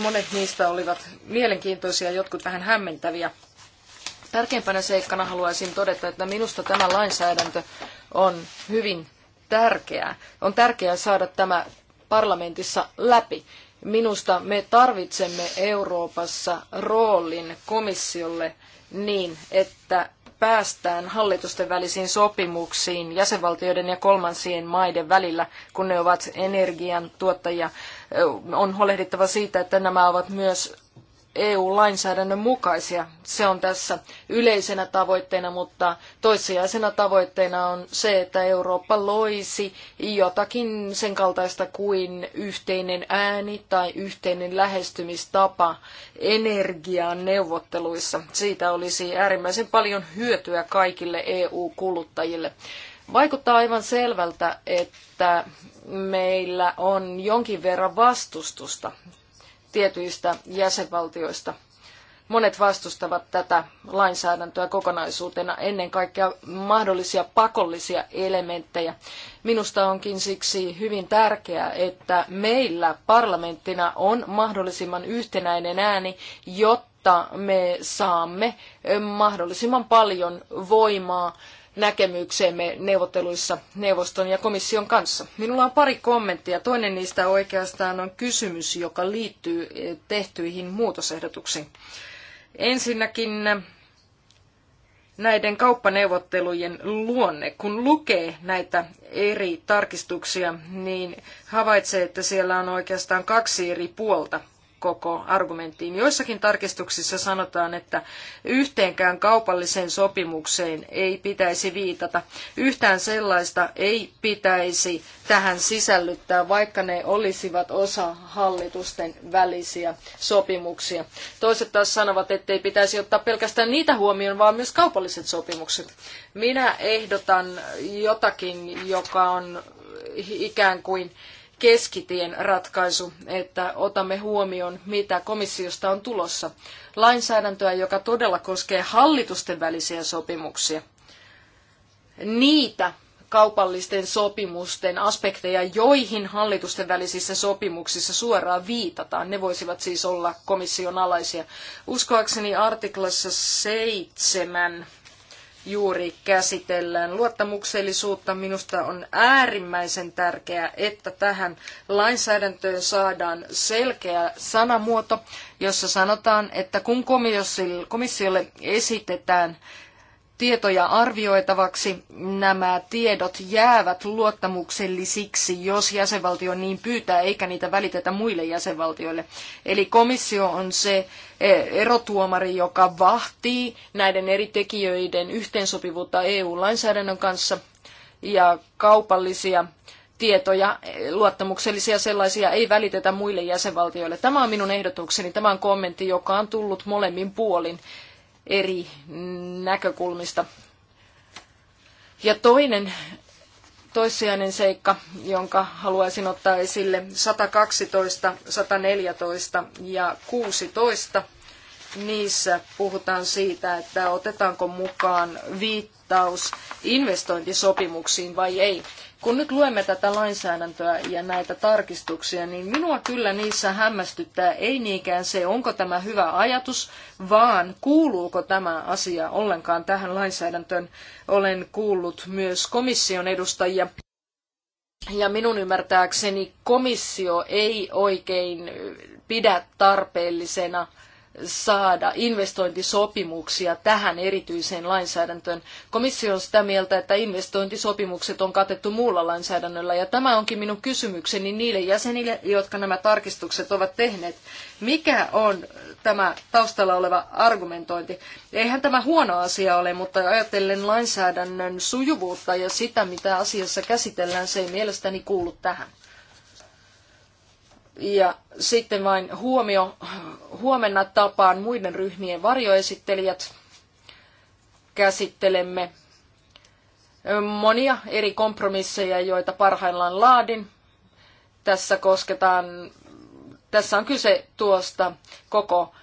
Monet niistä olivat mielenkiintoisia, jotkut vähän hämmentäviä. Tärkeimpänä seikkana haluaisin todeta, että minusta tämä lainsäädäntö on hyvin tärkeää. On tärkeää saada tämä parlamentissa läpi. Minusta me tarvitsemme Euroopassa roolin komissiolle niin, että päästään hallitusten välisiin sopimuksiin jäsenvaltioiden ja kolmansien maiden välillä, kun ne ovat energian tuottajia on huolehdittava siitä, että nämä ovat myös EU-lainsäädännön mukaisia. Se on tässä yleisenä tavoitteena, mutta toissijaisena tavoitteena on se, että Eurooppa loisi jotakin sen kaltaista kuin yhteinen ääni tai yhteinen lähestymistapa energiaan neuvotteluissa. Siitä olisi äärimmäisen paljon hyötyä kaikille EU-kuluttajille. Vaikuttaa aivan selvältä, että meillä on jonkin verran vastustusta tietyistä jäsenvaltioista. Monet vastustavat tätä lainsäädäntöä kokonaisuutena, ennen kaikkea mahdollisia pakollisia elementtejä. Minusta onkin siksi hyvin tärkeää, että meillä parlamenttina on mahdollisimman yhtenäinen ääni, jotta me saamme mahdollisimman paljon voimaa näkemykseemme neuvotteluissa neuvoston ja komission kanssa. Minulla on pari kommenttia. Toinen niistä oikeastaan on kysymys, joka liittyy eh, tehtyihin muutosehdotuksiin. Ensinnäkin näiden kauppaneuvottelujen luonne. Kun lukee näitä eri tarkistuksia, niin havaitsee, että siellä on oikeastaan kaksi eri puolta koko argumenttiin. Joissakin tarkistuksissa sanotaan, että yhteenkään kaupalliseen sopimukseen ei pitäisi viitata. Yhtään sellaista ei pitäisi tähän sisällyttää, vaikka ne olisivat osa hallitusten välisiä sopimuksia. Toiset taas sanovat, ettei pitäisi ottaa pelkästään niitä huomioon, vaan myös kaupalliset sopimukset. Minä ehdotan jotakin, joka on ikään kuin keskitien ratkaisu, että otamme huomioon, mitä komissiosta on tulossa. Lainsäädäntöä, joka todella koskee hallitusten välisiä sopimuksia. Niitä kaupallisten sopimusten aspekteja, joihin hallitusten välisissä sopimuksissa suoraan viitataan. Ne voisivat siis olla komission alaisia. Uskoakseni artiklassa seitsemän juuri käsitellään luottamuksellisuutta. Minusta on äärimmäisen tärkeää, että tähän lainsäädäntöön saadaan selkeä sanamuoto, jossa sanotaan, että kun komissiolle esitetään tietoja arvioitavaksi. Nämä tiedot jäävät luottamuksellisiksi, jos jäsenvaltio niin pyytää, eikä niitä välitetä muille jäsenvaltioille. Eli komissio on se eh, erotuomari, joka vahtii näiden eri tekijöiden yhteensopivuutta EU-lainsäädännön kanssa ja kaupallisia tietoja, eh, luottamuksellisia sellaisia, ei välitetä muille jäsenvaltioille. Tämä on minun ehdotukseni, tämä on kommentti, joka on tullut molemmin puolin eri näkökulmista. Ja toinen toissijainen seikka, jonka haluaisin ottaa esille, 112, 114 ja 16. Niissä puhutaan siitä, että otetaanko mukaan viittaa viittaus investointisopimuksiin vai ei. Kun nyt luemme tätä lainsäädäntöä ja näitä tarkistuksia, niin minua kyllä niissä hämmästyttää ei niinkään se, onko tämä hyvä ajatus, vaan kuuluuko tämä asia ollenkaan tähän lainsäädäntöön. Olen kuullut myös komission edustajia. Ja minun ymmärtääkseni komissio ei oikein pidä tarpeellisena saada investointisopimuksia tähän erityiseen lainsäädäntöön. Komissio on sitä mieltä, että investointisopimukset on katettu muulla lainsäädännöllä, ja tämä onkin minun kysymykseni niille jäsenille, jotka nämä tarkistukset ovat tehneet. Mikä on tämä taustalla oleva argumentointi? Eihän tämä huono asia ole, mutta ajatellen lainsäädännön sujuvuutta ja sitä, mitä asiassa käsitellään, se ei mielestäni kuulu tähän. Ja sitten vain huomio, huomenna tapaan muiden ryhmien varjoesittelijät. Käsittelemme monia eri kompromisseja, joita parhaillaan laadin. Tässä kosketaan, tässä on kyse tuosta koko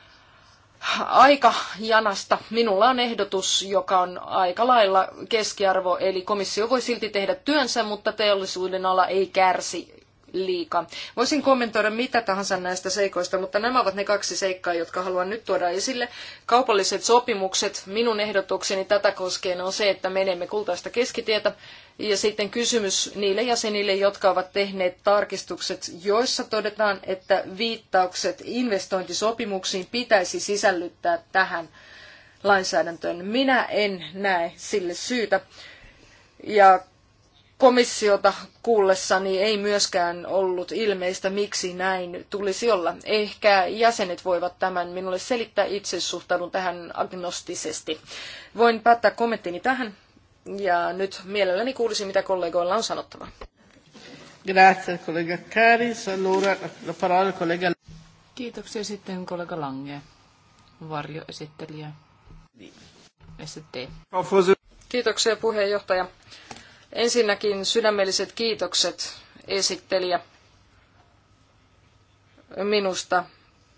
aikajanasta. Minulla on ehdotus, joka on aika lailla keskiarvo, eli komissio voi silti tehdä työnsä, mutta teollisuuden ala ei kärsi liika. Voisin kommentoida mitä tahansa näistä seikoista, mutta nämä ovat ne kaksi seikkaa, jotka haluan nyt tuoda esille. Kaupalliset sopimukset, minun ehdotukseni tätä koskien on se, että menemme kultaista keskitietä. Ja sitten kysymys niille jäsenille, jotka ovat tehneet tarkistukset, joissa todetaan, että viittaukset investointisopimuksiin pitäisi sisällyttää tähän lainsäädäntöön. Minä en näe sille syytä. Ja komissiota kuullessani ei myöskään ollut ilmeistä, miksi näin tulisi olla. Ehkä jäsenet voivat tämän minulle selittää. Itse suhtaudun tähän agnostisesti. Voin päättää kommenttini tähän ja nyt mielelläni kuulisin, mitä kollegoilla on sanottava. Grazie, kollega Karis. Allora, la parola collega... Kiitoksia sitten kollega Lange, varjoesittelijä. Niin. ST. Kiitoksia puheenjohtaja. Ensinnäkin sydämelliset kiitokset esittelijä. Minusta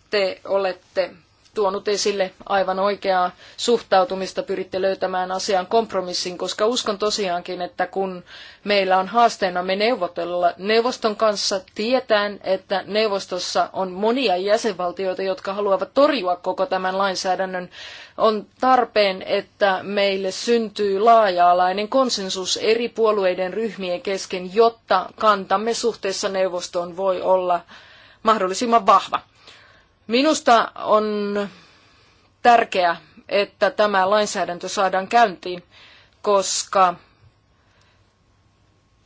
te olette tuonut esille aivan oikeaa suhtautumista, pyritte löytämään asian kompromissin, koska uskon tosiaankin, että kun meillä on haasteena me neuvotella neuvoston kanssa, tietään, että neuvostossa on monia jäsenvaltioita, jotka haluavat torjua koko tämän lainsäädännön, on tarpeen, että meille syntyy laaja-alainen konsensus eri puolueiden ryhmien kesken, jotta kantamme suhteessa neuvostoon voi olla mahdollisimman vahva. Minusta on tärkeää, että tämä lainsäädäntö saadaan käyntiin, koska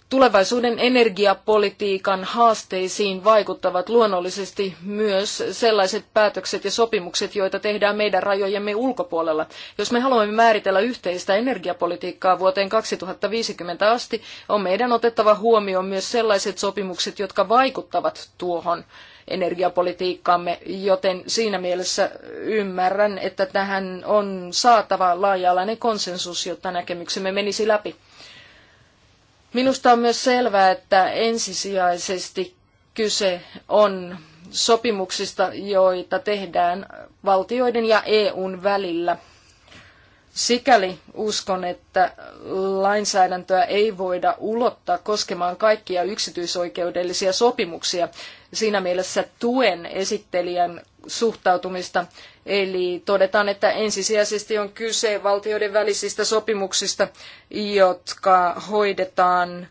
Tulevaisuuden energiapolitiikan haasteisiin vaikuttavat luonnollisesti myös sellaiset päätökset ja sopimukset, joita tehdään meidän rajojemme ulkopuolella. Jos me haluamme määritellä yhteistä energiapolitiikkaa vuoteen 2050 asti, on meidän otettava huomioon myös sellaiset sopimukset, jotka vaikuttavat tuohon energiapolitiikkaamme, joten siinä mielessä ymmärrän, että tähän on saatava laaja-alainen konsensus, jotta näkemyksemme menisi läpi. Minusta on myös selvää, että ensisijaisesti kyse on sopimuksista, joita tehdään valtioiden ja EUn välillä. Sikäli uskon, että lainsäädäntöä ei voida ulottaa koskemaan kaikkia yksityisoikeudellisia sopimuksia, siinä mielessä tuen esittelijän suhtautumista. Eli todetaan, että ensisijaisesti on kyse valtioiden välisistä sopimuksista, jotka hoidetaan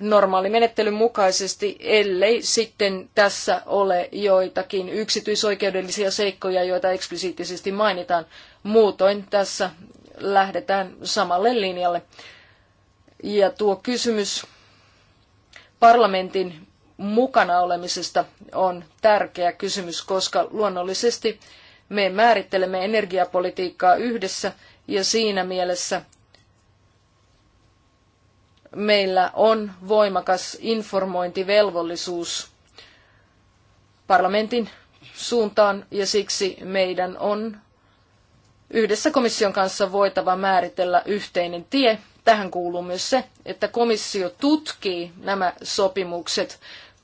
normaalimenettelyn mukaisesti, ellei sitten tässä ole joitakin yksityisoikeudellisia seikkoja, joita eksplisiittisesti mainitaan. Muutoin tässä lähdetään samalle linjalle. Ja tuo kysymys parlamentin mukana olemisesta on tärkeä kysymys, koska luonnollisesti me määrittelemme energiapolitiikkaa yhdessä ja siinä mielessä meillä on voimakas informointivelvollisuus parlamentin suuntaan ja siksi meidän on yhdessä komission kanssa voitava määritellä yhteinen tie. Tähän kuuluu myös se, että komissio tutkii nämä sopimukset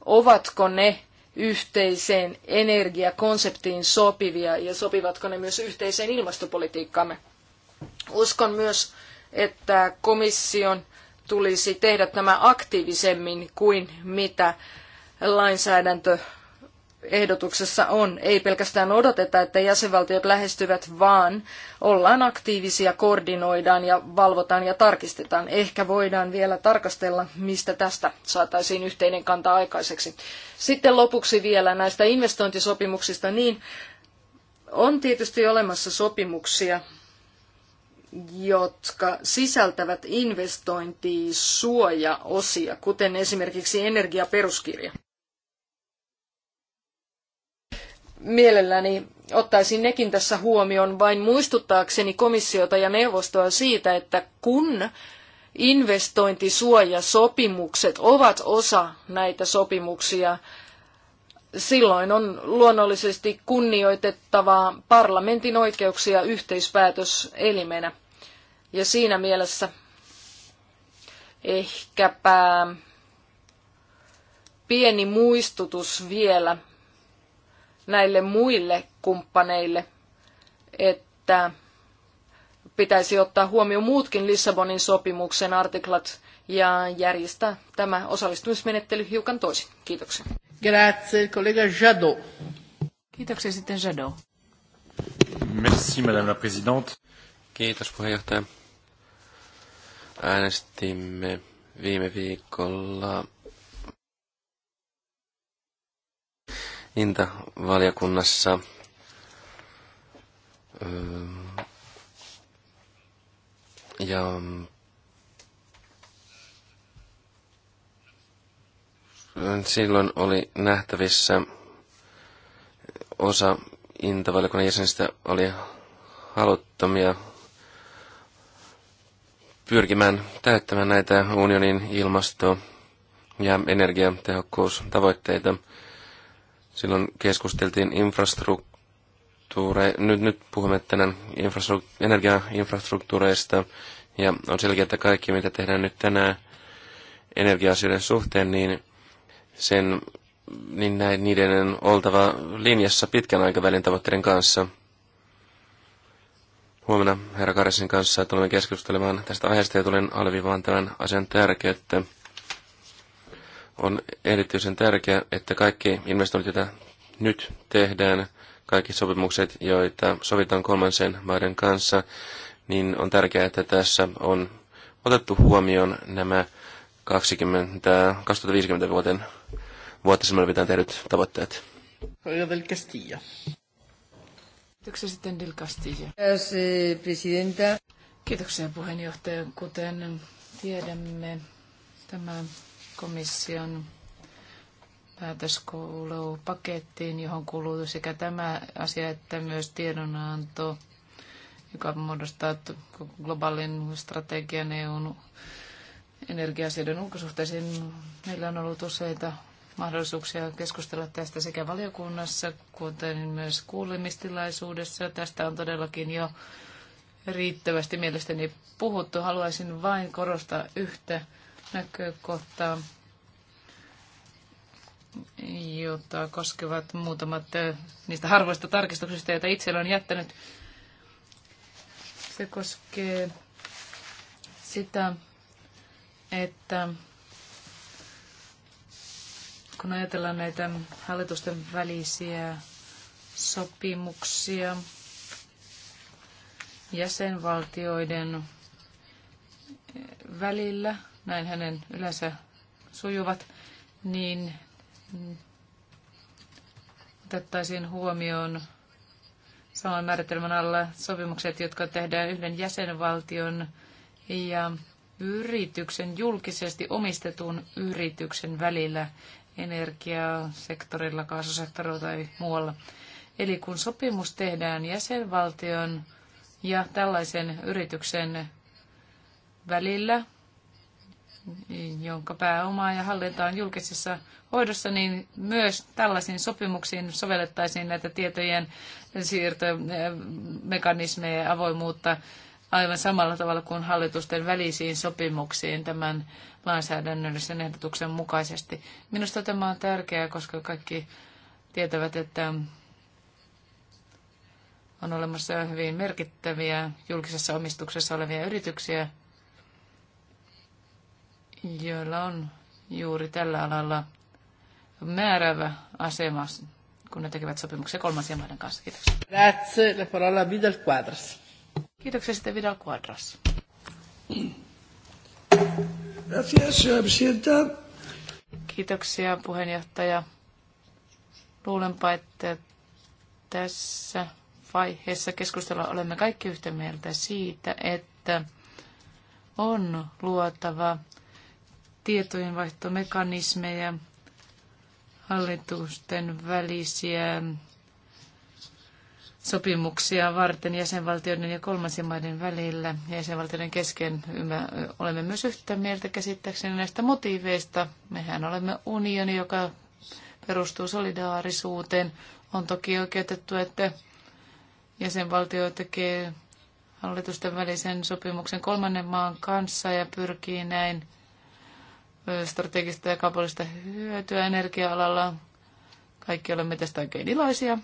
ovatko ne yhteiseen energiakonseptiin sopivia ja sopivatko ne myös yhteiseen ilmastopolitiikkaamme. Uskon myös, että komission tulisi tehdä tämä aktiivisemmin kuin mitä lainsäädäntö ehdotuksessa on. Ei pelkästään odoteta, että jäsenvaltiot lähestyvät, vaan ollaan aktiivisia, koordinoidaan ja valvotaan ja tarkistetaan. Ehkä voidaan vielä tarkastella, mistä tästä saataisiin yhteinen kanta aikaiseksi. Sitten lopuksi vielä näistä investointisopimuksista. Niin, on tietysti olemassa sopimuksia, jotka sisältävät investointisuojaosia, kuten esimerkiksi energiaperuskirja. Mielelläni ottaisin nekin tässä huomioon vain muistuttaakseni komissiota ja neuvostoa siitä, että kun investointisuojasopimukset ovat osa näitä sopimuksia, silloin on luonnollisesti kunnioitettava parlamentin oikeuksia yhteispäätöselimenä. Ja siinä mielessä ehkäpä pieni muistutus vielä näille muille kumppaneille, että pitäisi ottaa huomioon muutkin Lissabonin sopimuksen artiklat ja järjestää tämä osallistumismenettely hiukan toisin. Kiitoksia. Grazie, kollega Jadot. Kiitoksia sitten Jadot. Merci, madame la présidente. Kiitos puheenjohtaja. Äänestimme viime viikolla Inta-valiokunnassa öö, ja silloin oli nähtävissä osa intavaliokunnan jäsenistä oli haluttomia pyrkimään täyttämään näitä unionin ilmasto- ja energiatehokkuustavoitteita. Silloin keskusteltiin infrastruktuure, nyt, nyt puhumme tänään energiainfrastruktuureista, ja on selkeää, että kaikki mitä tehdään nyt tänään energiaasioiden suhteen, niin, sen, niin näin, niiden on oltava linjassa pitkän aikavälin tavoitteiden kanssa. Huomenna herra Karesin kanssa tulemme keskustelemaan tästä aiheesta ja tulen alvivaan tämän asian tärkeyttä. On erityisen tärkeää, että kaikki investoinnit, joita nyt tehdään, kaikki sopimukset, joita sovitaan kolmansien maiden kanssa, niin on tärkeää, että tässä on otettu huomioon nämä 20, 2050 vuoden vuotta semmoinen pitää tehdyt tavoitteet. Hola del Castillo. Kiitoksia sitten del Castillo. Kiitoksia puheenjohtaja. Kuten tiedämme, tämä komission päätöskoulupakettiin, pakettiin, johon kuuluu sekä tämä asia että myös tiedonanto, joka muodostaa globaalin strategian EUn energiasioiden ulkosuhteisiin. Meillä on ollut useita mahdollisuuksia keskustella tästä sekä valiokunnassa, kuten myös kuulemistilaisuudessa. Tästä on todellakin jo riittävästi mielestäni puhuttu. Haluaisin vain korostaa yhtä näkökohtaa, jota koskevat muutamat eh, niistä harvoista tarkistuksista, joita itse olen jättänyt. Se koskee sitä, että kun ajatellaan näitä hallitusten välisiä sopimuksia, jäsenvaltioiden välillä näin hänen yleensä sujuvat, niin otettaisiin huomioon saman määritelmän alla sopimukset, jotka tehdään yhden jäsenvaltion ja yrityksen, julkisesti omistetun yrityksen välillä energiasektorilla, kaasusektorilla tai muualla. Eli kun sopimus tehdään jäsenvaltion ja tällaisen yrityksen välillä, jonka pääomaa ja hallinta on julkisessa hoidossa, niin myös tällaisiin sopimuksiin sovellettaisiin näitä tietojen siirtomekanismeja ja avoimuutta aivan samalla tavalla kuin hallitusten välisiin sopimuksiin tämän lainsäädännöllisen ehdotuksen mukaisesti. Minusta tämä on tärkeää, koska kaikki tietävät, että on olemassa hyvin merkittäviä julkisessa omistuksessa olevia yrityksiä, joilla on juuri tällä alalla määräävä asema, kun ne tekevät sopimuksia kolmansien maiden kanssa. Kiitoksia. Grazie. La parola Vidal Quadras. Kiitoksia sitten Vidal Quadras. Gracias, Kiitoksia puheenjohtaja. Luulenpa, että tässä vaiheessa keskustella olemme kaikki yhtä mieltä siitä, että on luotava tietojenvaihtomekanismeja, hallitusten välisiä sopimuksia varten jäsenvaltioiden ja kolmansien maiden välillä ja jäsenvaltioiden kesken. Olemme myös yhtä mieltä käsittääkseni näistä motiiveista. Mehän olemme unioni, joka perustuu solidaarisuuteen. On toki oikeutettu, että jäsenvaltio tekee hallitusten välisen sopimuksen kolmannen maan kanssa ja pyrkii näin strategista ja kaupallista hyötyä energia-alalla. Kaikki olemme tästä oikein iloisia.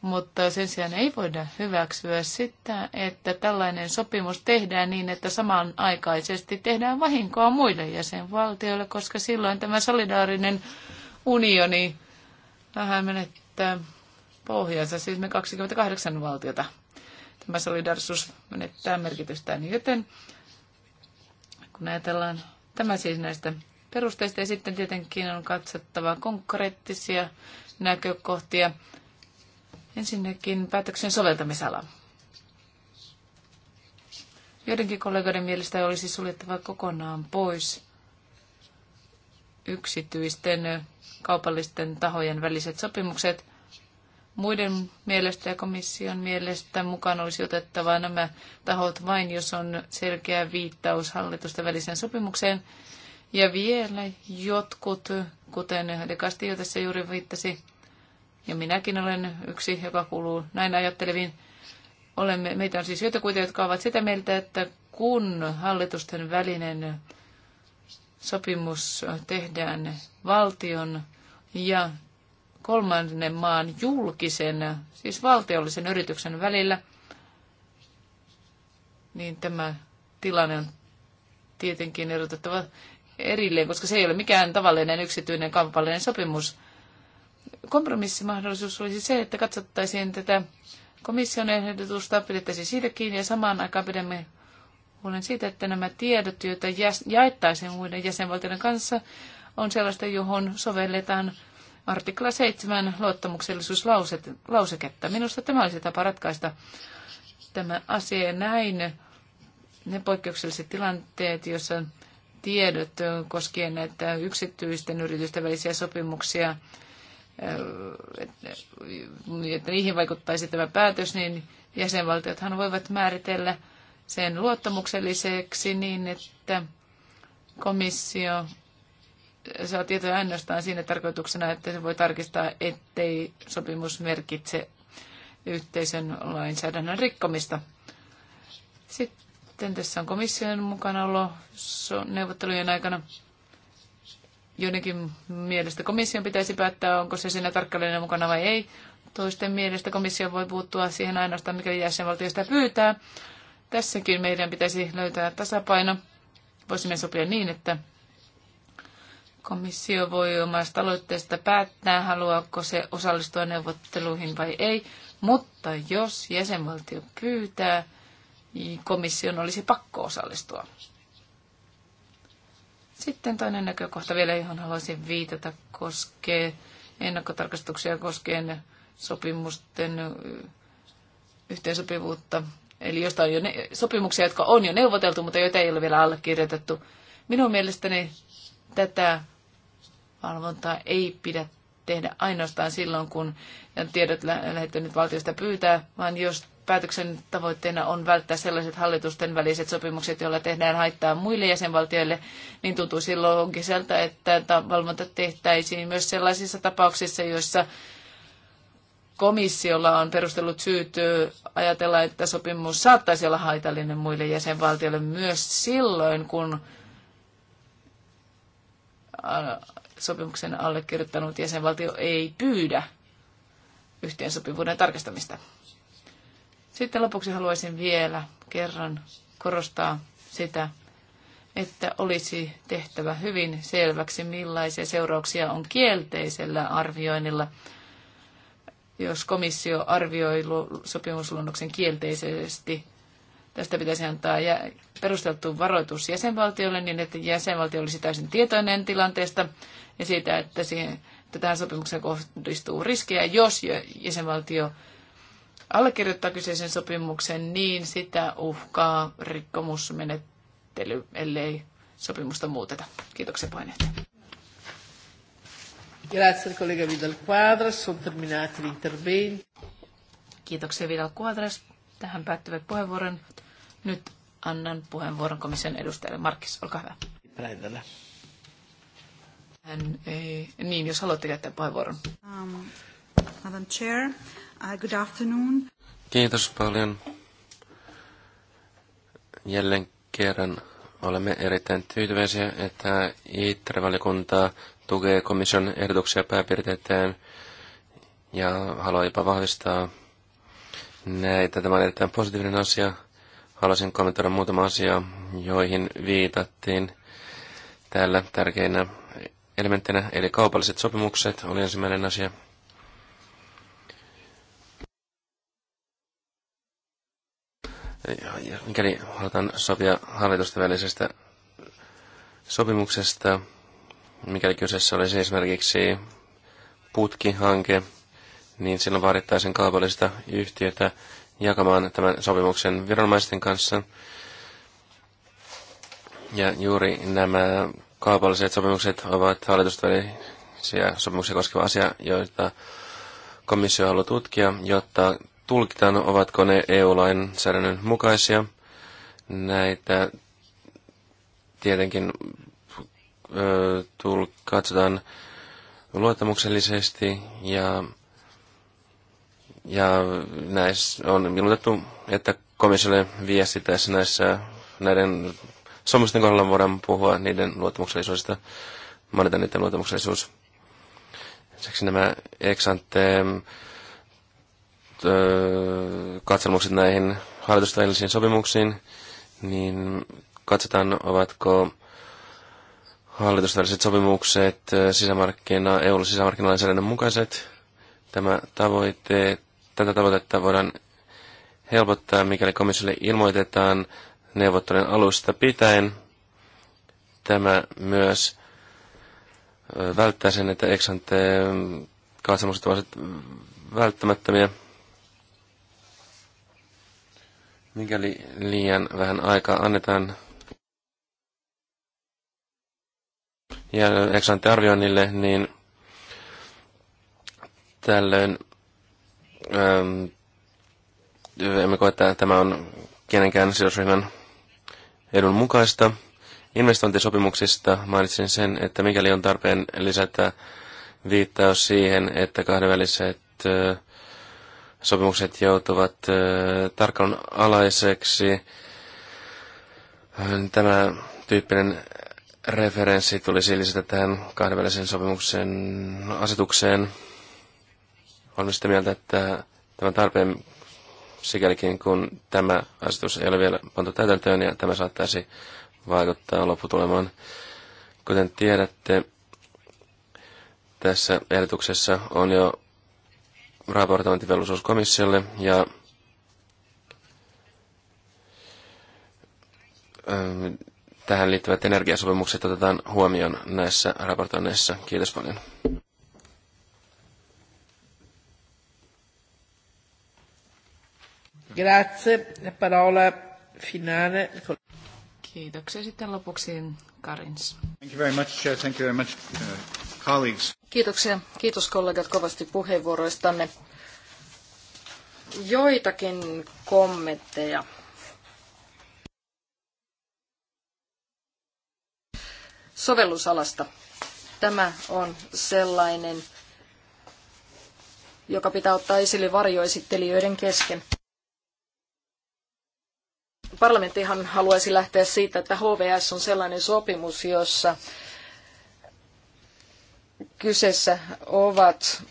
Mutta sen sijaan ei voida hyväksyä sitä, että tällainen sopimus tehdään niin, että samanaikaisesti tehdään vahinkoa muille jäsenvaltioille, koska silloin tämä solidaarinen unioni vähän menettää pohjansa, siis me 28 valtiota. Tämä solidarisuus menettää merkitystään, joten kun ajatellaan tämä siis näistä perusteista. Ja sitten tietenkin on katsottava konkreettisia näkökohtia. Ensinnäkin päätöksen soveltamisala. Joidenkin kollegoiden mielestä olisi suljettava kokonaan pois yksityisten kaupallisten tahojen väliset sopimukset – Muiden mielestä ja komission mielestä mukaan olisi otettava nämä tahot vain, jos on selkeä viittaus hallitusten väliseen sopimukseen. Ja vielä jotkut, kuten De Castillo tässä juuri viittasi, ja minäkin olen yksi, joka kuuluu näin ajatteleviin, olemme, meitä on siis joitakuita, jotka ovat sitä mieltä, että kun hallitusten välinen sopimus tehdään valtion ja kolmannen maan julkisen, siis valtiollisen yrityksen välillä, niin tämä tilanne on tietenkin erotettava erilleen, koska se ei ole mikään tavallinen yksityinen kaupallinen sopimus. Kompromissimahdollisuus olisi se, että katsottaisiin tätä komission ehdotusta, pidettäisiin siitä kiinni ja samaan aikaan pidämme huolen siitä, että nämä tiedot, joita jaettaisiin muiden jäsenvaltioiden kanssa, on sellaista, johon sovelletaan artikla 7 luottamuksellisuuslauseketta. Minusta tämä olisi tapa ratkaista tämä asia näin. Ne poikkeukselliset tilanteet, joissa tiedot koskien näitä yksityisten yritysten välisiä sopimuksia, äh, että niihin vaikuttaisi tämä päätös, niin jäsenvaltiothan voivat määritellä sen luottamukselliseksi niin, että komissio saa tietoja ainoastaan siinä tarkoituksena, että se voi tarkistaa, ettei sopimus merkitse yhteisön lainsäädännön rikkomista. Sitten tässä on komission mukanaolo neuvottelujen aikana. Joidenkin mielestä komission pitäisi päättää, onko se siinä tarkkailijana mukana vai ei. Toisten mielestä komissio voi puuttua siihen ainoastaan, mikä jäsenvaltio sitä pyytää. Tässäkin meidän pitäisi löytää tasapaino. Voisimme sopia niin, että Komissio voi omasta aloitteesta päättää, haluaako se osallistua neuvotteluihin vai ei, mutta jos jäsenvaltio pyytää, niin komission olisi pakko osallistua. Sitten toinen näkökohta vielä, johon haluaisin viitata, koskee ennakkotarkastuksia koskien sopimusten yhteensopivuutta. Eli jostain jo ne, sopimuksia, jotka on jo neuvoteltu, mutta joita ei ole vielä allekirjoitettu. Minun mielestäni tätä Valvontaa ei pidä tehdä ainoastaan silloin, kun tiedot lähettänyt valtiosta pyytää, vaan jos päätöksen tavoitteena on välttää sellaiset hallitusten väliset sopimukset, joilla tehdään haittaa muille jäsenvaltioille, niin tuntuu onkin sieltä, että valvonta tehtäisiin myös sellaisissa tapauksissa, joissa komissiolla on perustellut syyt ajatella, että sopimus saattaisi olla haitallinen muille jäsenvaltioille myös silloin, kun sopimuksen allekirjoittanut jäsenvaltio ei pyydä yhteensopivuuden tarkistamista. Sitten lopuksi haluaisin vielä kerran korostaa sitä, että olisi tehtävä hyvin selväksi, millaisia seurauksia on kielteisellä arvioinnilla, jos komissio arvioi sopimusluonnoksen kielteisesti Tästä pitäisi antaa perusteltu varoitus jäsenvaltiolle niin, että jäsenvaltio olisi täysin tietoinen tilanteesta ja siitä, että, siihen, tähän sopimukseen kohdistuu riskejä. Jos jäsenvaltio allekirjoittaa kyseisen sopimuksen, niin sitä uhkaa rikkomusmenettely, ellei sopimusta muuteta. Kiitoksia puheenjohtaja. Grazie al collega Vidal Quadras, sono terminati gli interventi. Kiitoksia Vidal Quadras. Tähän päättyvät puheenvuoron. Nyt annan puheenvuoron komission edustajalle. Markis, olkaa hyvä. Päivällä. Hän ei, niin, jos haluatte käyttää puheenvuoron. Um, Madam Chair, uh, good afternoon. Kiitos paljon. Jälleen kerran olemme erittäin tyytyväisiä, että itre valikunta tukee komission ehdotuksia pääpiirteittäin ja haluaa jopa vahvistaa näitä. Tämä on erittäin positiivinen asia Haluaisin kommentoida muutama asia, joihin viitattiin täällä tärkeinä elementteinä, eli kaupalliset sopimukset oli ensimmäinen asia. Mikäli halutaan sopia hallitusten välisestä sopimuksesta, mikäli kyseessä olisi esimerkiksi putkihanke, niin silloin vaadittaisiin kaupallista yhtiötä, jakamaan tämän sopimuksen viranomaisten kanssa. Ja juuri nämä kaupalliset sopimukset ovat hallitusvälisiä sopimuksia koskeva asia, joita komissio haluaa tutkia, jotta tulkitaan, ovatko ne EU-lainsäädännön mukaisia. Näitä tietenkin ö, tul- katsotaan luottamuksellisesti ja ja näissä on ilmoitettu, että komissiolle viesti tässä näissä näiden sopimusten kohdalla voidaan puhua niiden luottamuksellisuudesta, mainita niiden luottamuksellisuus. Lisäksi nämä eksante katselmukset näihin hallitustavallisiin sopimuksiin, niin katsotaan, ovatko hallitustavalliset sopimukset sisämarkkina, EUn sisämarkkinalainsäädännön mukaiset. Tämä tavoite Tätä tavoitetta voidaan helpottaa, mikäli komissiolle ilmoitetaan neuvottelujen alusta pitäen. Tämä myös välttää sen, että eksante mm, katsomukset ovat välttämättömiä. Mikäli liian vähän aikaa annetaan ja eksante arvioinnille, niin tällöin emme koe, että tämä on kenenkään sidosryhmän edun mukaista. Investointisopimuksista mainitsin sen, että mikäli on tarpeen lisätä viittaus siihen, että kahdenväliset sopimukset joutuvat tarkkailun alaiseksi, tämä tyyppinen referenssi tulisi lisätä tähän kahdenvälisen sopimuksen asetukseen. On sitä mieltä, että tämä tarpeen sikälikin, kun tämä asetus ei ole vielä pantu täytäntöön ja tämä saattaisi vaikuttaa lopputulemaan. Kuten tiedätte, tässä ehdotuksessa on jo raportointivelvollisuus komissiolle ja ähm, tähän liittyvät energiasopimukset otetaan huomioon näissä raportoinneissa. Kiitos paljon. Grazie. La parola finale. Kiitoksia. Sitten lopuksi Karins. Thank you very much, Chair. Thank you very much, uh, colleagues. Kiitoksia. Kiitos kollegat kovasti puheenvuoroistanne. Joitakin kommentteja. Sovellusalasta. Tämä on sellainen, joka pitää ottaa esille varjoesittelijöiden kesken parlamenttihan haluaisi lähteä siitä, että HVS on sellainen sopimus, jossa kyseessä ovat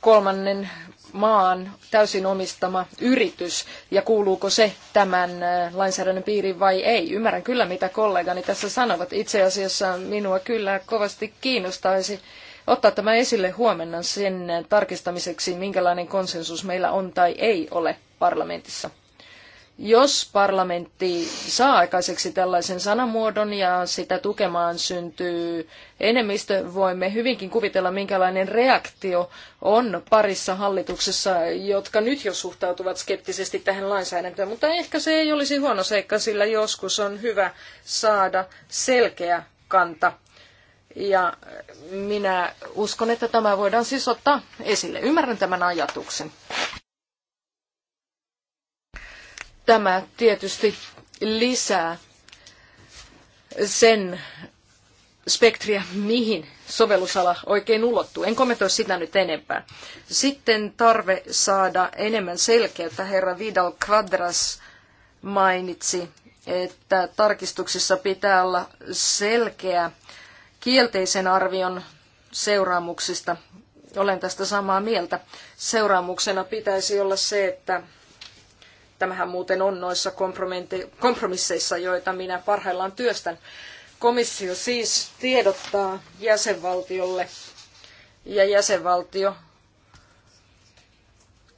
kolmannen maan täysin omistama yritys ja kuuluuko se tämän äh, lainsäädännön piiriin vai ei. Ymmärrän kyllä, mitä kollegani tässä sanovat. Itse asiassa minua kyllä kovasti kiinnostaisi ottaa tämä esille huomenna sen äh, tarkistamiseksi, minkälainen konsensus meillä on tai ei ole parlamentissa. Jos parlamentti saa aikaiseksi tällaisen sanamuodon ja sitä tukemaan syntyy enemmistö, voimme hyvinkin kuvitella, minkälainen reaktio on parissa hallituksessa, jotka nyt jo suhtautuvat skeptisesti tähän lainsäädäntöön. Mutta ehkä se ei olisi huono seikka, sillä joskus on hyvä saada selkeä kanta. Ja minä uskon, että tämä voidaan siis ottaa esille. Ymmärrän tämän ajatuksen. Tämä tietysti lisää sen spektriä, mihin sovellusala oikein ulottuu. En kommentoi sitä nyt enempää. Sitten tarve saada enemmän selkeyttä. Herra Vidal Quadras mainitsi, että tarkistuksissa pitää olla selkeä kielteisen arvion seuraamuksista. Olen tästä samaa mieltä. Seuraamuksena pitäisi olla se, että Tämähän muuten on noissa kompromisseissa, joita minä parhaillaan työstän. Komissio siis tiedottaa jäsenvaltiolle ja jäsenvaltio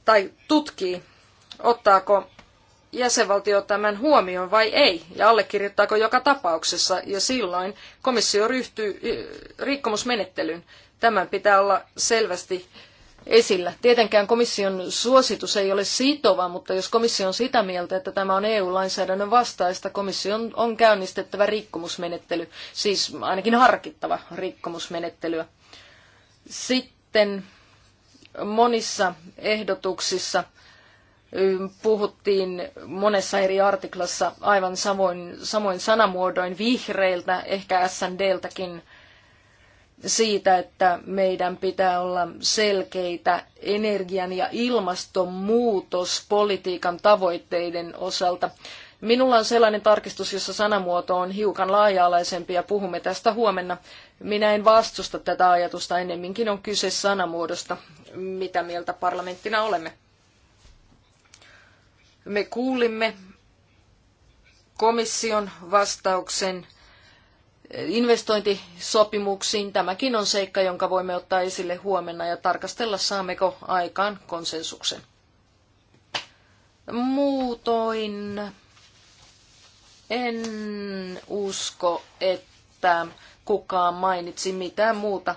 tai tutkii, ottaako jäsenvaltio tämän huomioon vai ei, ja allekirjoittaako joka tapauksessa, ja silloin komissio ryhtyy eh, rikkomusmenettelyyn. Tämän pitää olla selvästi esillä. Tietenkään komission suositus ei ole sitova, mutta jos komissio on sitä mieltä, että tämä on EU-lainsäädännön vastaista, komission on käynnistettävä rikkomusmenettely, siis ainakin harkittava rikkomusmenettelyä. Sitten monissa ehdotuksissa puhuttiin monessa eri artiklassa aivan samoin, samoin sanamuodoin vihreiltä, ehkä SNDltäkin siitä, että meidän pitää olla selkeitä energian ja ilmastonmuutospolitiikan tavoitteiden osalta. Minulla on sellainen tarkistus, jossa sanamuoto on hiukan laaja-alaisempi ja puhumme tästä huomenna. Minä en vastusta tätä ajatusta, ennemminkin on kyse sanamuodosta, mitä mieltä parlamenttina olemme. Me kuulimme komission vastauksen investointisopimuksiin. Tämäkin on seikka, jonka voimme ottaa esille huomenna ja tarkastella, saammeko aikaan konsensuksen. Muutoin en usko, että kukaan mainitsi mitään muuta,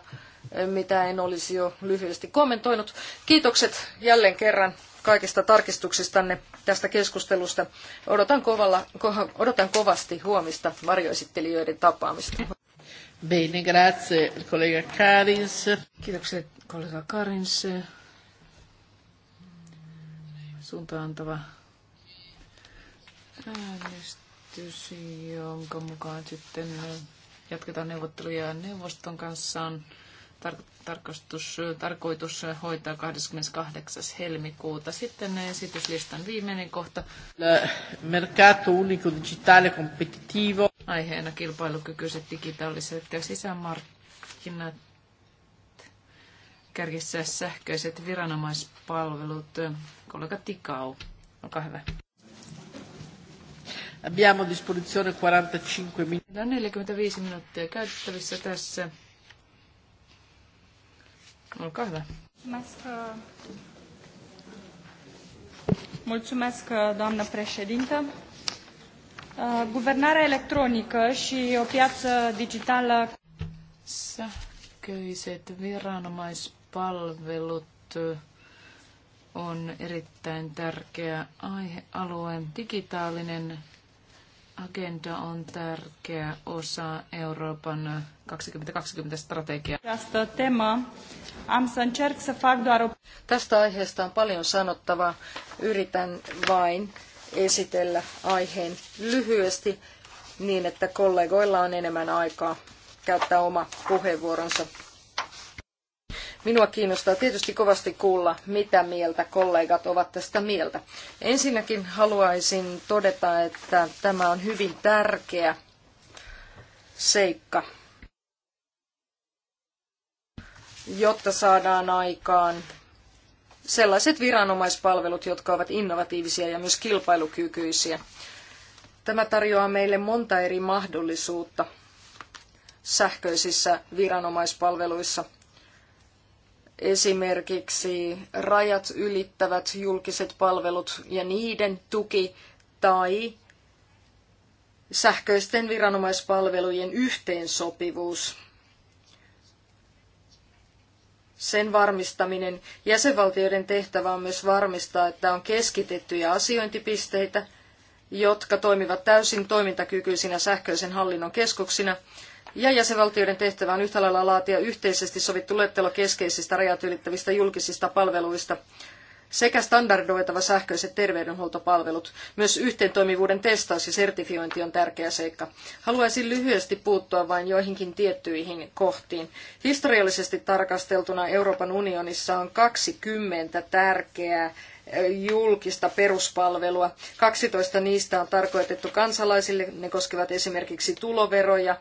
mitä en olisi jo lyhyesti kommentoinut. Kiitokset jälleen kerran kaikista tarkistuksistanne tästä keskustelusta. Odotan, kovalla, odotan kovasti huomista varjoesittelijöiden tapaamista. Bene, grazie, kollega Karins. Kiitoksia, kollega Karins. Suuntaantava äänestys, jonka mukaan sitten jatketaan neuvotteluja neuvoston kanssaan tar- tarkastus, tarkoitus hoitaa 28. helmikuuta. Sitten esityslistan viimeinen kohta. Mercato unico digitale competitivo. Aiheena kilpailukykyiset digitaaliset ja sisämarkkinat. Kärkissä sähköiset viranomaispalvelut. Kollega Tikau, olkaa hyvä. Abbiamo a disposizione 45 minuuttia. 45 minuuttia käytettävissä tässä Olkaa hyvä. Mulțumesc, uh, uh, doamnă președintă. Uh, guvernarea electronică și o piață digitală. Sähköiset viranomaispalvelut on erittäin tärkeä aihealue. Digitaalinen Agenda on tärkeä osa Euroopan 2020-strategiaa. Tästä aiheesta on paljon sanottavaa. Yritän vain esitellä aiheen lyhyesti niin, että kollegoilla on enemmän aikaa käyttää oma puheenvuoronsa. Minua kiinnostaa tietysti kovasti kuulla, mitä mieltä kollegat ovat tästä mieltä. Ensinnäkin haluaisin todeta, että tämä on hyvin tärkeä seikka, jotta saadaan aikaan sellaiset viranomaispalvelut, jotka ovat innovatiivisia ja myös kilpailukykyisiä. Tämä tarjoaa meille monta eri mahdollisuutta sähköisissä viranomaispalveluissa – esimerkiksi rajat ylittävät julkiset palvelut ja niiden tuki tai sähköisten viranomaispalvelujen yhteensopivuus. Sen varmistaminen. Jäsenvaltioiden tehtävä on myös varmistaa, että on keskitettyjä asiointipisteitä, jotka toimivat täysin toimintakykyisinä sähköisen hallinnon keskuksina – ja jäsenvaltioiden tehtävä on yhtä lailla laatia yhteisesti sovittu luettelo keskeisistä rajat ylittävistä julkisista palveluista sekä standardoitava sähköiset terveydenhuoltopalvelut. Myös yhteentoimivuuden testaus ja sertifiointi on tärkeä seikka. Haluaisin lyhyesti puuttua vain joihinkin tiettyihin kohtiin. Historiallisesti tarkasteltuna Euroopan unionissa on 20 tärkeää julkista peruspalvelua. 12 niistä on tarkoitettu kansalaisille. Ne koskevat esimerkiksi tuloveroja,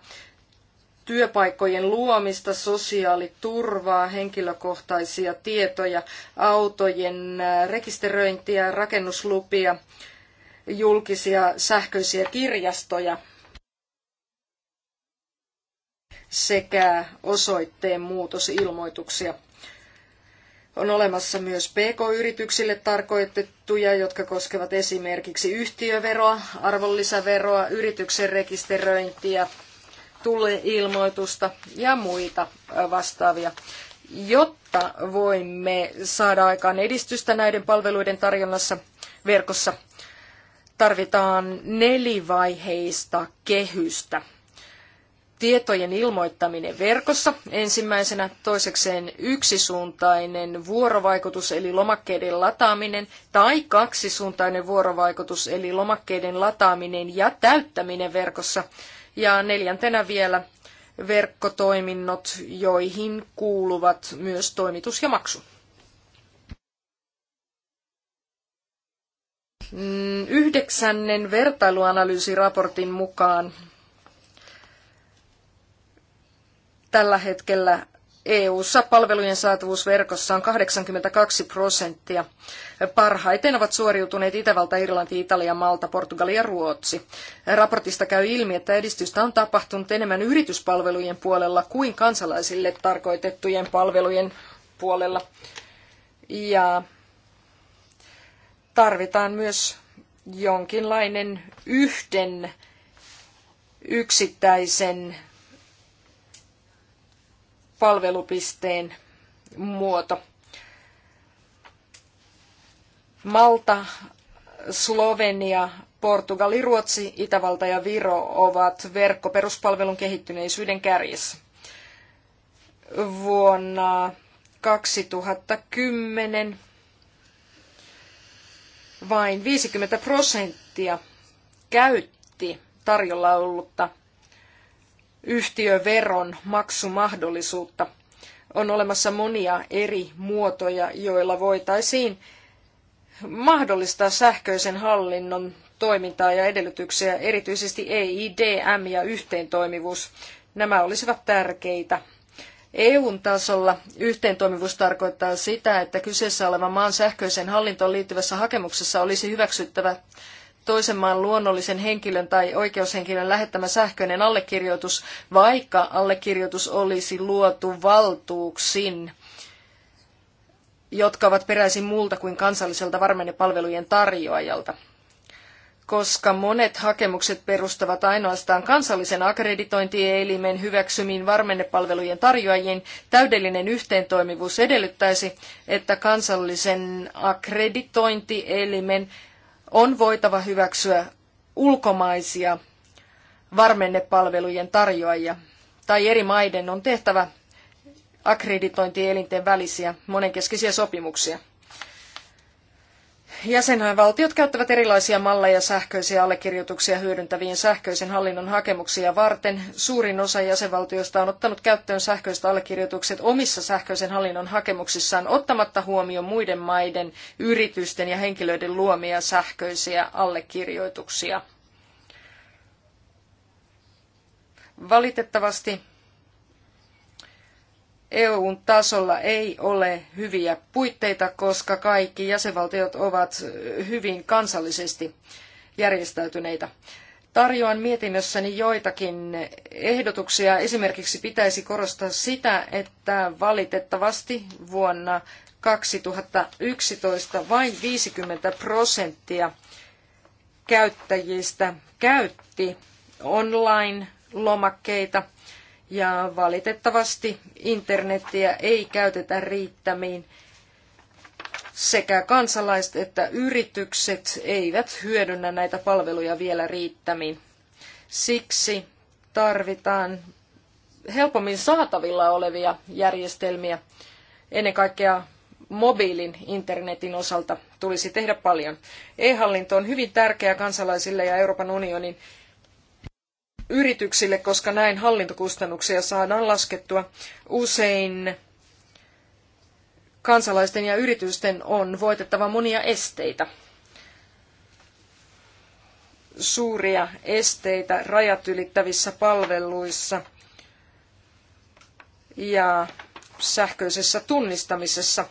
työpaikkojen luomista, sosiaaliturvaa, henkilökohtaisia tietoja, autojen äh, rekisteröintiä, rakennuslupia, julkisia sähköisiä kirjastoja sekä osoitteen muutosilmoituksia. On olemassa myös PK-yrityksille tarkoitettuja, jotka koskevat esimerkiksi yhtiöveroa, arvonlisäveroa, yrityksen rekisteröintiä, tulee ilmoitusta ja muita vastaavia, jotta voimme saada aikaan edistystä näiden palveluiden tarjonnassa verkossa. Tarvitaan nelivaiheista kehystä tietojen ilmoittaminen verkossa. Ensimmäisenä toisekseen yksisuuntainen vuorovaikutus eli lomakkeiden lataaminen tai kaksisuuntainen vuorovaikutus eli lomakkeiden lataaminen ja täyttäminen verkossa. Ja neljäntenä vielä verkkotoiminnot, joihin kuuluvat myös toimitus ja maksu. Mm, yhdeksännen vertailuanalyysiraportin mukaan tällä hetkellä EU-ssa palvelujen saatavuus verkossa on 82 prosenttia. Parhaiten ovat suoriutuneet Itävalta, Irlanti, Italia, Malta, Portugali ja Ruotsi. Raportista käy ilmi, että edistystä on tapahtunut enemmän yrityspalvelujen puolella kuin kansalaisille tarkoitettujen palvelujen puolella. Ja tarvitaan myös jonkinlainen yhden yksittäisen palvelupisteen muoto. Malta, Slovenia, Portugali, Ruotsi, Itävalta ja Viro ovat verkkoperuspalvelun kehittyneisyyden kärjessä. Vuonna 2010 vain 50 prosenttia käytti tarjolla ollutta yhtiöveron maksumahdollisuutta. On olemassa monia eri muotoja, joilla voitaisiin mahdollistaa sähköisen hallinnon toimintaa ja edellytyksiä, erityisesti EIDM ja yhteentoimivuus. Nämä olisivat tärkeitä. EUn tasolla yhteentoimivuus tarkoittaa sitä, että kyseessä olevan maan sähköiseen hallintoon liittyvässä hakemuksessa olisi hyväksyttävä toisen maan luonnollisen henkilön tai oikeushenkilön lähettämä sähköinen allekirjoitus, vaikka allekirjoitus olisi luotu valtuuksin, jotka ovat peräisin muulta kuin kansalliselta varmennepalvelujen tarjoajalta koska monet hakemukset perustavat ainoastaan kansallisen akkreditointielimen hyväksymiin varmennepalvelujen tarjoajien, täydellinen yhteentoimivuus edellyttäisi, että kansallisen akkreditointielimen on voitava hyväksyä ulkomaisia varmennepalvelujen tarjoajia, tai eri maiden on tehtävä akkreditointielinten välisiä monenkeskisiä sopimuksia jäsenvaltiot käyttävät erilaisia malleja sähköisiä allekirjoituksia hyödyntäviin sähköisen hallinnon hakemuksia varten. Suurin osa jäsenvaltioista on ottanut käyttöön sähköiset allekirjoitukset omissa sähköisen hallinnon hakemuksissaan ottamatta huomioon muiden maiden yritysten ja henkilöiden luomia sähköisiä allekirjoituksia. Valitettavasti EUn tasolla ei ole hyviä puitteita, koska kaikki jäsenvaltiot ovat hyvin kansallisesti järjestäytyneitä. Tarjoan mietinnössäni joitakin ehdotuksia. Esimerkiksi pitäisi korostaa sitä, että valitettavasti vuonna 2011 vain 50 prosenttia käyttäjistä käytti online-lomakkeita – ja valitettavasti internettiä ei käytetä riittämiin. Sekä kansalaiset että yritykset eivät hyödynnä näitä palveluja vielä riittämiin. Siksi tarvitaan helpommin saatavilla olevia järjestelmiä. Ennen kaikkea mobiilin internetin osalta tulisi tehdä paljon. E-hallinto on hyvin tärkeä kansalaisille ja Euroopan unionin yrityksille, koska näin hallintokustannuksia saadaan laskettua. Usein kansalaisten ja yritysten on voitettava monia esteitä. Suuria esteitä rajat ylittävissä palveluissa ja sähköisessä tunnistamisessa.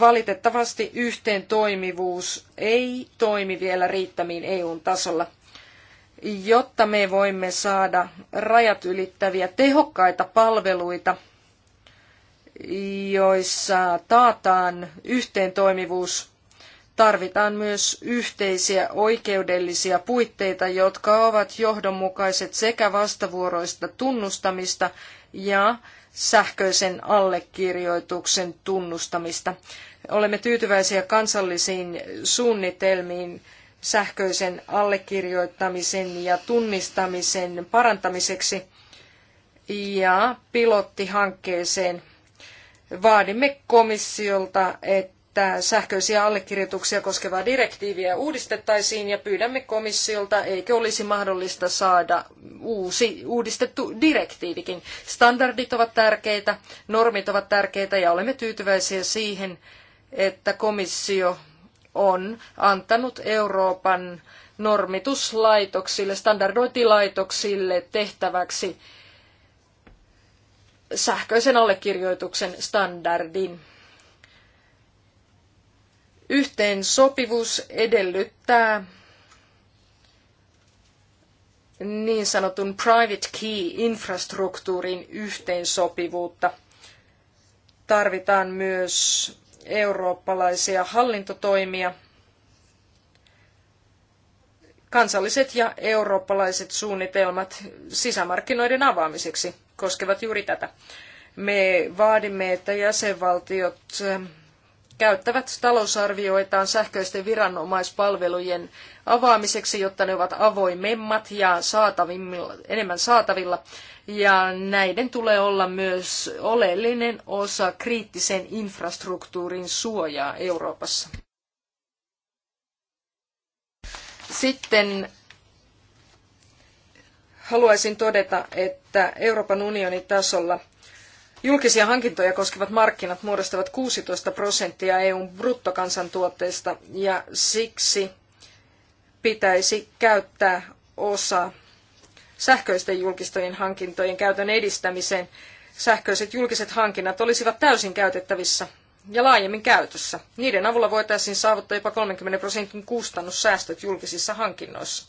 Valitettavasti yhteen toimivuus ei toimi vielä riittämiin EUn tasolla – jotta me voimme saada rajat ylittäviä tehokkaita palveluita, joissa taataan yhteentoimivuus, tarvitaan myös yhteisiä oikeudellisia puitteita, jotka ovat johdonmukaiset sekä vastavuoroista tunnustamista ja sähköisen allekirjoituksen tunnustamista. Olemme tyytyväisiä kansallisiin suunnitelmiin sähköisen allekirjoittamisen ja tunnistamisen parantamiseksi ja pilottihankkeeseen. Vaadimme komissiolta, että sähköisiä allekirjoituksia koskevaa direktiiviä uudistettaisiin ja pyydämme komissiolta, eikö olisi mahdollista saada uusi uudistettu direktiivikin. Standardit ovat tärkeitä, normit ovat tärkeitä ja olemme tyytyväisiä siihen, että komissio on antanut Euroopan normituslaitoksille, standardointilaitoksille tehtäväksi sähköisen allekirjoituksen standardin. Yhteensopivuus edellyttää niin sanotun private key-infrastruktuurin yhteensopivuutta. Tarvitaan myös eurooppalaisia hallintotoimia. Kansalliset ja eurooppalaiset suunnitelmat sisämarkkinoiden avaamiseksi koskevat juuri tätä. Me vaadimme, että jäsenvaltiot käyttävät talousarvioitaan sähköisten viranomaispalvelujen avaamiseksi, jotta ne ovat avoimemmat ja enemmän saatavilla. Ja näiden tulee olla myös oleellinen osa kriittisen infrastruktuurin suojaa Euroopassa. Sitten haluaisin todeta, että Euroopan unionin tasolla – Julkisia hankintoja koskevat markkinat muodostavat 16 prosenttia EUn bruttokansantuotteesta ja siksi pitäisi käyttää osa sähköisten julkistojen hankintojen käytön edistämiseen. Sähköiset julkiset hankinnat olisivat täysin käytettävissä ja laajemmin käytössä. Niiden avulla voitaisiin saavuttaa jopa 30 prosentin kustannussäästöt julkisissa hankinnoissa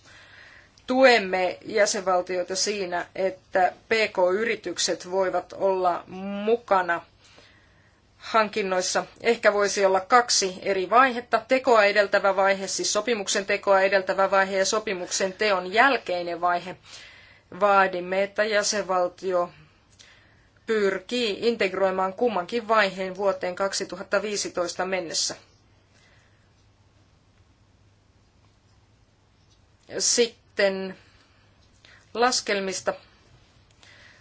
tuemme jäsenvaltioita siinä, että PK-yritykset voivat olla mukana hankinnoissa. Ehkä voisi olla kaksi eri vaihetta. Tekoa edeltävä vaihe, siis sopimuksen tekoa edeltävä vaihe ja sopimuksen teon jälkeinen vaihe. Vaadimme, että jäsenvaltio pyrkii integroimaan kummankin vaiheen vuoteen 2015 mennessä. Sitten sitten laskelmista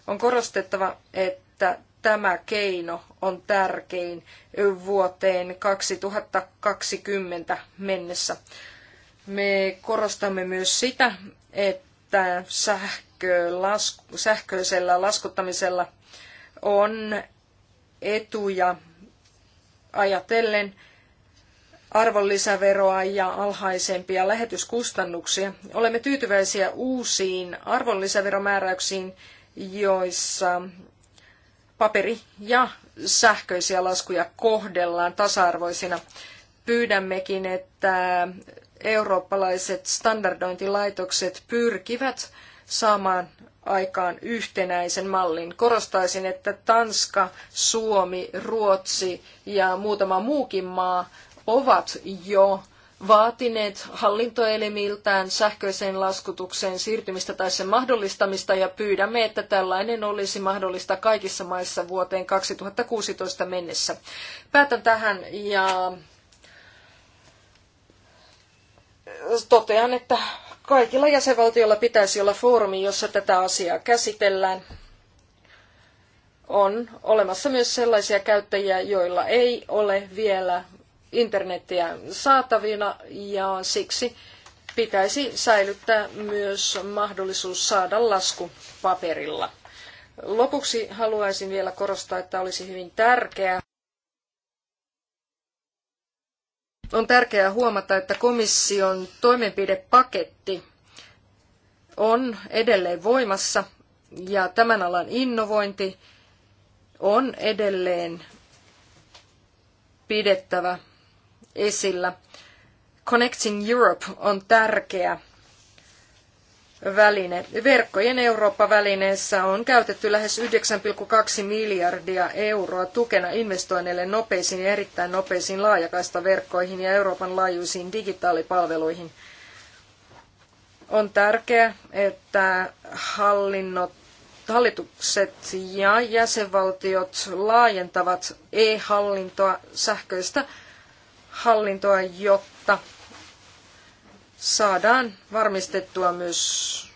on korostettava, että tämä keino on tärkein vuoteen 2020 mennessä. Me korostamme myös sitä, että sähköisellä laskuttamisella on etuja ajatellen arvonlisäveroa ja alhaisempia lähetyskustannuksia. Olemme tyytyväisiä uusiin arvonlisäveromääräyksiin, joissa paperi- ja sähköisiä laskuja kohdellaan tasa-arvoisina. Pyydämmekin, että eurooppalaiset standardointilaitokset pyrkivät saamaan aikaan yhtenäisen mallin. Korostaisin, että Tanska, Suomi, Ruotsi ja muutama muukin maa ovat jo vaatineet hallintoelimiltään sähköiseen laskutukseen siirtymistä tai sen mahdollistamista ja pyydämme, että tällainen olisi mahdollista kaikissa maissa vuoteen 2016 mennessä. Päätän tähän ja totean, että kaikilla jäsenvaltioilla pitäisi olla foorumi, jossa tätä asiaa käsitellään. On olemassa myös sellaisia käyttäjiä, joilla ei ole vielä internettiä saatavina ja siksi pitäisi säilyttää myös mahdollisuus saada lasku paperilla. Lopuksi haluaisin vielä korostaa, että olisi hyvin tärkeää, on tärkeää huomata, että komission toimenpidepaketti on edelleen voimassa ja tämän alan innovointi on edelleen pidettävä esillä. Connecting Europe on tärkeä väline. Verkkojen Eurooppa-välineessä on käytetty lähes 9,2 miljardia euroa tukena investoinneille nopeisiin ja erittäin nopeisiin laajakaistaverkkoihin ja Euroopan laajuisiin digitaalipalveluihin. On tärkeää, että hallinnot, hallitukset ja jäsenvaltiot laajentavat e-hallintoa sähköistä hallintoa, jotta saadaan varmistettua myös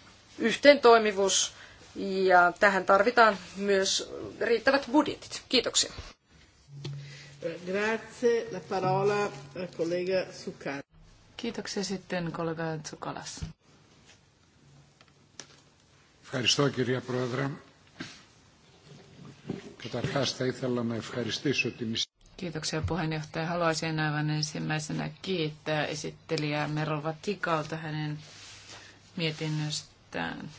toimivuus ja tähän tarvitaan myös riittävät budjetit. Kiitoksia. Grazie. La parola eh, collega Kiitoksia sitten kollega Tsukalas. Ευχαριστώ κυρία Πρόεδρε. Καταρχάς θα ήθελα να ευχαριστήσω την Kiitoksia puheenjohtaja. Haluaisin aivan ensimmäisenä kiittää esittelijää Merova Tikalta hänen mietinnöstään.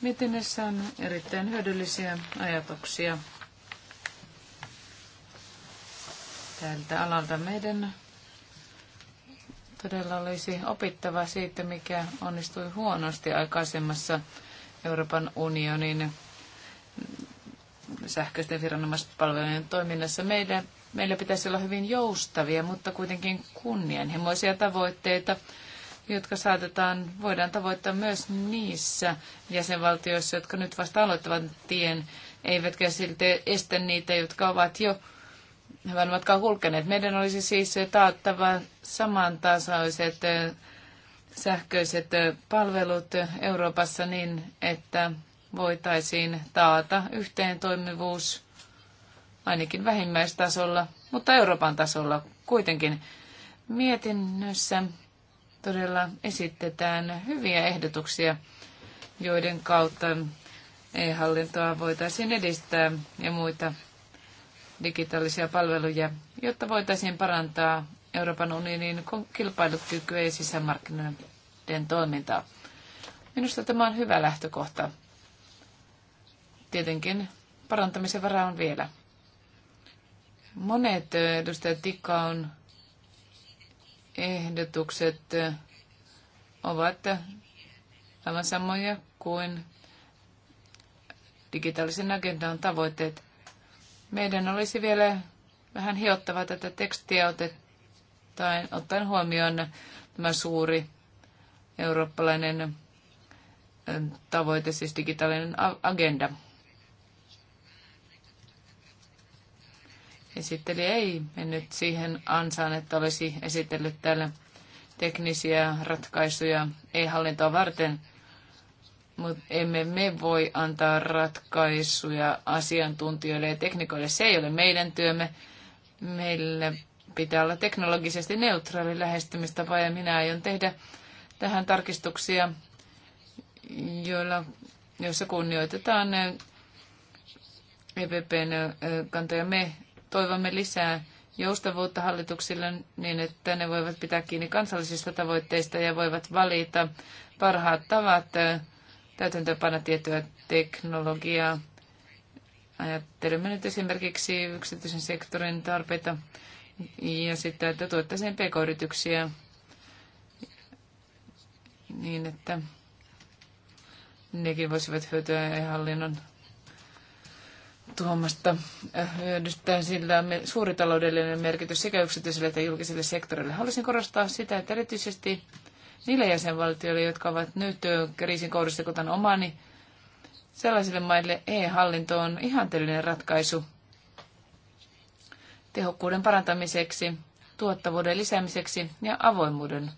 Mietinnössä on erittäin hyödyllisiä ajatuksia tältä alalta. Meidän todella olisi opittava siitä, mikä onnistui huonosti aikaisemmassa Euroopan unionin sähköisten viranomaispalvelujen toiminnassa. Meidän, meillä pitäisi olla hyvin joustavia, mutta kuitenkin kunnianhimoisia tavoitteita, jotka saatetaan, voidaan tavoittaa myös niissä jäsenvaltioissa, jotka nyt vasta aloittavat tien, eivätkä silti estä niitä, jotka ovat jo hyvän matkan kulkeneet. Meidän olisi siis taattava samantasaiset eh, sähköiset eh, palvelut Euroopassa niin, että voitaisiin taata yhteen toimivuus ainakin vähimmäistasolla, mutta Euroopan tasolla kuitenkin. Mietinnössä todella esitetään hyviä ehdotuksia, joiden kautta e-hallintoa voitaisiin edistää ja muita digitaalisia palveluja, jotta voitaisiin parantaa Euroopan unionin kilpailukykyä ja sisämarkkinoiden toimintaa. Minusta tämä on hyvä lähtökohta Tietenkin parantamisen varaa on vielä. Monet edustaja Tikkaun ehdotukset ovat aivan samoja kuin digitaalisen agendan tavoitteet. Meidän olisi vielä vähän hiottava tätä tekstiä otettaen, ottaen huomioon tämä suuri eurooppalainen tavoite, siis digitaalinen agenda. Esitteli ei mennyt siihen ansaan, että olisi esitellyt täällä teknisiä ratkaisuja e-hallintoa varten, mutta emme me voi antaa ratkaisuja asiantuntijoille ja teknikoille. Se ei ole meidän työmme. Meillä pitää olla teknologisesti neutraali lähestymistapa ja minä aion tehdä tähän tarkistuksia, joilla, joissa kunnioitetaan EPPn kantoja. Me Toivomme lisää joustavuutta hallituksille niin, että ne voivat pitää kiinni kansallisista tavoitteista ja voivat valita parhaat tavat täytäntöpana tiettyä teknologiaa. Ajattelemme nyt esimerkiksi yksityisen sektorin tarpeita ja sitten, että tuottaisiin pk-yrityksiä niin, että nekin voisivat hyötyä hallinnon tuomasta äh, hyödystä, sillä on suuri taloudellinen merkitys sekä yksityiselle että julkiselle sektorille. Haluaisin korostaa sitä, että erityisesti niille jäsenvaltioille, jotka ovat nyt äh, kriisin kohdassa, kuten omani, sellaisille maille e-hallinto on ihanteellinen ratkaisu tehokkuuden parantamiseksi, tuottavuuden lisäämiseksi ja avoimuuden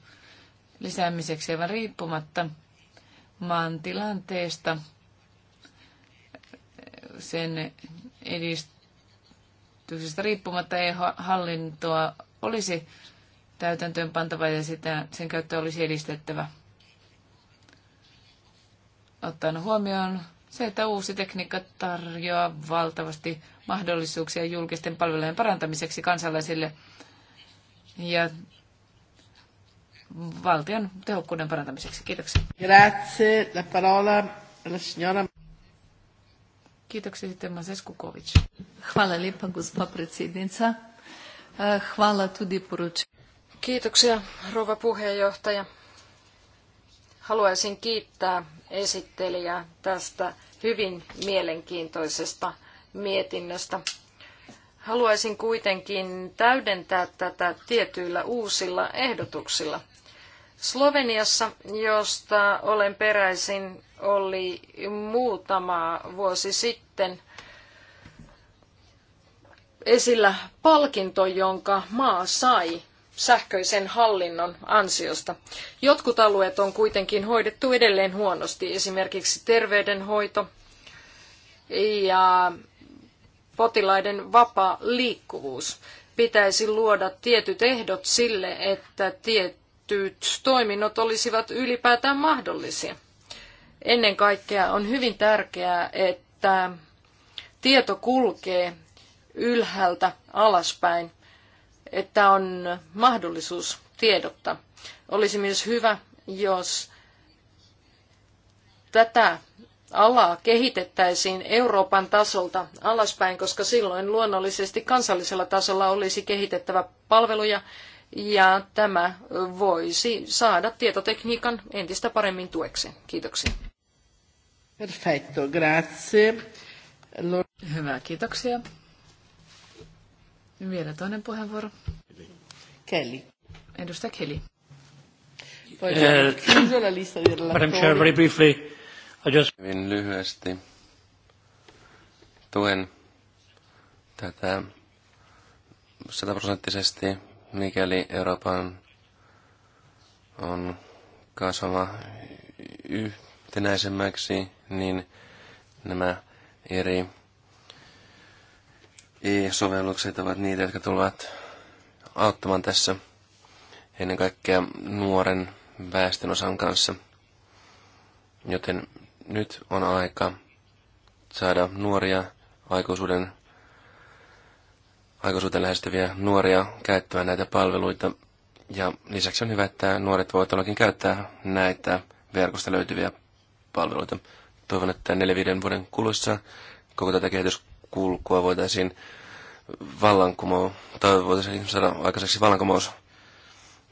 lisäämiseksi aivan riippumatta maan tilanteesta – sen edistyksestä riippumatta ei hallintoa olisi täytäntöön pantava ja sitä, sen käyttöä olisi edistettävä. Ottaen huomioon se, että uusi tekniikka tarjoaa valtavasti mahdollisuuksia julkisten palvelujen parantamiseksi kansalaisille ja valtion tehokkuuden parantamiseksi. Kiitoksia. Grazie. La parola alla signora. Kiitoksia sitten Mazes Kukovic. Hvala gospa predsjednica. Eh, hvala tudi poruč. Kiitoksia, rouva puheenjohtaja. Haluaisin kiittää esittelijää tästä hyvin mielenkiintoisesta mietinnöstä. Haluaisin kuitenkin täydentää tätä tietyillä uusilla ehdotuksilla. Sloveniassa, josta olen peräisin, oli muutama vuosi sitten esillä palkinto, jonka maa sai sähköisen hallinnon ansiosta. Jotkut alueet on kuitenkin hoidettu edelleen huonosti, esimerkiksi terveydenhoito ja potilaiden vapaa liikkuvuus. Pitäisi luoda tietyt ehdot sille, että tietty tietyt toiminnot olisivat ylipäätään mahdollisia. Ennen kaikkea on hyvin tärkeää, että tieto kulkee ylhäältä alaspäin, että on mahdollisuus tiedottaa. Olisi myös hyvä, jos tätä alaa kehitettäisiin Euroopan tasolta alaspäin, koska silloin luonnollisesti kansallisella tasolla olisi kehitettävä palveluja ja tämä voisi saada tietotekniikan entistä paremmin tueksi. Kiitoksia. Perfetto, grazie. Hyvä, kiitoksia. Vielä toinen puheenvuoro. Kelly. Edustaja Kelly. Eh, Madam Chair, very briefly, I just... Hyvin lyhyesti tuen tätä sataprosenttisesti mikäli Euroopan on kasvava yhtenäisemmäksi, niin nämä eri e-sovellukset ovat niitä, jotka tulevat auttamaan tässä ennen kaikkea nuoren väestön osan kanssa. Joten nyt on aika saada nuoria aikuisuuden aikuisuuteen lähestyviä nuoria käyttämään näitä palveluita. Ja lisäksi on hyvä, että nuoret voivat todellakin käyttää näitä verkosta löytyviä palveluita. Toivon, että 4-5 vuoden kuluessa koko tätä kehityskulkua voitaisiin vallankumous, tai voitaisiin saada aikaiseksi vallankumous.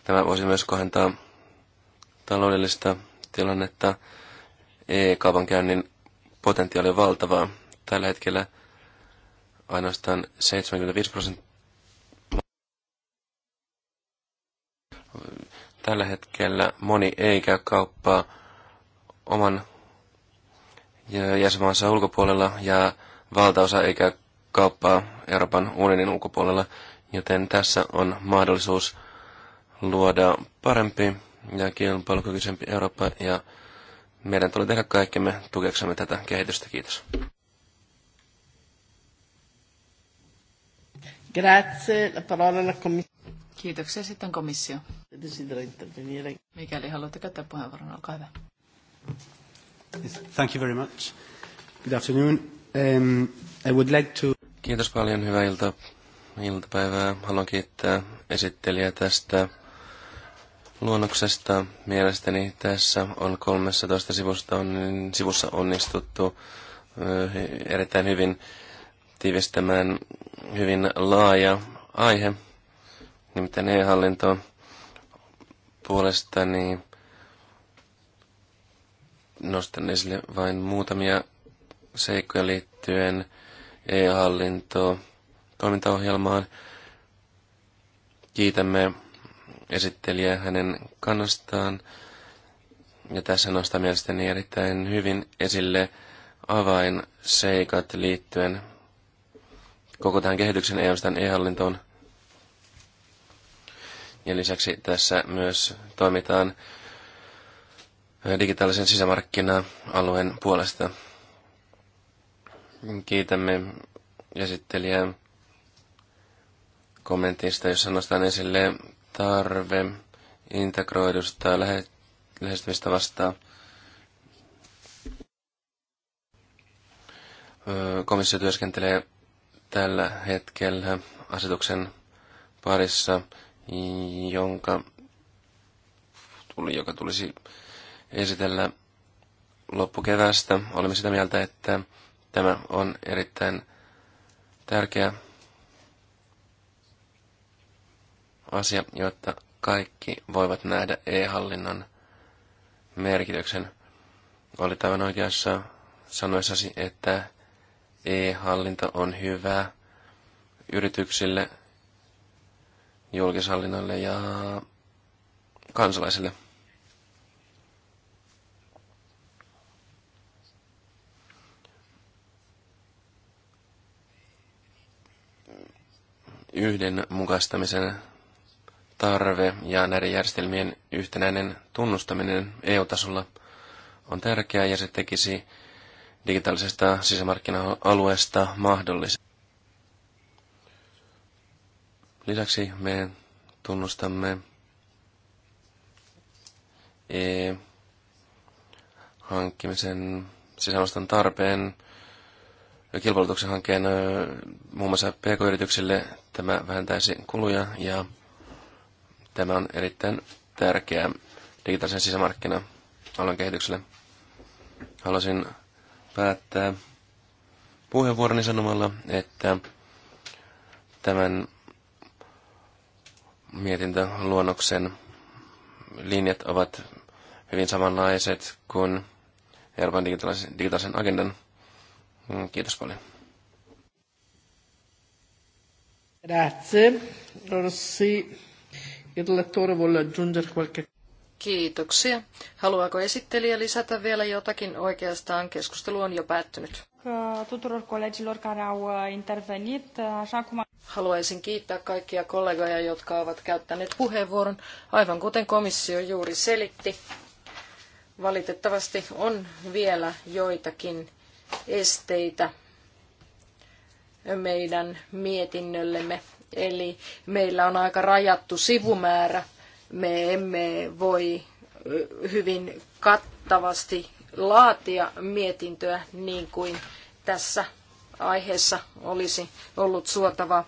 Tämä voisi myös kohentaa taloudellista tilannetta. E-kaupankäynnin potentiaali on valtavaa. Tällä hetkellä ainoastaan 75 prosenttia. Tällä hetkellä moni ei käy kauppaa oman jäsenmaansa ulkopuolella ja valtaosa ei käy kauppaa Euroopan unionin ulkopuolella, joten tässä on mahdollisuus luoda parempi ja kilpailukykyisempi Eurooppa ja meidän tulee tehdä kaikkemme tukeksemme tätä kehitystä. Kiitos. Grazie. La parola alla commissione. Kiitoksia. Sitten komissio. Mikäli haluatte käyttää puheenvuoron, olkaa hyvä. Thank you very much. Good afternoon. Um, I would like to... Kiitos paljon. Hyvää ilta, iltapäivää. Haluan kiittää esittelijä tästä luonnoksesta. Mielestäni tässä on 13 sivusta on, niin sivussa onnistuttu erittäin hyvin tiivistämään hyvin laaja aihe, nimittäin e-hallinto niin nostan esille vain muutamia seikkoja liittyen e-hallintoon toimintaohjelmaan. Kiitämme esittelijää hänen kannastaan. Ja tässä nostaa mielestäni erittäin hyvin esille avainseikat liittyen koko tähän kehityksen EUn e-hallintoon. Ja lisäksi tässä myös toimitaan digitaalisen sisämarkkina-alueen puolesta. Kiitämme esittelijää kommentista, jossa nostan esille tarve integroidusta lähe, lähestymistä vastaan. Öö, komissio työskentelee tällä hetkellä asetuksen parissa, jonka, tuli, joka tulisi esitellä loppukevästä. Olemme sitä mieltä, että tämä on erittäin tärkeä asia, jotta kaikki voivat nähdä e-hallinnon merkityksen. Olit aivan oikeassa sanoessasi, että E-hallinto on hyvä yrityksille, julkishallinnolle ja kansalaisille. Yhdenmukaistamisen tarve ja näiden järjestelmien yhtenäinen tunnustaminen EU-tasolla on tärkeää ja se tekisi digitaalisesta sisämarkkina-alueesta mahdollisen. Lisäksi me tunnustamme e-hankkimisen sisällöstön tarpeen kilpailutuksen hankkeen muun muassa pk-yrityksille. Tämä vähentäisi kuluja ja tämä on erittäin tärkeää digitaalisen sisämarkkina-alan kehitykselle. Haluaisin päättää puheenvuoroni sanomalla, että tämän mietintöluonnoksen linjat ovat hyvin samanlaiset kuin Euroopan digitaalisen, agendan. Kiitos paljon. Grazie. Allora, se il relatore vuole aggiungere qualche Kiitoksia. Haluaako esittelijä lisätä vielä jotakin? Oikeastaan keskustelu on jo päättynyt. Haluaisin kiittää kaikkia kollegoja, jotka ovat käyttäneet puheenvuoron, aivan kuten komissio juuri selitti. Valitettavasti on vielä joitakin esteitä meidän mietinnöllemme, eli meillä on aika rajattu sivumäärä – me emme voi hyvin kattavasti laatia mietintöä niin kuin tässä aiheessa olisi ollut suotavaa.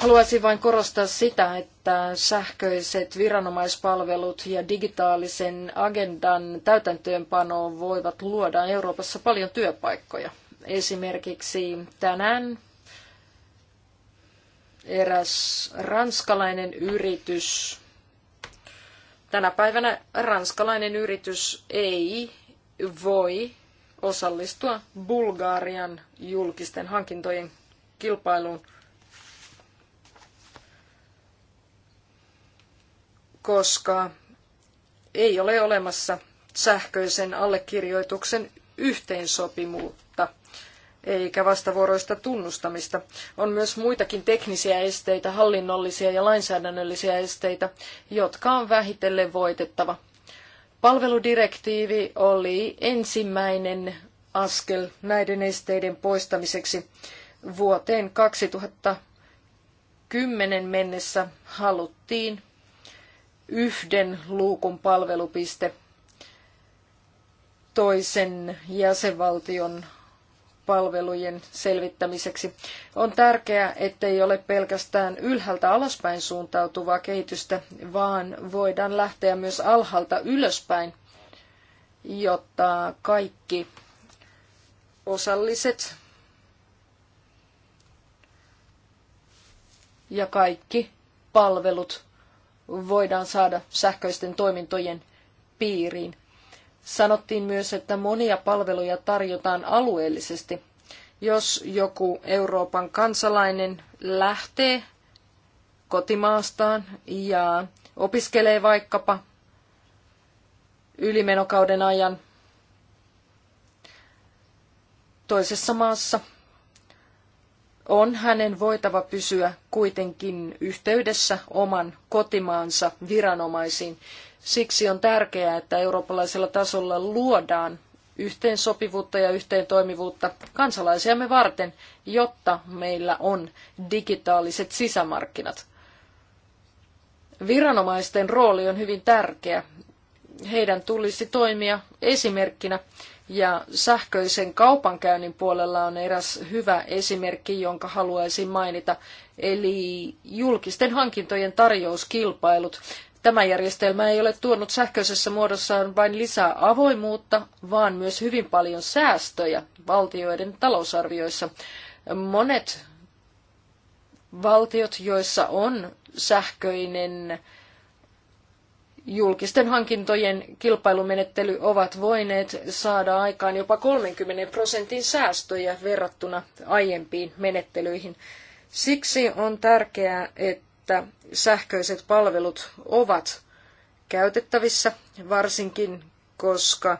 Haluaisin vain korostaa sitä, että sähköiset viranomaispalvelut ja digitaalisen agendan täytäntöönpano voivat luoda Euroopassa paljon työpaikkoja. Esimerkiksi tänään eräs ranskalainen yritys Tänä päivänä ranskalainen yritys ei voi osallistua Bulgarian julkisten hankintojen kilpailuun, koska ei ole olemassa sähköisen allekirjoituksen yhteensopimu- eikä vastavuoroista tunnustamista. On myös muitakin teknisiä esteitä, hallinnollisia ja lainsäädännöllisiä esteitä, jotka on vähitellen voitettava. Palveludirektiivi oli ensimmäinen askel näiden esteiden poistamiseksi vuoteen 2010 mennessä haluttiin yhden luukun palvelupiste toisen jäsenvaltion palvelujen selvittämiseksi. On tärkeää, ettei ole pelkästään ylhäältä alaspäin suuntautuvaa kehitystä, vaan voidaan lähteä myös alhaalta ylöspäin, jotta kaikki osalliset ja kaikki palvelut voidaan saada sähköisten toimintojen piiriin. Sanottiin myös, että monia palveluja tarjotaan alueellisesti. Jos joku Euroopan kansalainen lähtee kotimaastaan ja opiskelee vaikkapa ylimenokauden ajan toisessa maassa, on hänen voitava pysyä kuitenkin yhteydessä oman kotimaansa viranomaisiin. Siksi on tärkeää, että eurooppalaisella tasolla luodaan yhteensopivuutta ja yhteentoimivuutta kansalaisiamme varten, jotta meillä on digitaaliset sisämarkkinat. Viranomaisten rooli on hyvin tärkeä. Heidän tulisi toimia esimerkkinä ja sähköisen kaupankäynnin puolella on eräs hyvä esimerkki, jonka haluaisin mainita, eli julkisten hankintojen tarjouskilpailut. Tämä järjestelmä ei ole tuonut sähköisessä muodossaan vain lisää avoimuutta, vaan myös hyvin paljon säästöjä valtioiden talousarvioissa. Monet valtiot, joissa on sähköinen julkisten hankintojen kilpailumenettely ovat voineet saada aikaan jopa 30 prosentin säästöjä verrattuna aiempiin menettelyihin. Siksi on tärkeää, että että sähköiset palvelut ovat käytettävissä, varsinkin koska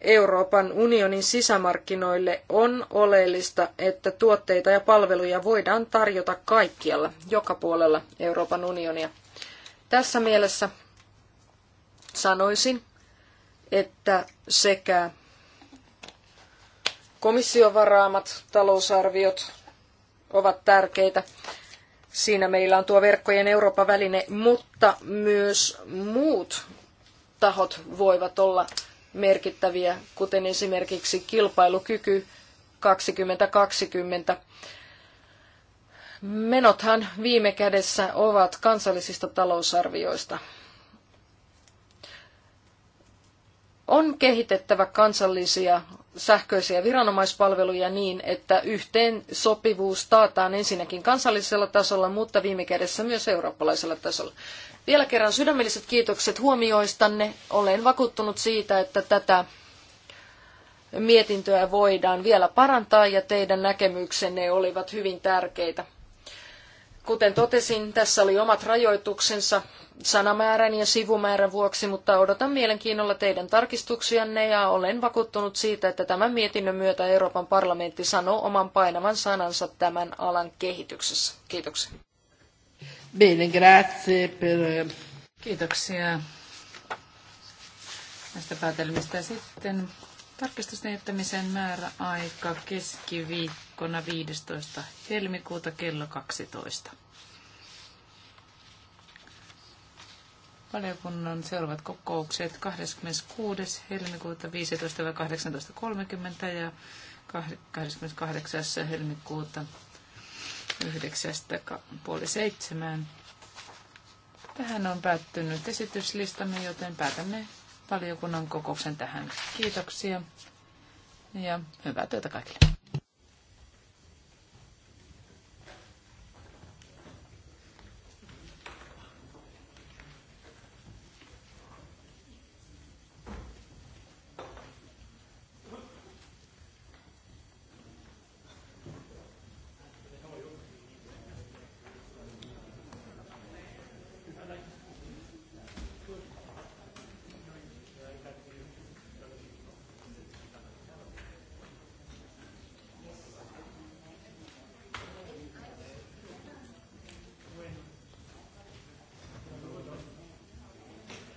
Euroopan unionin sisämarkkinoille on oleellista, että tuotteita ja palveluja voidaan tarjota kaikkialla, joka puolella Euroopan unionia. Tässä mielessä sanoisin, että sekä komission varaamat talousarviot ovat tärkeitä, Siinä meillä on tuo verkkojen Eurooppa-väline, mutta myös muut tahot voivat olla merkittäviä, kuten esimerkiksi kilpailukyky 2020. Menothan viime kädessä ovat kansallisista talousarvioista. On kehitettävä kansallisia sähköisiä viranomaispalveluja niin, että yhteen sopivuus taataan ensinnäkin kansallisella tasolla, mutta viime kädessä myös eurooppalaisella tasolla. Vielä kerran sydämelliset kiitokset huomioistanne. Olen vakuuttunut siitä, että tätä mietintöä voidaan vielä parantaa ja teidän näkemyksenne olivat hyvin tärkeitä. Kuten totesin, tässä oli omat rajoituksensa sanamäärän ja sivumäärän vuoksi, mutta odotan mielenkiinnolla teidän tarkistuksianne ja olen vakuuttunut siitä, että tämän mietinnön myötä Euroopan parlamentti sanoo oman painavan sanansa tämän alan kehityksessä. Kiitoksia. Bene, grazie per... Kiitoksia näistä päätelmistä. Sitten Tarkistusten määrä aika keskiviikkona 15. helmikuuta kello 12. Valiokunnan seuraavat kokoukset 26. helmikuuta 15.18.30 ja 28. helmikuuta 9.30. Tähän on päättynyt esityslistamme, joten päätämme valiokunnan kokouksen tähän. Kiitoksia ja hyvää työtä kaikille.